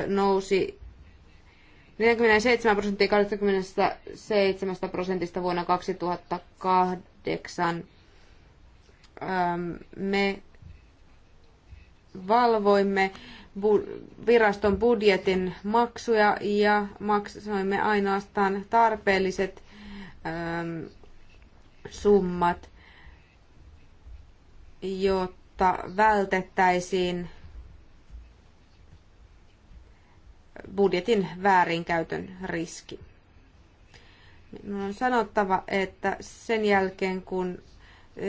nousi 47 prosenttia 27 prosentista vuonna 2008. Me valvoimme viraston budjetin maksuja ja maksoimme ainoastaan tarpeelliset summat jotta vältettäisiin budjetin väärinkäytön riski. Minun on sanottava, että sen jälkeen kun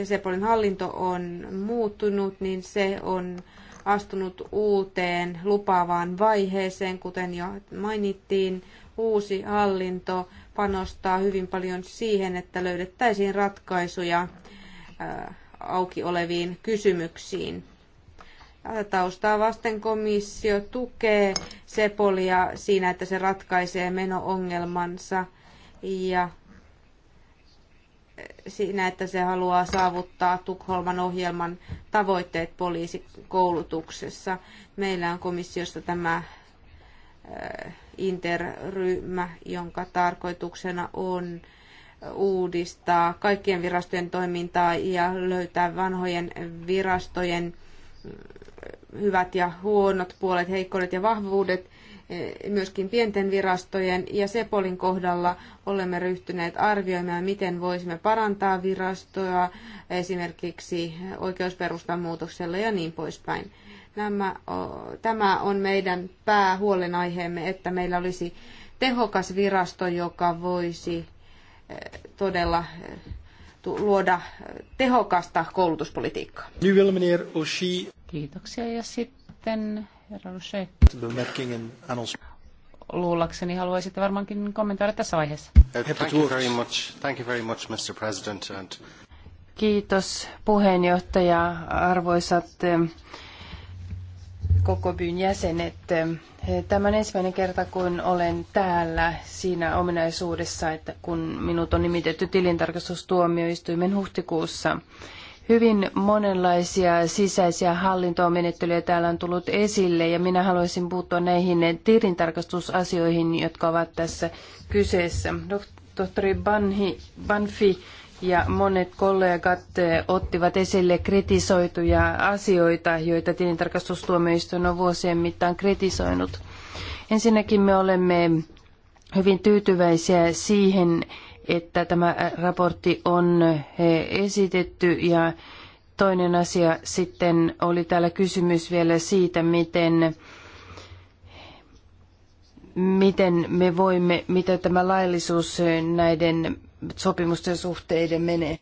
Sepolin hallinto on muuttunut, niin se on astunut uuteen lupaavaan vaiheeseen, kuten jo mainittiin. Uusi hallinto panostaa hyvin paljon siihen, että löydettäisiin ratkaisuja auki oleviin kysymyksiin. Taustaa vasten komissio tukee Sepolia siinä, että se ratkaisee menoongelmansa ja siinä, että se haluaa saavuttaa Tukholman ohjelman tavoitteet poliisikoulutuksessa. Meillä on komissiossa tämä äh, interryhmä, jonka tarkoituksena on uudistaa kaikkien virastojen toimintaa ja löytää vanhojen virastojen mm, hyvät ja huonot puolet, heikkoudet ja vahvuudet eh, myöskin pienten virastojen ja Sepolin kohdalla olemme ryhtyneet arvioimaan, miten voisimme parantaa virastoja esimerkiksi oikeusperustan muutoksella ja niin poispäin. Nämä, tämä on meidän päähuolenaiheemme, että meillä olisi tehokas virasto, joka voisi Eh, todella eh, luoda eh, tehokasta koulutuspolitiikkaa. Kiitoksia ja sitten herra Roche. Luullakseni haluaisitte varmaankin kommentoida tässä vaiheessa. Uh, thank you very much. Thank you very much, Mr. President. Kiitos puheenjohtaja, arvoisat Kokobyn jäsenet. Tämä on ensimmäinen kerta, kun olen täällä siinä ominaisuudessa, että kun minut on nimitetty tilintarkastustuomioistuimen huhtikuussa. Hyvin monenlaisia sisäisiä hallintomenettelyjä täällä on tullut esille ja minä haluaisin puuttua näihin tilintarkastusasioihin, jotka ovat tässä kyseessä. Tohtori Banhi, Banfi ja monet kollegat eh, ottivat esille kritisoituja asioita, joita tilintarkastustuomioistuin on vuosien mittaan kritisoinut. Ensinnäkin me olemme hyvin tyytyväisiä siihen, että tämä eh, raportti on eh, esitetty ja toinen asia sitten oli täällä kysymys vielä siitä, miten miten me voimme, mitä tämä laillisuus näiden sopimusten suhteiden menee.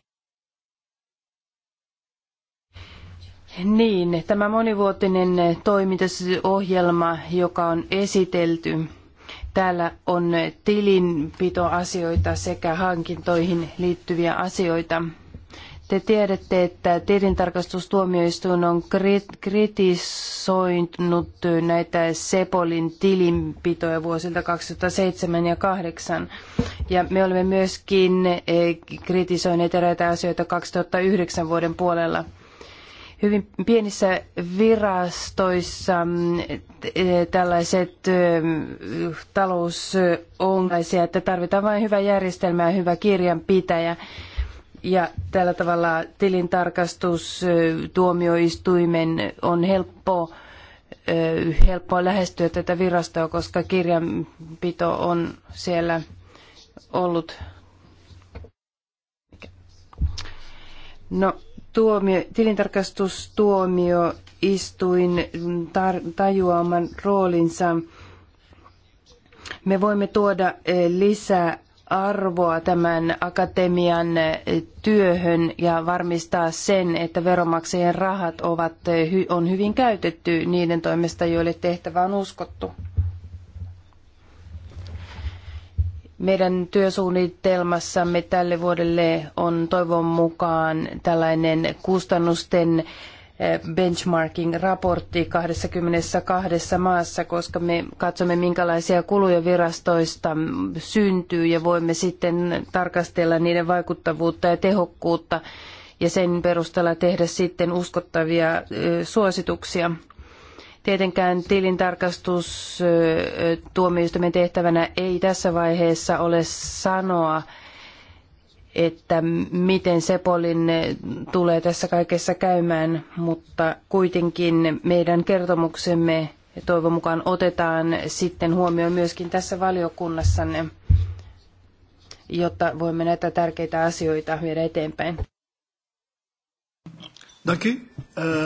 Niin, tämä monivuotinen toimintaohjelma, joka on esitelty, täällä on tilinpitoasioita sekä hankintoihin liittyviä asioita. Te tiedätte, että tilintarkastustuomioistuin on kritisoinut näitä Sepolin tilinpitoja vuosilta 2007 ja 2008. Ja me olemme myöskin eh, kritisoineet eräitä asioita 2009 vuoden puolella. Hyvin pienissä virastoissa mm, eh, tällaiset eh, talous on että tarvitaan vain hyvä järjestelmä ja hyvä kirjanpitäjä. Ja tällä tavalla tilintarkastus tuomioistuimen on helppo, helppoa lähestyä tätä virastoa, koska kirjanpito on siellä ollut. No, tuomio, tilintarkastustuomioistuin tar, tajuaa roolinsa. Me voimme tuoda lisää arvoa tämän akatemian työhön ja varmistaa sen, että veronmaksajien rahat ovat, on hyvin käytetty niiden toimesta, joille tehtävä on uskottu. Meidän työsuunnitelmassamme tälle vuodelle on toivon mukaan tällainen kustannusten benchmarking-raportti 22 maassa, koska me katsomme, minkälaisia kuluja virastoista syntyy ja voimme sitten tarkastella niiden vaikuttavuutta ja tehokkuutta ja sen perusteella tehdä sitten uskottavia suosituksia. Tietenkään tilintarkastustuomioistuimen tehtävänä ei tässä vaiheessa ole sanoa, että miten Sepolin tulee tässä kaikessa käymään, mutta kuitenkin meidän kertomuksemme toivon mukaan otetaan sitten huomioon myöskin tässä valiokunnassanne, jotta voimme näitä tärkeitä asioita viedä eteenpäin. Danke, eh,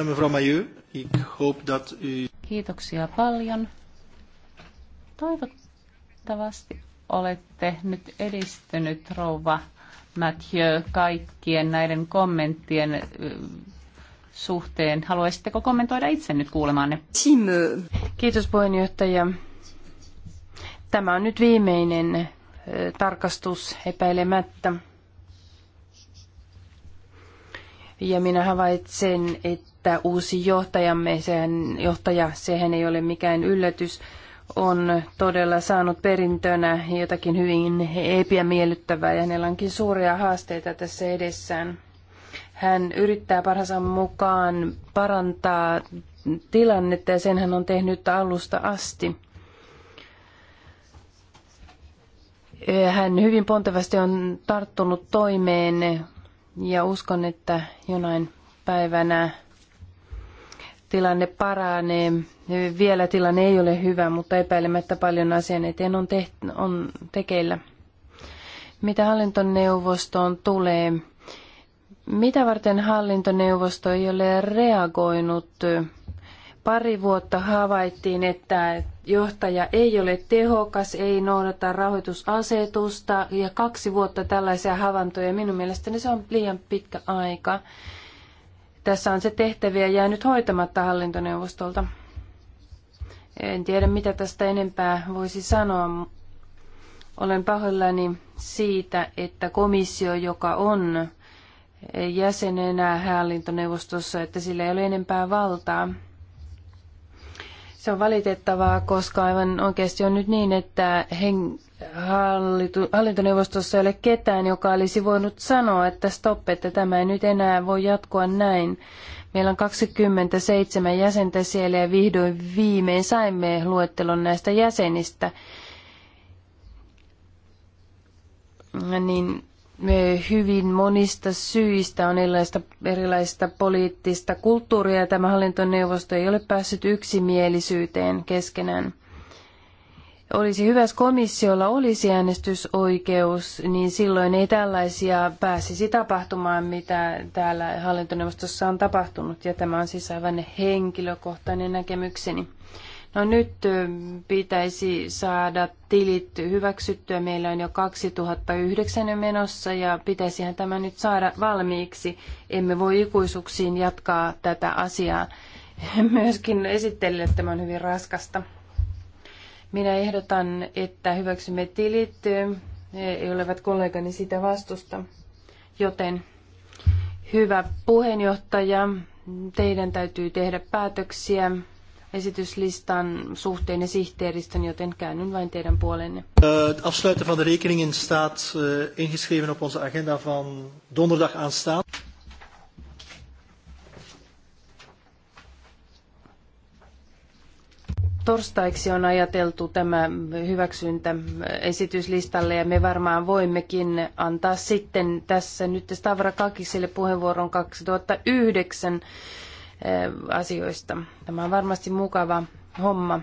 mevrouw Ik hoop dat u... Kiitoksia paljon. Toivottavasti olette nyt edistynyt, rouva Mathieu kaikkien näiden kommenttien suhteen. Haluaisitteko kommentoida itse nyt kuulemaanne? Kiitos puheenjohtaja. Tämä on nyt viimeinen tarkastus epäilemättä. Ja minä havaitsen, että uusi johtajamme, sehän, johtaja, sehän ei ole mikään yllätys, on todella saanut perintönä jotakin hyvin epämiellyttävää ja hänellä onkin suuria haasteita tässä edessään. Hän yrittää parhaansa mukaan parantaa tilannetta ja sen hän on tehnyt alusta asti. Hän hyvin pontevasti on tarttunut toimeen ja uskon, että jonain päivänä tilanne paranee vielä tilanne ei ole hyvä, mutta epäilemättä paljon asian eteen on, teht- on tekeillä. Mitä hallintoneuvostoon tulee, mitä varten hallintoneuvosto ei ole reagoinut? Pari vuotta havaittiin, että johtaja ei ole tehokas, ei noudata rahoitusasetusta ja kaksi vuotta tällaisia havaintoja. Minun mielestäni se on liian pitkä aika. Tässä on se tehtäviä jäänyt hoitamatta hallintoneuvostolta. En tiedä, mitä tästä enempää voisi sanoa. Olen pahoillani siitä, että komissio, joka on jäsenenä hallintoneuvostossa, että sillä ei ole enempää valtaa. Se on valitettavaa, koska aivan oikeasti on nyt niin, että hen, hallitu, hallintoneuvostossa ei ole ketään, joka olisi voinut sanoa, että stop, että tämä ei nyt enää voi jatkua näin. Meillä on 27 jäsentä siellä ja vihdoin viimein saimme luettelon näistä jäsenistä. Niin hyvin monista syistä on erilaista, erilaista poliittista kulttuuria. Tämä hallintoneuvosto ei ole päässyt yksimielisyyteen keskenään olisi hyvä, jos komissiolla olisi äänestysoikeus, niin silloin ei tällaisia pääsisi tapahtumaan, mitä täällä hallintoneuvostossa on tapahtunut. Ja tämä on siis aivan henkilökohtainen näkemykseni. No nyt pitäisi saada tilit hyväksyttyä. Meillä on jo 2009 menossa ja pitäisihän tämä nyt saada valmiiksi. Emme voi ikuisuuksiin jatkaa tätä asiaa. Myöskin esittelijät tämä on hyvin raskasta. Minä ehdotan, että hyväksymme tilit, olevat kollegani sitä vastusta. Joten hyvä puheenjohtaja, teidän täytyy tehdä päätöksiä esityslistan suhteen ja sihteeristön, joten käännyn vain teidän puolenne. Eh, het afsluiten van de rekeningen staat eh, ingeschreven op onze agenda van donderdag aanstaande. torstaiksi on ajateltu tämä hyväksyntä esityslistalle ja me varmaan voimmekin antaa sitten tässä nyt Stavra Kakiselle puheenvuoron 2009 eh, asioista. Tämä on varmasti mukava homma.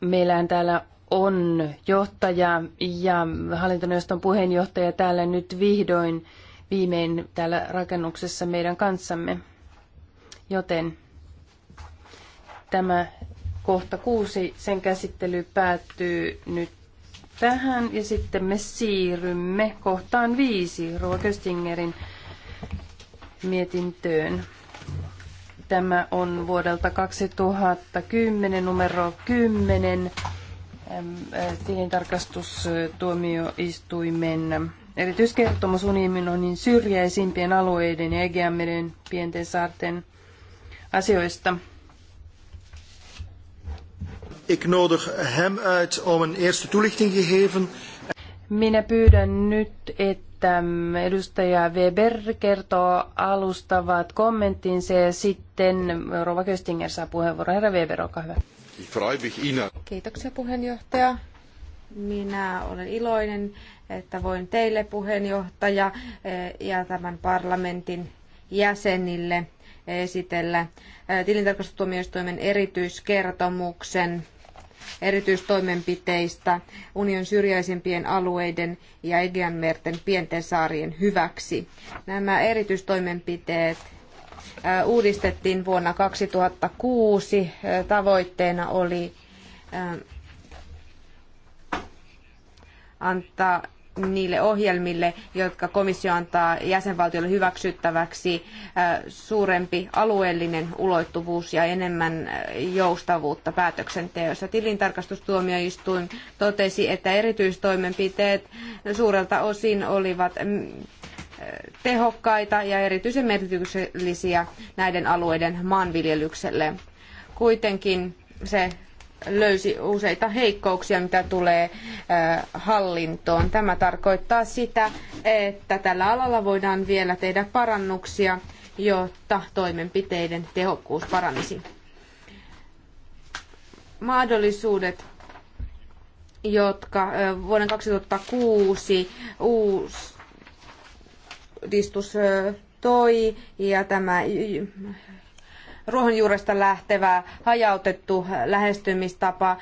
Meillähän täällä on johtaja ja hallintoneuvoston puheenjohtaja täällä nyt vihdoin viimein täällä rakennuksessa meidän kanssamme. Joten tämä kohta kuusi, sen käsittely päättyy nyt tähän ja sitten me siirrymme kohtaan viisi Ruokestingerin mietintöön. Tämä on vuodelta 2010 numero 10 äh, tilintarkastustuomioistuimen erityiskertomus Unionin syrjäisimpien alueiden ja Egeanmeren pienten saarten asioista. Ik nodig hem uit om een eerste toelichting te geven. Minä pyydän nyt, että edustaja Weber kertoo alustavat kommenttinsa ja sitten Rova Köstinger saa puheenvuoron. Herra Weber, olkaa hyvä. Kiitoksia puheenjohtaja. Minä olen iloinen, että voin teille puheenjohtaja eh, ja tämän parlamentin jäsenille esitellä tilintarkastustuomioistuimen erityiskertomuksen erityistoimenpiteistä union syrjäisimpien alueiden ja Egeanmerten pienten saarien hyväksi. Nämä erityistoimenpiteet uudistettiin vuonna 2006. Tavoitteena oli antaa niille ohjelmille, jotka komissio antaa jäsenvaltioille hyväksyttäväksi, suurempi alueellinen ulottuvuus ja enemmän joustavuutta päätöksenteossa. Tilintarkastustuomioistuin totesi, että erityistoimenpiteet suurelta osin olivat tehokkaita ja erityisen merkityksellisiä näiden alueiden maanviljelykselle. Kuitenkin se löysi useita heikkouksia, mitä tulee hallintoon. Tämä tarkoittaa sitä, että tällä alalla voidaan vielä tehdä parannuksia, jotta toimenpiteiden tehokkuus paranisi. Mahdollisuudet jotka vuoden 2006 uudistus toi ja tämä ruohonjuuresta lähtevää hajautettu lähestymistapa,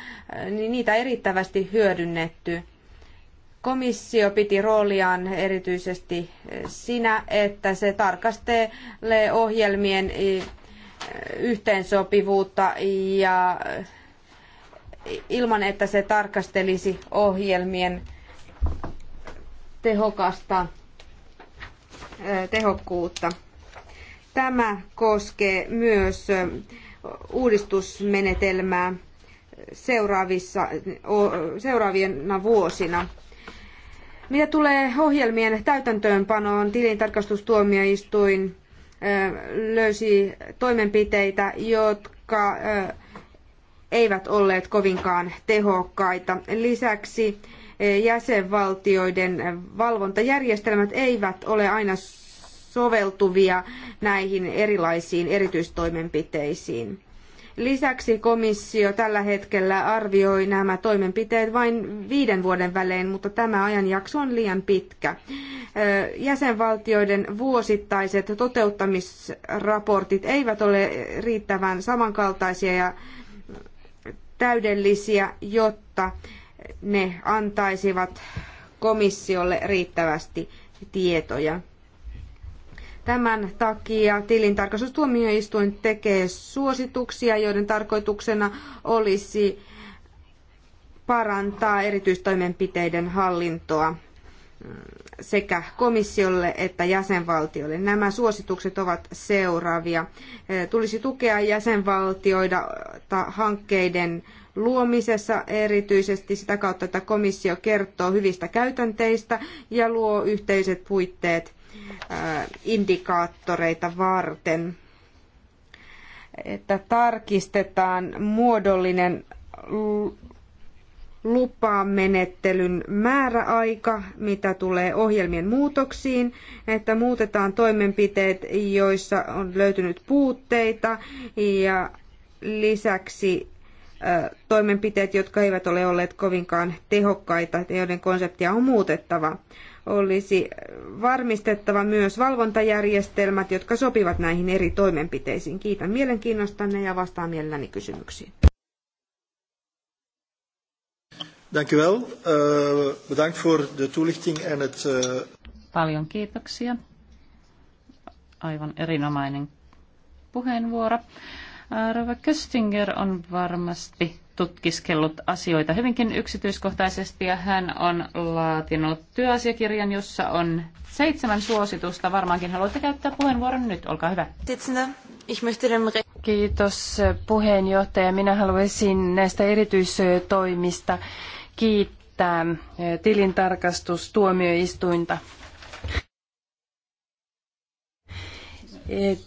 niin niitä erittävästi riittävästi hyödynnetty. Komissio piti rooliaan erityisesti siinä, että se tarkastelee ohjelmien yhteensopivuutta ja ilman, että se tarkastelisi ohjelmien tehokasta tehokkuutta. Tämä koskee myös uudistusmenetelmää seuraavissa, seuraavina vuosina. Mitä tulee ohjelmien täytäntöönpanoon, tilintarkastustuomioistuin löysi toimenpiteitä, jotka eivät olleet kovinkaan tehokkaita. Lisäksi jäsenvaltioiden valvontajärjestelmät eivät ole aina soveltuvia näihin erilaisiin erityistoimenpiteisiin. Lisäksi komissio tällä hetkellä arvioi nämä toimenpiteet vain viiden vuoden välein, mutta tämä ajanjakso on liian pitkä. Jäsenvaltioiden vuosittaiset toteuttamisraportit eivät ole riittävän samankaltaisia ja täydellisiä, jotta ne antaisivat komissiolle riittävästi tietoja. Tämän takia tilintarkastustuomioistuin tekee suosituksia, joiden tarkoituksena olisi parantaa erityistoimenpiteiden hallintoa sekä komissiolle että jäsenvaltioille. Nämä suositukset ovat seuraavia. Tulisi tukea jäsenvaltioita hankkeiden luomisessa erityisesti sitä kautta, että komissio kertoo hyvistä käytänteistä ja luo yhteiset puitteet indikaattoreita varten, että tarkistetaan muodollinen lupamenettelyn määräaika, mitä tulee ohjelmien muutoksiin, että muutetaan toimenpiteet, joissa on löytynyt puutteita ja lisäksi toimenpiteet, jotka eivät ole olleet kovinkaan tehokkaita ja joiden konseptia on muutettava olisi varmistettava myös valvontajärjestelmät, jotka sopivat näihin eri toimenpiteisiin. Kiitän mielenkiinnostanne ja vastaan mielelläni kysymyksiin. Dank u wel. Uh, bedankt voor de toelichting en het... Uh... Paljon kiitoksia. Aivan erinomainen puheenvuoro. Eh, Rova Köstinger on varmasti tutkiskellut asioita hyvinkin yksityiskohtaisesti ja hän on laatinut työasiakirjan, jossa on seitsemän suositusta. Varmaankin haluatte käyttää puheenvuoron nyt, olkaa hyvä. Kiitos puheenjohtaja. Minä haluaisin näistä erityistoimista kiittää eh, tilintarkastustuomioistuinta eh,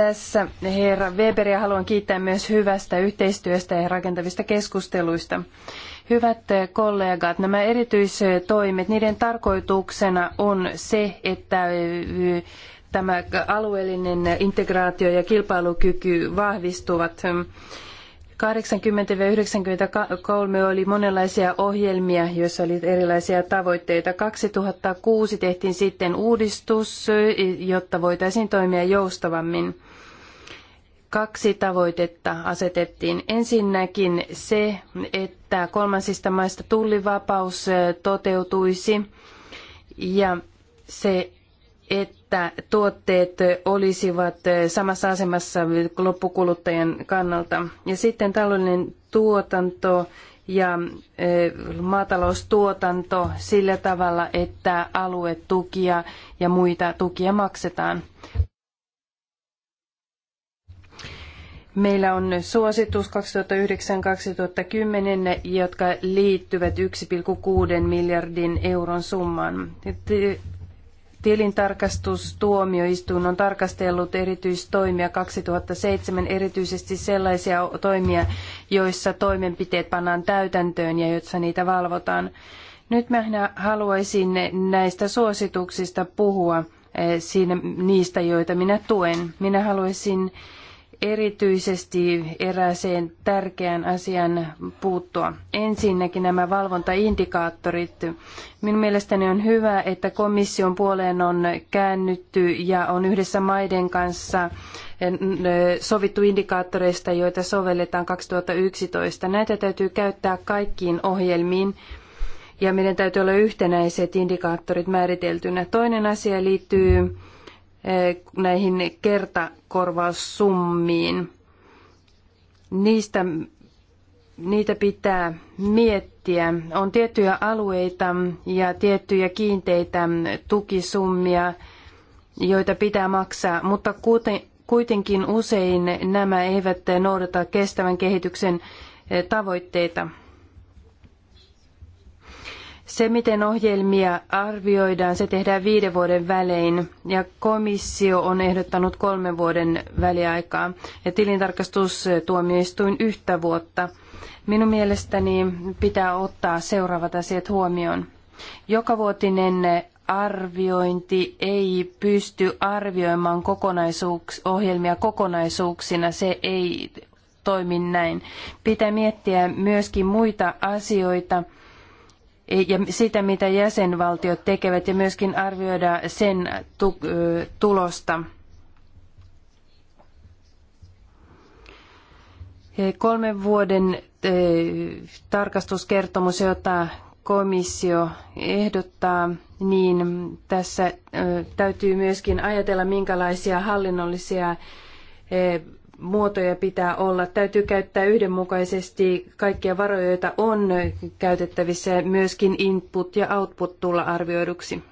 tässä herra ja haluan kiittää myös hyvästä yhteistyöstä ja rakentavista keskusteluista. Hyvät kollegat, nämä erityistoimet, niiden tarkoituksena on se, että äh, tämä alueellinen integraatio ja kilpailukyky vahvistuvat. 80-93 oli monenlaisia ohjelmia, joissa oli erilaisia tavoitteita. 2006 tehtiin sitten uudistus, jotta voitaisiin toimia joustavammin kaksi tavoitetta asetettiin. Ensinnäkin se, että kolmansista maista tullivapaus toteutuisi ja se, että tuotteet olisivat samassa asemassa loppukuluttajan kannalta. Ja sitten taloudellinen tuotanto ja maataloustuotanto sillä tavalla, että aluetukia ja muita tukia maksetaan. Meillä on suositus 2009-2010, jotka liittyvät 1,6 miljardin euron summaan. Tilintarkastustuomioistuin on tarkastellut erityistoimia 2007, erityisesti sellaisia toimia, joissa toimenpiteet pannaan täytäntöön ja joissa niitä valvotaan. Nyt minä haluaisin näistä suosituksista puhua eh, siinä, niistä, joita minä tuen. Minä haluaisin erityisesti erääseen tärkeään asian puuttua. Ensinnäkin nämä valvontaindikaattorit. Minun mielestäni on hyvä, että komission puoleen on käännytty ja on yhdessä maiden kanssa eh, eh, sovittu indikaattoreista, joita sovelletaan 2011. Näitä täytyy käyttää kaikkiin ohjelmiin ja meidän täytyy olla yhtenäiset indikaattorit määriteltynä. Toinen asia liittyy Eh, näihin kertakorvaussummiin. Niistä, niitä pitää miettiä. On tiettyjä alueita ja tiettyjä kiinteitä tukisummia, joita pitää maksaa, mutta kuitenkin usein nämä eivät noudata kestävän kehityksen tavoitteita. Se, miten ohjelmia arvioidaan, se tehdään viiden vuoden välein ja komissio on ehdottanut kolmen vuoden väliaikaa ja tilintarkastustuomioistuin yhtä vuotta. Minun mielestäni pitää ottaa seuraavat asiat huomioon. Jokavuotinen arviointi ei pysty arvioimaan kokonaisuuks- ohjelmia kokonaisuuksina. Se ei toimi näin. Pitää miettiä myöskin muita asioita – ja sitä, mitä jäsenvaltiot tekevät ja myöskin arvioida sen tulosta. Kolmen vuoden tarkastuskertomus, jota komissio ehdottaa, niin tässä täytyy myöskin ajatella, minkälaisia hallinnollisia muotoja pitää olla. Täytyy käyttää yhdenmukaisesti kaikkia varoja, joita on käytettävissä, myöskin input ja output tulla arvioiduksi.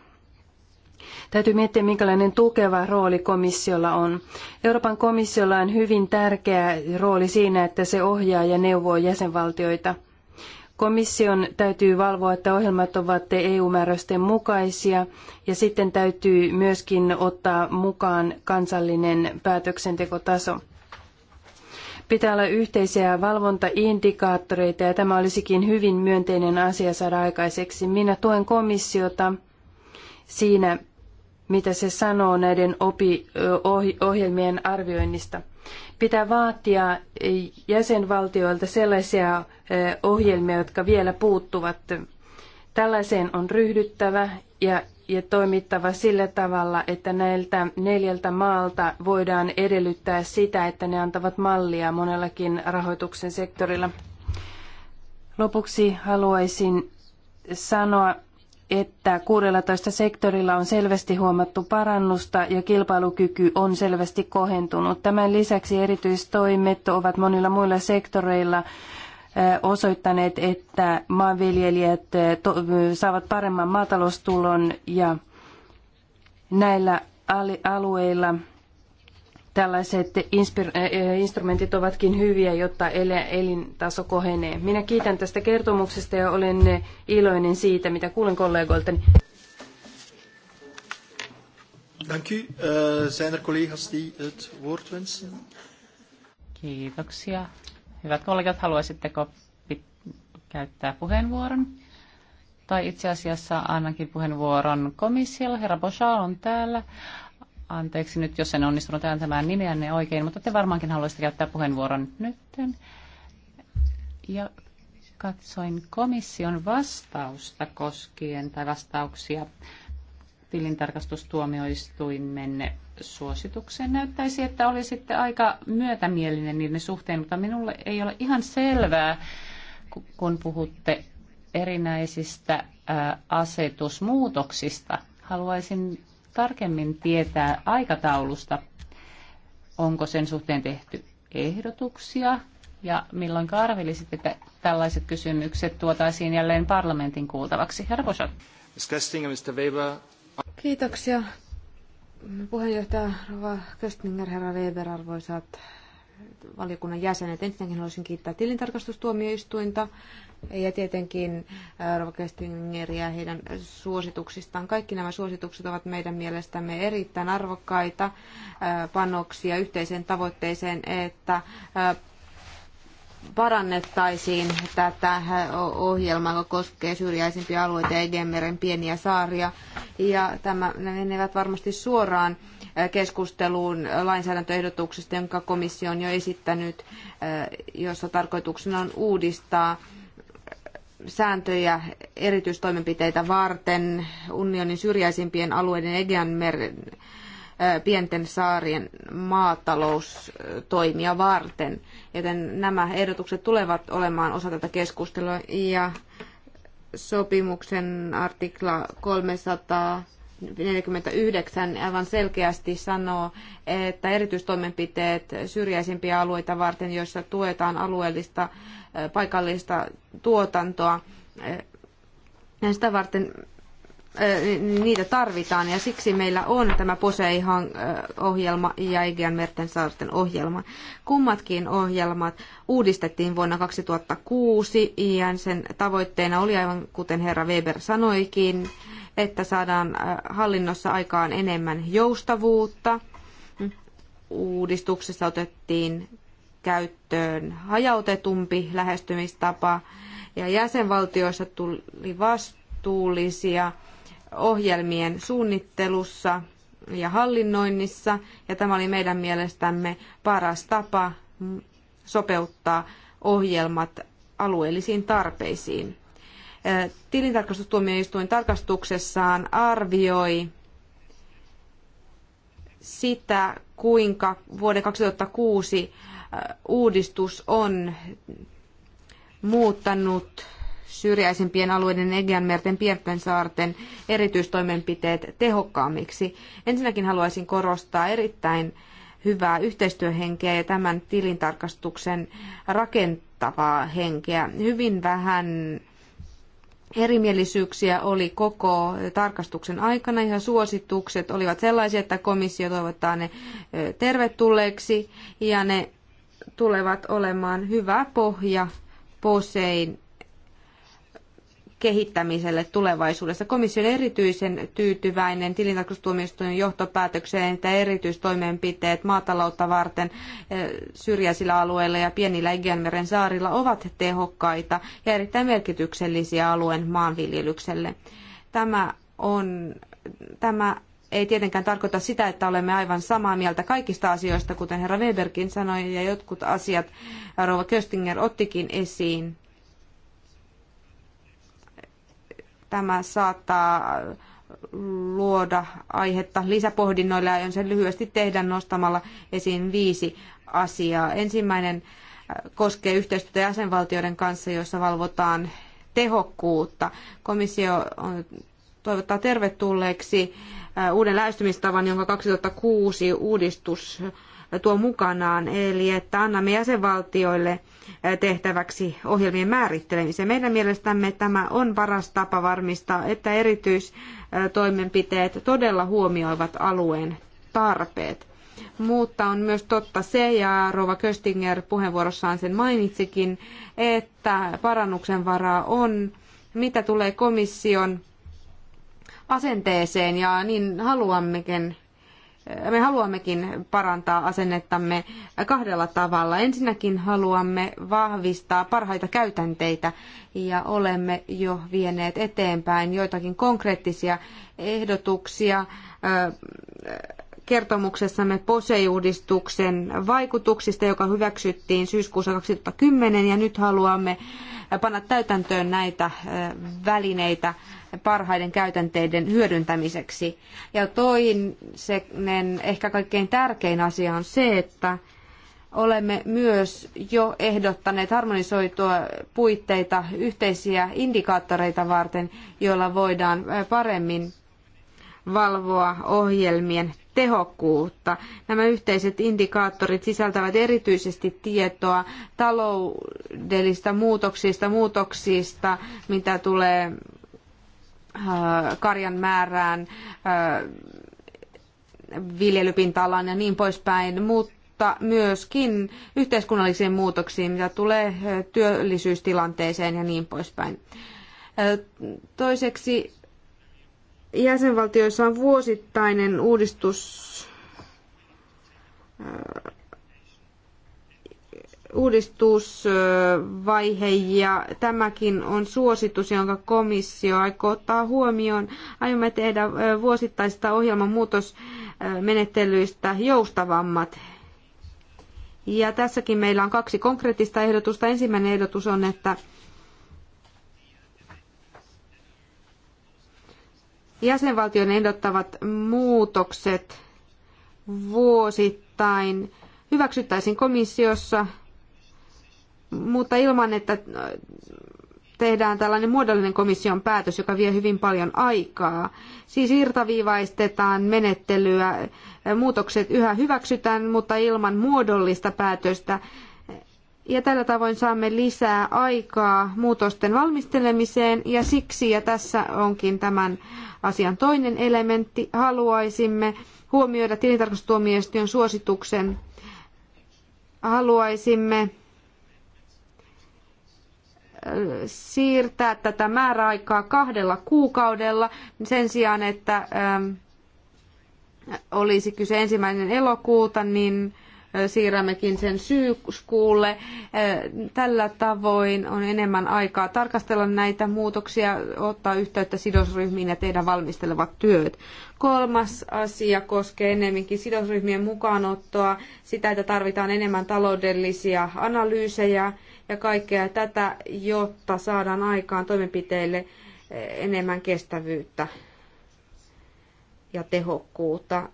Täytyy miettiä, minkälainen tukeva rooli komissiolla on. Euroopan komissiolla on hyvin tärkeä rooli siinä, että se ohjaa ja neuvoo jäsenvaltioita. Komission täytyy valvoa, että ohjelmat ovat EU-määräysten mukaisia ja sitten täytyy myöskin ottaa mukaan kansallinen päätöksentekotaso. Pitää olla yhteisiä valvontaindikaattoreita ja tämä olisikin hyvin myönteinen asia saada aikaiseksi. Minä tuen komissiota siinä, mitä se sanoo näiden opi, ohjelmien arvioinnista. Pitää vaatia jäsenvaltioilta sellaisia ohjelmia, jotka vielä puuttuvat. Tällaiseen on ryhdyttävä ja ja toimittava sillä tavalla, että näiltä neljältä maalta voidaan edellyttää sitä, että ne antavat mallia monellakin rahoituksen sektorilla. Lopuksi haluaisin sanoa, että 16 sektorilla on selvästi huomattu parannusta ja kilpailukyky on selvästi kohentunut. Tämän lisäksi erityistoimet ovat monilla muilla sektoreilla osoittaneet, että maanviljelijät saavat paremman maataloustulon ja näillä alueilla tällaiset instrumentit ovatkin hyviä, jotta elintaso kohenee. Minä kiitän tästä kertomuksesta ja olen iloinen siitä, mitä kuulen kollegoiltani. Danke, u. Eh, zijn er collega's die het Kiitoksia. Hyvät kollegat, haluaisitteko käyttää puheenvuoron? Tai itse asiassa annankin puheenvuoron komissiolle. Herra Bosha on täällä. Anteeksi nyt, jos en onnistunut ääntämään nimeänne oikein, mutta te varmaankin haluaisitte käyttää puheenvuoron nytten. Ja katsoin komission vastausta koskien tai vastauksia tilintarkastustuomioistuimen Suosituksen näyttäisi, että oli sitten aika myötämielinen niiden suhteen, mutta minulle ei ole ihan selvää, kun puhutte erinäisistä asetusmuutoksista. Haluaisin tarkemmin tietää aikataulusta, onko sen suhteen tehty ehdotuksia ja milloin karvelisit, että tällaiset kysymykset tuotaisiin jälleen parlamentin kuultavaksi. Herra Kiitoksia Puheenjohtaja Rova Köstinger, herra Weber, arvoisat valiokunnan jäsenet. Ensinnäkin haluaisin kiittää tilintarkastustuomioistuinta ja tietenkin Rova Köstingeriä heidän suosituksistaan. Kaikki nämä suositukset ovat meidän mielestämme erittäin arvokkaita panoksia yhteiseen tavoitteeseen, että parannettaisiin tätä ohjelmaa, joka koskee syrjäisimpiä alueita ja Egeanmeren pieniä saaria. Ja tämä menevät varmasti suoraan keskusteluun lainsäädäntöehdotuksesta, jonka komissio on jo esittänyt, jossa tarkoituksena on uudistaa sääntöjä erityistoimenpiteitä varten unionin syrjäisimpien alueiden Egeanmeren pienten saarien maataloustoimia varten. Joten nämä ehdotukset tulevat olemaan osa tätä keskustelua ja sopimuksen artikla 300 49 aivan selkeästi sanoo, että erityistoimenpiteet syrjäisimpiä alueita varten, joissa tuetaan alueellista paikallista tuotantoa, sitä varten niitä tarvitaan ja siksi meillä on tämä poseihan ohjelma ja Egean merten saarten ohjelma. Kummatkin ohjelmat uudistettiin vuonna 2006 ja sen tavoitteena oli aivan kuten herra Weber sanoikin, että saadaan hallinnossa aikaan enemmän joustavuutta. Uudistuksessa otettiin käyttöön hajautetumpi lähestymistapa ja jäsenvaltioissa tuli vastuullisia ohjelmien suunnittelussa ja hallinnoinnissa, ja tämä oli meidän mielestämme paras tapa sopeuttaa ohjelmat alueellisiin tarpeisiin. Tilintarkastustuomioistuin tarkastuksessaan arvioi sitä, kuinka vuoden 2006 uudistus on muuttanut syrjäisimpien alueiden Egeanmerten pienten saarten erityistoimenpiteet tehokkaammiksi. Ensinnäkin haluaisin korostaa erittäin hyvää yhteistyöhenkeä ja tämän tilintarkastuksen rakentavaa henkeä. Hyvin vähän erimielisyyksiä oli koko tarkastuksen aikana ja suositukset olivat sellaisia, että komissio toivottaa ne tervetulleeksi ja ne tulevat olemaan hyvä pohja POSEin kehittämiselle tulevaisuudessa. Komissio on erityisen tyytyväinen tilintarkastustuomioistuimen johtopäätökseen, että erityistoimenpiteet maataloutta varten eh, syrjäisillä alueilla ja pienillä Egeanmeren saarilla ovat tehokkaita ja erittäin merkityksellisiä alueen maanviljelykselle. Tämä on tämä ei tietenkään tarkoita sitä, että olemme aivan samaa mieltä kaikista asioista, kuten herra Weberkin sanoi, ja jotkut asiat rouva Köstinger ottikin esiin. Tämä saattaa luoda aihetta lisäpohdinnoille, aion sen lyhyesti tehdä nostamalla esiin viisi asiaa. Ensimmäinen äh, koskee yhteistyötä jäsenvaltioiden kanssa, joissa valvotaan tehokkuutta. Komissio toivottaa tervetulleeksi äh, uuden lähestymistavan, jonka 2006 uudistus tuo mukanaan, eli että annamme jäsenvaltioille tehtäväksi ohjelmien määrittelemiseen. Meidän mielestämme tämä on paras tapa varmistaa, että erityistoimenpiteet todella huomioivat alueen tarpeet. Mutta on myös totta se, ja Rova Köstinger puheenvuorossaan sen mainitsikin, että parannuksen varaa on, mitä tulee komission asenteeseen, ja niin haluammekin me haluammekin parantaa asennettamme kahdella tavalla. Ensinnäkin haluamme vahvistaa parhaita käytänteitä ja olemme jo vieneet eteenpäin joitakin konkreettisia ehdotuksia kertomuksessamme POSEI-uudistuksen vaikutuksista, joka hyväksyttiin syyskuussa 2010 ja nyt haluamme panna täytäntöön näitä välineitä parhaiden käytänteiden hyödyntämiseksi. Ja toinen, ehkä kaikkein tärkein asia on se, että olemme myös jo ehdottaneet harmonisoitua puitteita yhteisiä indikaattoreita varten, joilla voidaan paremmin valvoa ohjelmien tehokkuutta. Nämä yhteiset indikaattorit sisältävät erityisesti tietoa taloudellista muutoksista, muutoksista, mitä tulee äh, karjan määrään, äh, viljelypinta-alaan ja niin poispäin, mutta myöskin yhteiskunnallisiin muutoksiin, mitä tulee äh, työllisyystilanteeseen ja niin poispäin. Toiseksi jäsenvaltioissa on vuosittainen uudistus äh, uudistusvaihe ja tämäkin on suositus, jonka komissio aikoo ottaa huomioon. Aiomme tehdä äh, vuosittaista ohjelman muutosmenettelyistä joustavammat. Ja tässäkin meillä on kaksi konkreettista ehdotusta. Ensimmäinen ehdotus on, että jäsenvaltion ehdottavat muutokset vuosittain hyväksyttäisiin komissiossa, mutta ilman, että äh, tehdään tällainen muodollinen komission päätös, joka vie hyvin paljon aikaa. Siis irtaviivaistetaan menettelyä, muutokset yhä hyväksytään, mutta ilman muodollista päätöstä ja tällä tavoin saamme lisää aikaa muutosten valmistelemiseen ja siksi, ja tässä onkin tämän asian toinen elementti, haluaisimme huomioida tilintarkastustuomioistuimen suosituksen. Haluaisimme äh, siirtää tätä määräaikaa kahdella kuukaudella sen sijaan, että ähm, olisi kyse ensimmäinen elokuuta, niin siirrämmekin sen syyskuulle. Tällä tavoin on enemmän aikaa tarkastella näitä muutoksia, ottaa yhteyttä sidosryhmiin ja tehdä valmistelevat työt. Kolmas asia koskee enemmänkin sidosryhmien mukaanottoa, sitä, että tarvitaan enemmän taloudellisia analyysejä ja kaikkea tätä, jotta saadaan aikaan toimenpiteille enemmän kestävyyttä ja tehokkuutta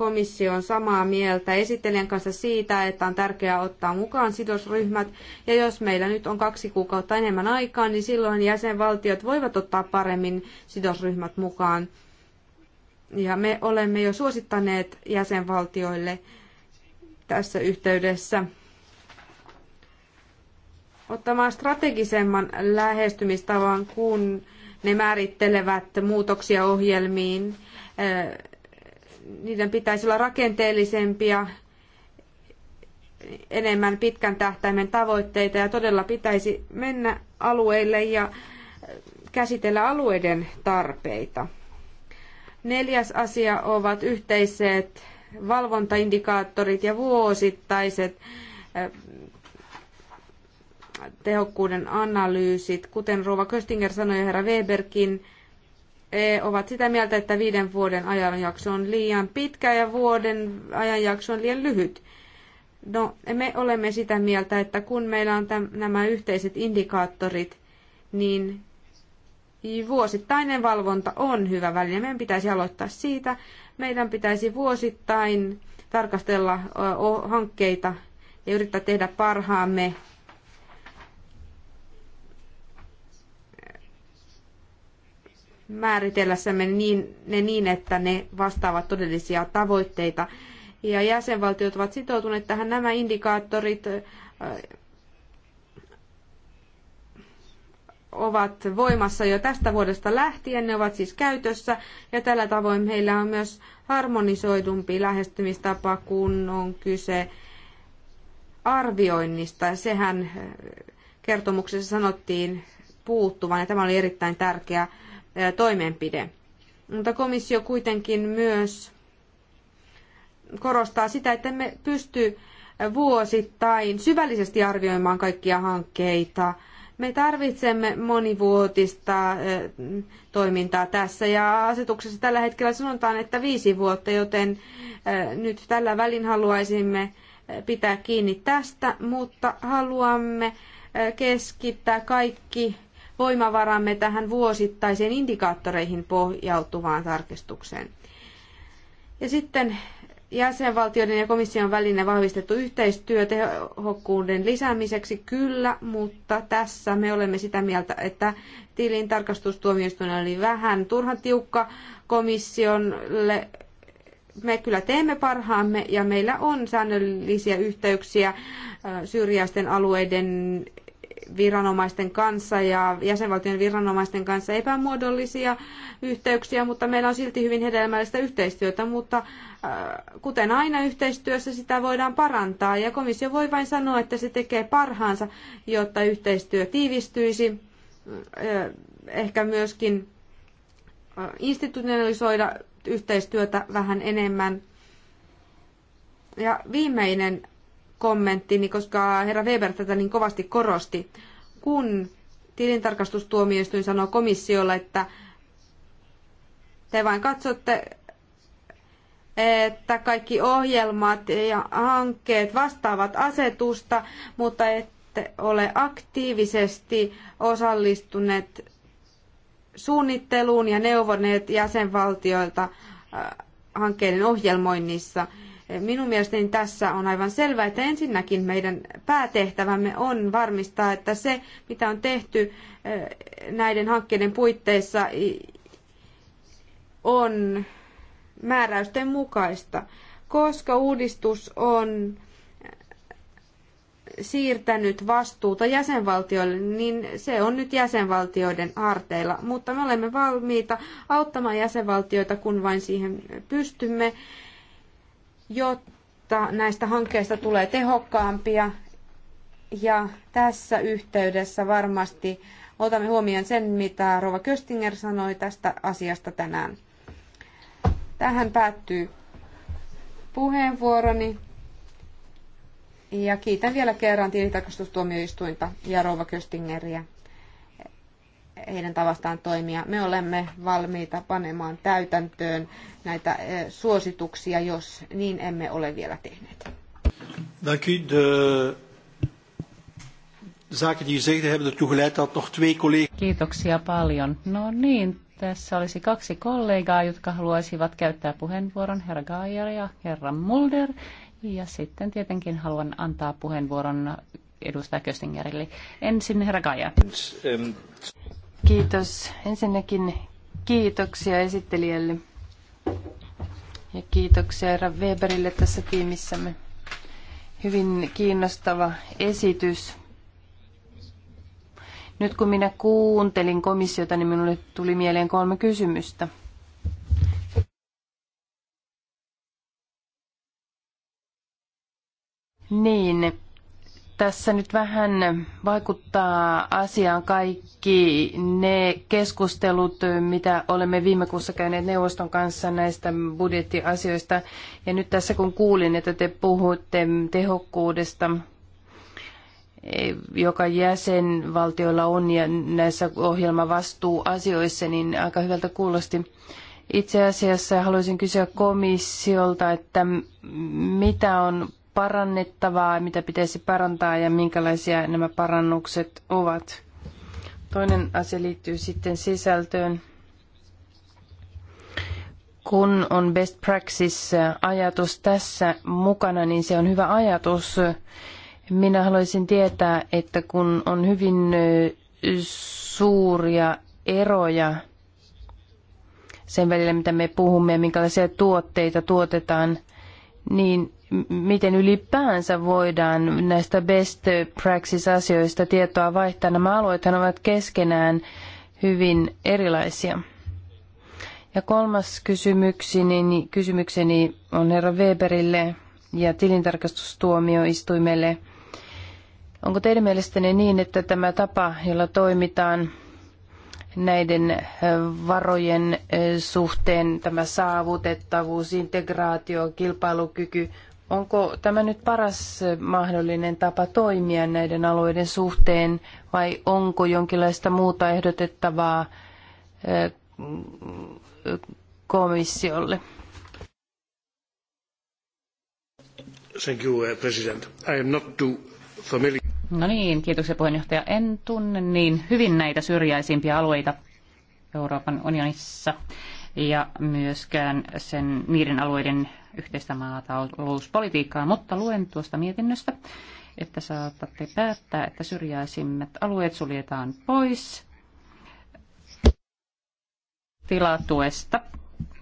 komissio on samaa mieltä esittelijän kanssa siitä, että on tärkeää ottaa mukaan sidosryhmät. Ja jos meillä nyt on kaksi kuukautta enemmän aikaa, niin silloin jäsenvaltiot voivat ottaa paremmin sidosryhmät mukaan. Ja me olemme jo suosittaneet jäsenvaltioille tässä yhteydessä ottamaan strategisemman lähestymistavan, kun ne määrittelevät muutoksia ohjelmiin niiden pitäisi olla rakenteellisempia, enemmän pitkän tähtäimen tavoitteita ja todella pitäisi mennä alueille ja käsitellä alueiden tarpeita. Neljäs asia ovat yhteiset valvontaindikaattorit ja vuosittaiset eh, tehokkuuden analyysit. Kuten Rova Köstinger sanoi ja herra Weberkin, E ovat sitä mieltä, että viiden vuoden ajanjakso on liian pitkä ja vuoden ajanjakso on liian lyhyt. No, me olemme sitä mieltä, että kun meillä on täm, nämä yhteiset indikaattorit, niin vuosittainen valvonta on hyvä väline. Meidän pitäisi aloittaa siitä. Meidän pitäisi vuosittain tarkastella hankkeita ja yrittää tehdä parhaamme määritellessämme niin, ne niin, että ne vastaavat todellisia tavoitteita. Ja jäsenvaltiot ovat sitoutuneet tähän nämä indikaattorit ovat voimassa jo tästä vuodesta lähtien, ne ovat siis käytössä ja tällä tavoin meillä on myös harmonisoidumpi lähestymistapa, kun on kyse arvioinnista. Sehän kertomuksessa sanottiin puuttuvan ja tämä oli erittäin tärkeä toimenpide. Mutta komissio kuitenkin myös korostaa sitä, että me pysty vuosittain syvällisesti arvioimaan kaikkia hankkeita. Me tarvitsemme monivuotista toimintaa tässä ja asetuksessa tällä hetkellä sanotaan, että viisi vuotta, joten nyt tällä välin haluaisimme pitää kiinni tästä, mutta haluamme keskittää kaikki voimavaramme tähän vuosittaiseen indikaattoreihin pohjautuvaan tarkistukseen. Ja sitten jäsenvaltioiden ja komission välinen vahvistettu yhteistyö tehokkuuden lisäämiseksi, kyllä, mutta tässä me olemme sitä mieltä, että tilintarkastustuomioistuin oli vähän turhan tiukka komissiolle. Me kyllä teemme parhaamme ja meillä on säännöllisiä yhteyksiä syrjäisten alueiden viranomaisten kanssa ja jäsenvaltion viranomaisten kanssa epämuodollisia yhteyksiä, mutta meillä on silti hyvin hedelmällistä yhteistyötä, mutta äh, kuten aina yhteistyössä sitä voidaan parantaa ja komissio voi vain sanoa, että se tekee parhaansa, jotta yhteistyö tiivistyisi, äh, ehkä myöskin äh, institutionalisoida yhteistyötä vähän enemmän. Ja viimeinen kommenttini, koska herra Weber tätä niin kovasti korosti. Kun tilintarkastustuomioistuin sanoo komissiolle, että te vain katsotte, että kaikki ohjelmat ja hankkeet vastaavat asetusta, mutta ette ole aktiivisesti osallistuneet suunnitteluun ja neuvoneet jäsenvaltioilta äh, hankkeiden ohjelmoinnissa – Minun mielestäni tässä on aivan selvää, että ensinnäkin meidän päätehtävämme on varmistaa, että se, mitä on tehty eh, näiden hankkeiden puitteissa, on määräysten mukaista, koska uudistus on siirtänyt vastuuta jäsenvaltioille, niin se on nyt jäsenvaltioiden harteilla. Mutta me olemme valmiita auttamaan jäsenvaltioita, kun vain siihen pystymme jotta näistä hankkeista tulee tehokkaampia. Ja tässä yhteydessä varmasti otamme huomioon sen, mitä Rova Köstinger sanoi tästä asiasta tänään. Tähän päättyy puheenvuoroni. Ja kiitän vielä kerran tilintarkastustuomioistuinta ja Rova Köstingeriä heidän tavastaan toimia. Me olemme valmiita panemaan täytäntöön näitä eh, suosituksia, jos niin emme ole vielä tehneet. Dank De zaken die u zegt hebben ertoe geleid dat nog twee collega's... Kiitoksia paljon. No niin, tässä olisi kaksi kollegaa, jotka haluaisivat käyttää puheenvuoron, herra Gaier ja herra Mulder. Ja sitten tietenkin haluan antaa puheenvuoron edustaja Köstingerille. Ensin herra Gaier. Kiitos. Ensinnäkin kiitoksia esittelijälle ja kiitoksia herra Weberille tässä tiimissämme. Hyvin kiinnostava esitys. Nyt kun minä kuuntelin komissiota, niin minulle tuli mieleen kolme kysymystä. Niin, tässä nyt vähän vaikuttaa asiaan kaikki ne keskustelut, mitä olemme viime kuussa käyneet neuvoston kanssa näistä budjettiasioista. Ja nyt tässä kun kuulin, että te puhutte tehokkuudesta, eh, joka jäsenvaltioilla on ja näissä ohjelmavastuuasioissa, niin aika hyvältä kuulosti. Itse asiassa haluaisin kysyä komissiolta, että mitä on parannettavaa, mitä pitäisi parantaa ja minkälaisia nämä parannukset ovat. Toinen asia liittyy sitten sisältöön. Kun on best practice-ajatus tässä mukana, niin se on hyvä ajatus. Minä haluaisin tietää, että kun on hyvin suuria eroja sen välillä, mitä me puhumme ja minkälaisia tuotteita tuotetaan – niin miten ylipäänsä voidaan näistä best practice-asioista tietoa vaihtaa. Nämä alueethan ovat keskenään hyvin erilaisia. Ja kolmas kysymykseni, kysymykseni on herra Weberille ja tilintarkastustuomioistuimelle. Onko teidän mielestänne niin, että tämä tapa, jolla toimitaan näiden varojen suhteen tämä saavutettavuus, integraatio, kilpailukyky. Onko tämä nyt paras mahdollinen tapa toimia näiden alueiden suhteen vai onko jonkinlaista muuta ehdotettavaa komissiolle? Thank you, uh, President. I am not too familiar. No niin, kiitoksia puheenjohtaja. En tunne niin hyvin näitä syrjäisimpiä alueita Euroopan unionissa ja myöskään sen, niiden alueiden yhteistä maatalouspolitiikkaa, mutta luen tuosta mietinnöstä, että saatatte päättää, että syrjäisimmät alueet suljetaan pois tilatuesta.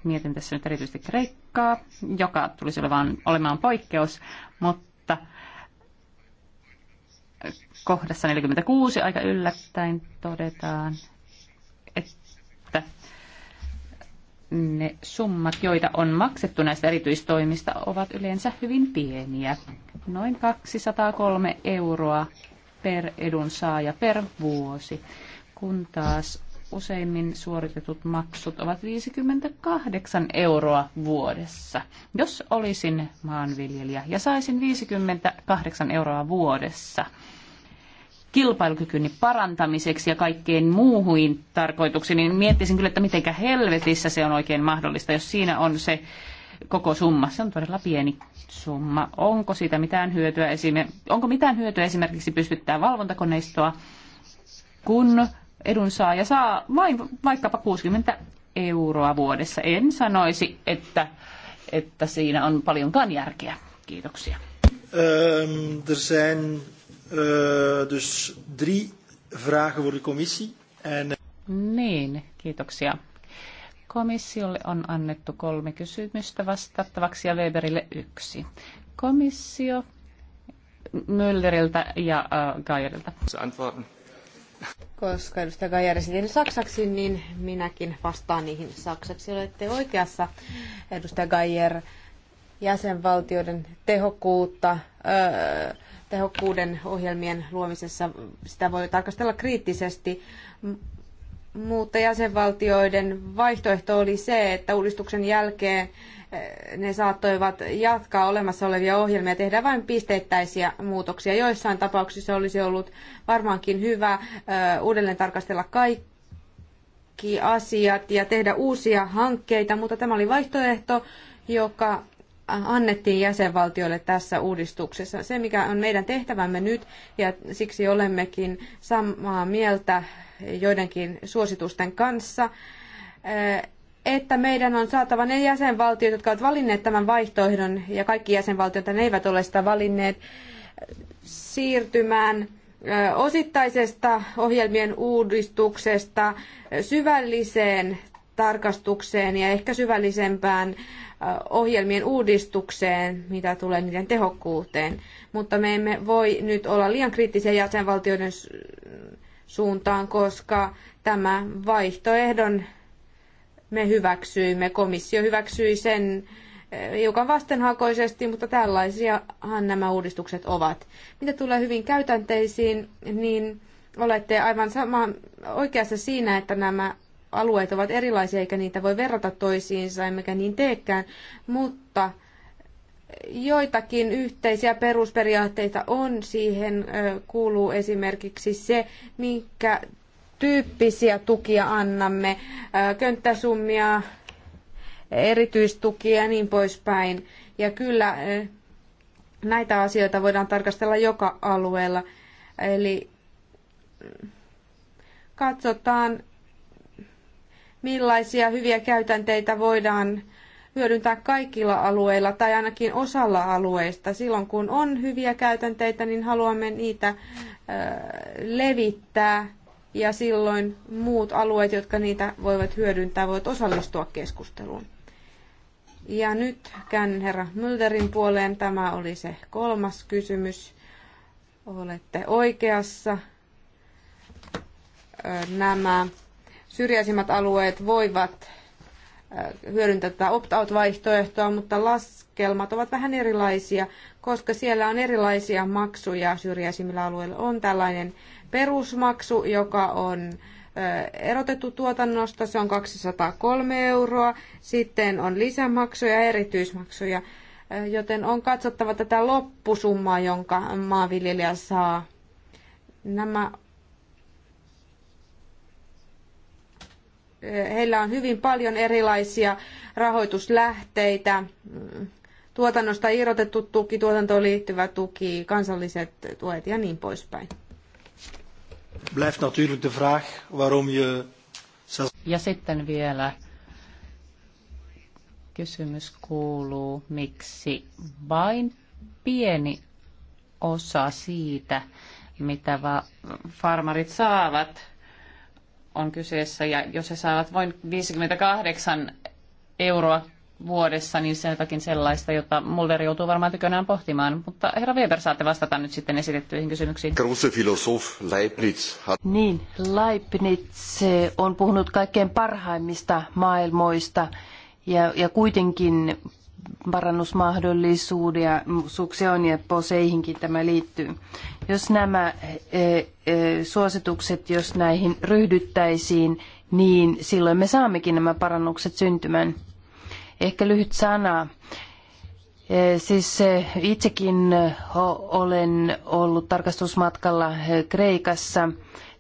Mietin tässä nyt erityisesti Kreikkaa, joka tulisi olemaan, olemaan poikkeus, mutta kohdassa 46 aika yllättäen todetaan, että ne summat, joita on maksettu näistä erityistoimista, ovat yleensä hyvin pieniä. Noin 203 euroa per edunsaaja per vuosi, kun taas useimmin suoritetut maksut ovat 58 euroa vuodessa. Jos olisin maanviljelijä ja saisin 58 euroa vuodessa kilpailukykyni parantamiseksi ja kaikkein muuhuin tarkoituksiin, niin miettisin kyllä, että mitenkä helvetissä se on oikein mahdollista, jos siinä on se koko summa. Se on todella pieni summa. Onko siitä mitään hyötyä, esim... onko mitään hyötyä esimerkiksi pystyttää valvontakoneistoa, kun edunsaaja saa vain vaikkapa 60 euroa vuodessa. En sanoisi, että, että siinä on paljonkaan järkeä. Kiitoksia. Um, er zijn uh, dus drie vragen voor de commissie. En... Niin, kiitoksia. Komissiolle on annettu kolme kysymystä vastattavaksi ja Weberille yksi. Komissio Mülleriltä ja äh, Geierilta. Koska edustaja Kaija esitin saksaksi, niin minäkin vastaan niihin saksaksi. Olette oikeassa, edustaja Gajer, jäsenvaltioiden tehokkuutta, öö, tehokkuuden ohjelmien luomisessa. Sitä voi tarkastella kriittisesti, mutta jäsenvaltioiden vaihtoehto oli se, että uudistuksen jälkeen eh, ne saattoivat jatkaa olemassa olevia ohjelmia, tehdä vain pisteittäisiä muutoksia. Joissain tapauksissa olisi ollut varmaankin hyvä eh, uudelleen tarkastella kaikki asiat ja tehdä uusia hankkeita, mutta tämä oli vaihtoehto, joka eh, annettiin jäsenvaltioille tässä uudistuksessa. Se, mikä on meidän tehtävämme nyt, ja siksi olemmekin samaa mieltä joidenkin suositusten kanssa, eh, että meidän on saatava ne jäsenvaltiot, jotka ovat valinneet tämän vaihtoehdon, ja kaikki jäsenvaltiot ne eivät ole sitä valinneet, siirtymään eh, osittaisesta ohjelmien uudistuksesta syvälliseen tarkastukseen ja ehkä syvällisempään eh, ohjelmien uudistukseen, mitä tulee niiden tehokkuuteen. Mutta me emme voi nyt olla liian kriittisiä jäsenvaltioiden suuntaan, koska tämä vaihtoehdon me hyväksyimme. Komissio hyväksyi sen eh, hiukan vastenhakoisesti, mutta tällaisiahan nämä uudistukset ovat. Mitä tulee hyvin käytänteisiin, niin olette aivan sama oikeassa siinä, että nämä alueet ovat erilaisia eikä niitä voi verrata toisiinsa, emmekä niin teekään, mutta joitakin yhteisiä perusperiaatteita on. Siihen kuuluu esimerkiksi se, minkä tyyppisiä tukia annamme, könttäsummia, erityistukia ja niin poispäin. Ja kyllä näitä asioita voidaan tarkastella joka alueella. Eli katsotaan, millaisia hyviä käytänteitä voidaan hyödyntää kaikilla alueilla tai ainakin osalla alueista. Silloin kun on hyviä käytänteitä, niin haluamme niitä levittää ja silloin muut alueet, jotka niitä voivat hyödyntää, voivat osallistua keskusteluun. Ja nyt käyn herra Mülderin puoleen. Tämä oli se kolmas kysymys. Olette oikeassa. Nämä syrjäisimmät alueet voivat Äh, hyödyntää tätä opt-out-vaihtoehtoa, mutta laskelmat ovat vähän erilaisia, koska siellä on erilaisia maksuja syrjäisimmillä alueilla. On tällainen perusmaksu, joka on äh, erotettu tuotannosta, se on 203 euroa. Sitten on lisämaksuja ja erityismaksuja, äh, joten on katsottava tätä loppusummaa, jonka maanviljelijä saa. Nämä heillä on hyvin paljon erilaisia rahoituslähteitä, tuotannosta irrotettu tuki, tuotantoon liittyvä tuki, kansalliset tuet ja niin poispäin. Blijft natuurlijk de vraag waarom je... Ja sitten vielä kysymys kuuluu, miksi vain pieni osa siitä, mitä farmarit saavat, on kyseessä ja jos he saavat vain 58 euroa vuodessa, niin se on jotakin sellaista, jota Mulder joutuu varmaan tykönään pohtimaan. Mutta herra Weber, saatte vastata nyt sitten esitettyihin kysymyksiin. Große Leibniz. Niin, Leibniz on puhunut kaikkein parhaimmista maailmoista ja, ja kuitenkin parannusmahdollisuuksia on ja poseihinkin tämä liittyy. Jos nämä eh, eh, suositukset, jos näihin ryhdyttäisiin, niin silloin me saammekin nämä parannukset syntymään. Ehkä lyhyt sana. Eh, siis itsekin olen ollut tarkastusmatkalla Kreikassa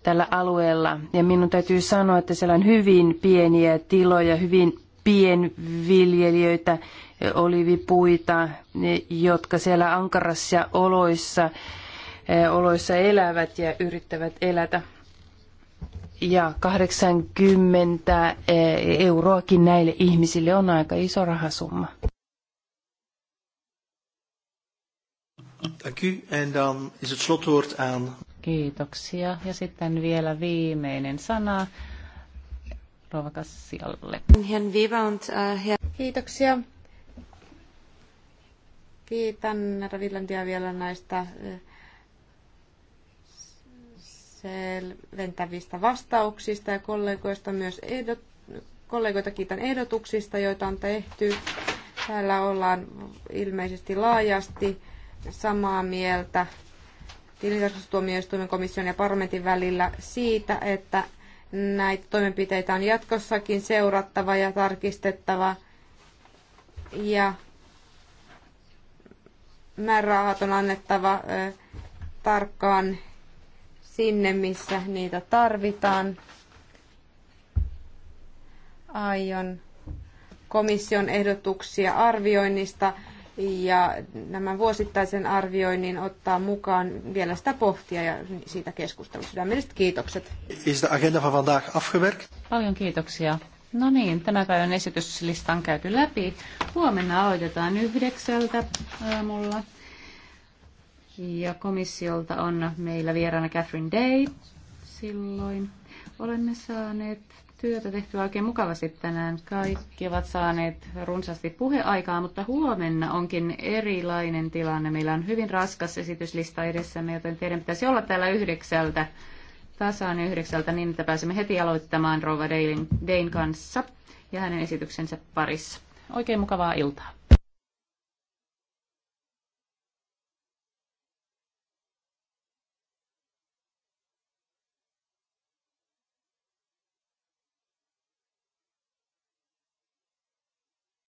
tällä alueella ja minun täytyy sanoa, että siellä on hyvin pieniä tiloja, hyvin pienviljelijöitä, olivipuita, jotka siellä ankarassa oloissa, eh, oloissa elävät ja yrittävät elätä. Ja 80 eh, euroakin näille ihmisille on aika iso rahasumma. Dank u. En dan is het slotwoord aan. Kiitoksia. Ja sitten vielä viimeinen sana Rovakassialle. Äh, Kiitoksia Kiitän Ravilandia vielä näistä selventävistä vastauksista ja kollegoista myös ehdot, kollegoita kiitän ehdotuksista, joita on tehty. Täällä ollaan ilmeisesti laajasti samaa mieltä tilintarkastustuomioistuimen komission ja parlamentin välillä siitä, että näitä toimenpiteitä on jatkossakin seurattava ja tarkistettava. Ja määrärahat on annettava tarkkaan sinne, missä niitä tarvitaan. Aion komission ehdotuksia arvioinnista ja nämä vuosittaisen arvioinnin ottaa mukaan vielä sitä pohtia ja siitä keskustelua. Sydämelliset kiitokset. Is agenda van vandaag afgewerkt? Paljon kiitoksia. No niin, tämän päivän esityslista on käyty läpi. Huomenna aloitetaan yhdeksältä aamulla. Ja komissiolta on meillä vieraana Catherine Day silloin. Olemme saaneet työtä tehtyä oikein mukavasti tänään. Kaikki ovat saaneet runsaasti puheaikaa, mutta huomenna onkin erilainen tilanne. Meillä on hyvin raskas esityslista edessämme, joten teidän pitäisi olla täällä yhdeksältä on yhdeksältä niin, että pääsemme heti aloittamaan Rova Dain kanssa ja hänen esityksensä parissa. Oikein mukavaa iltaa.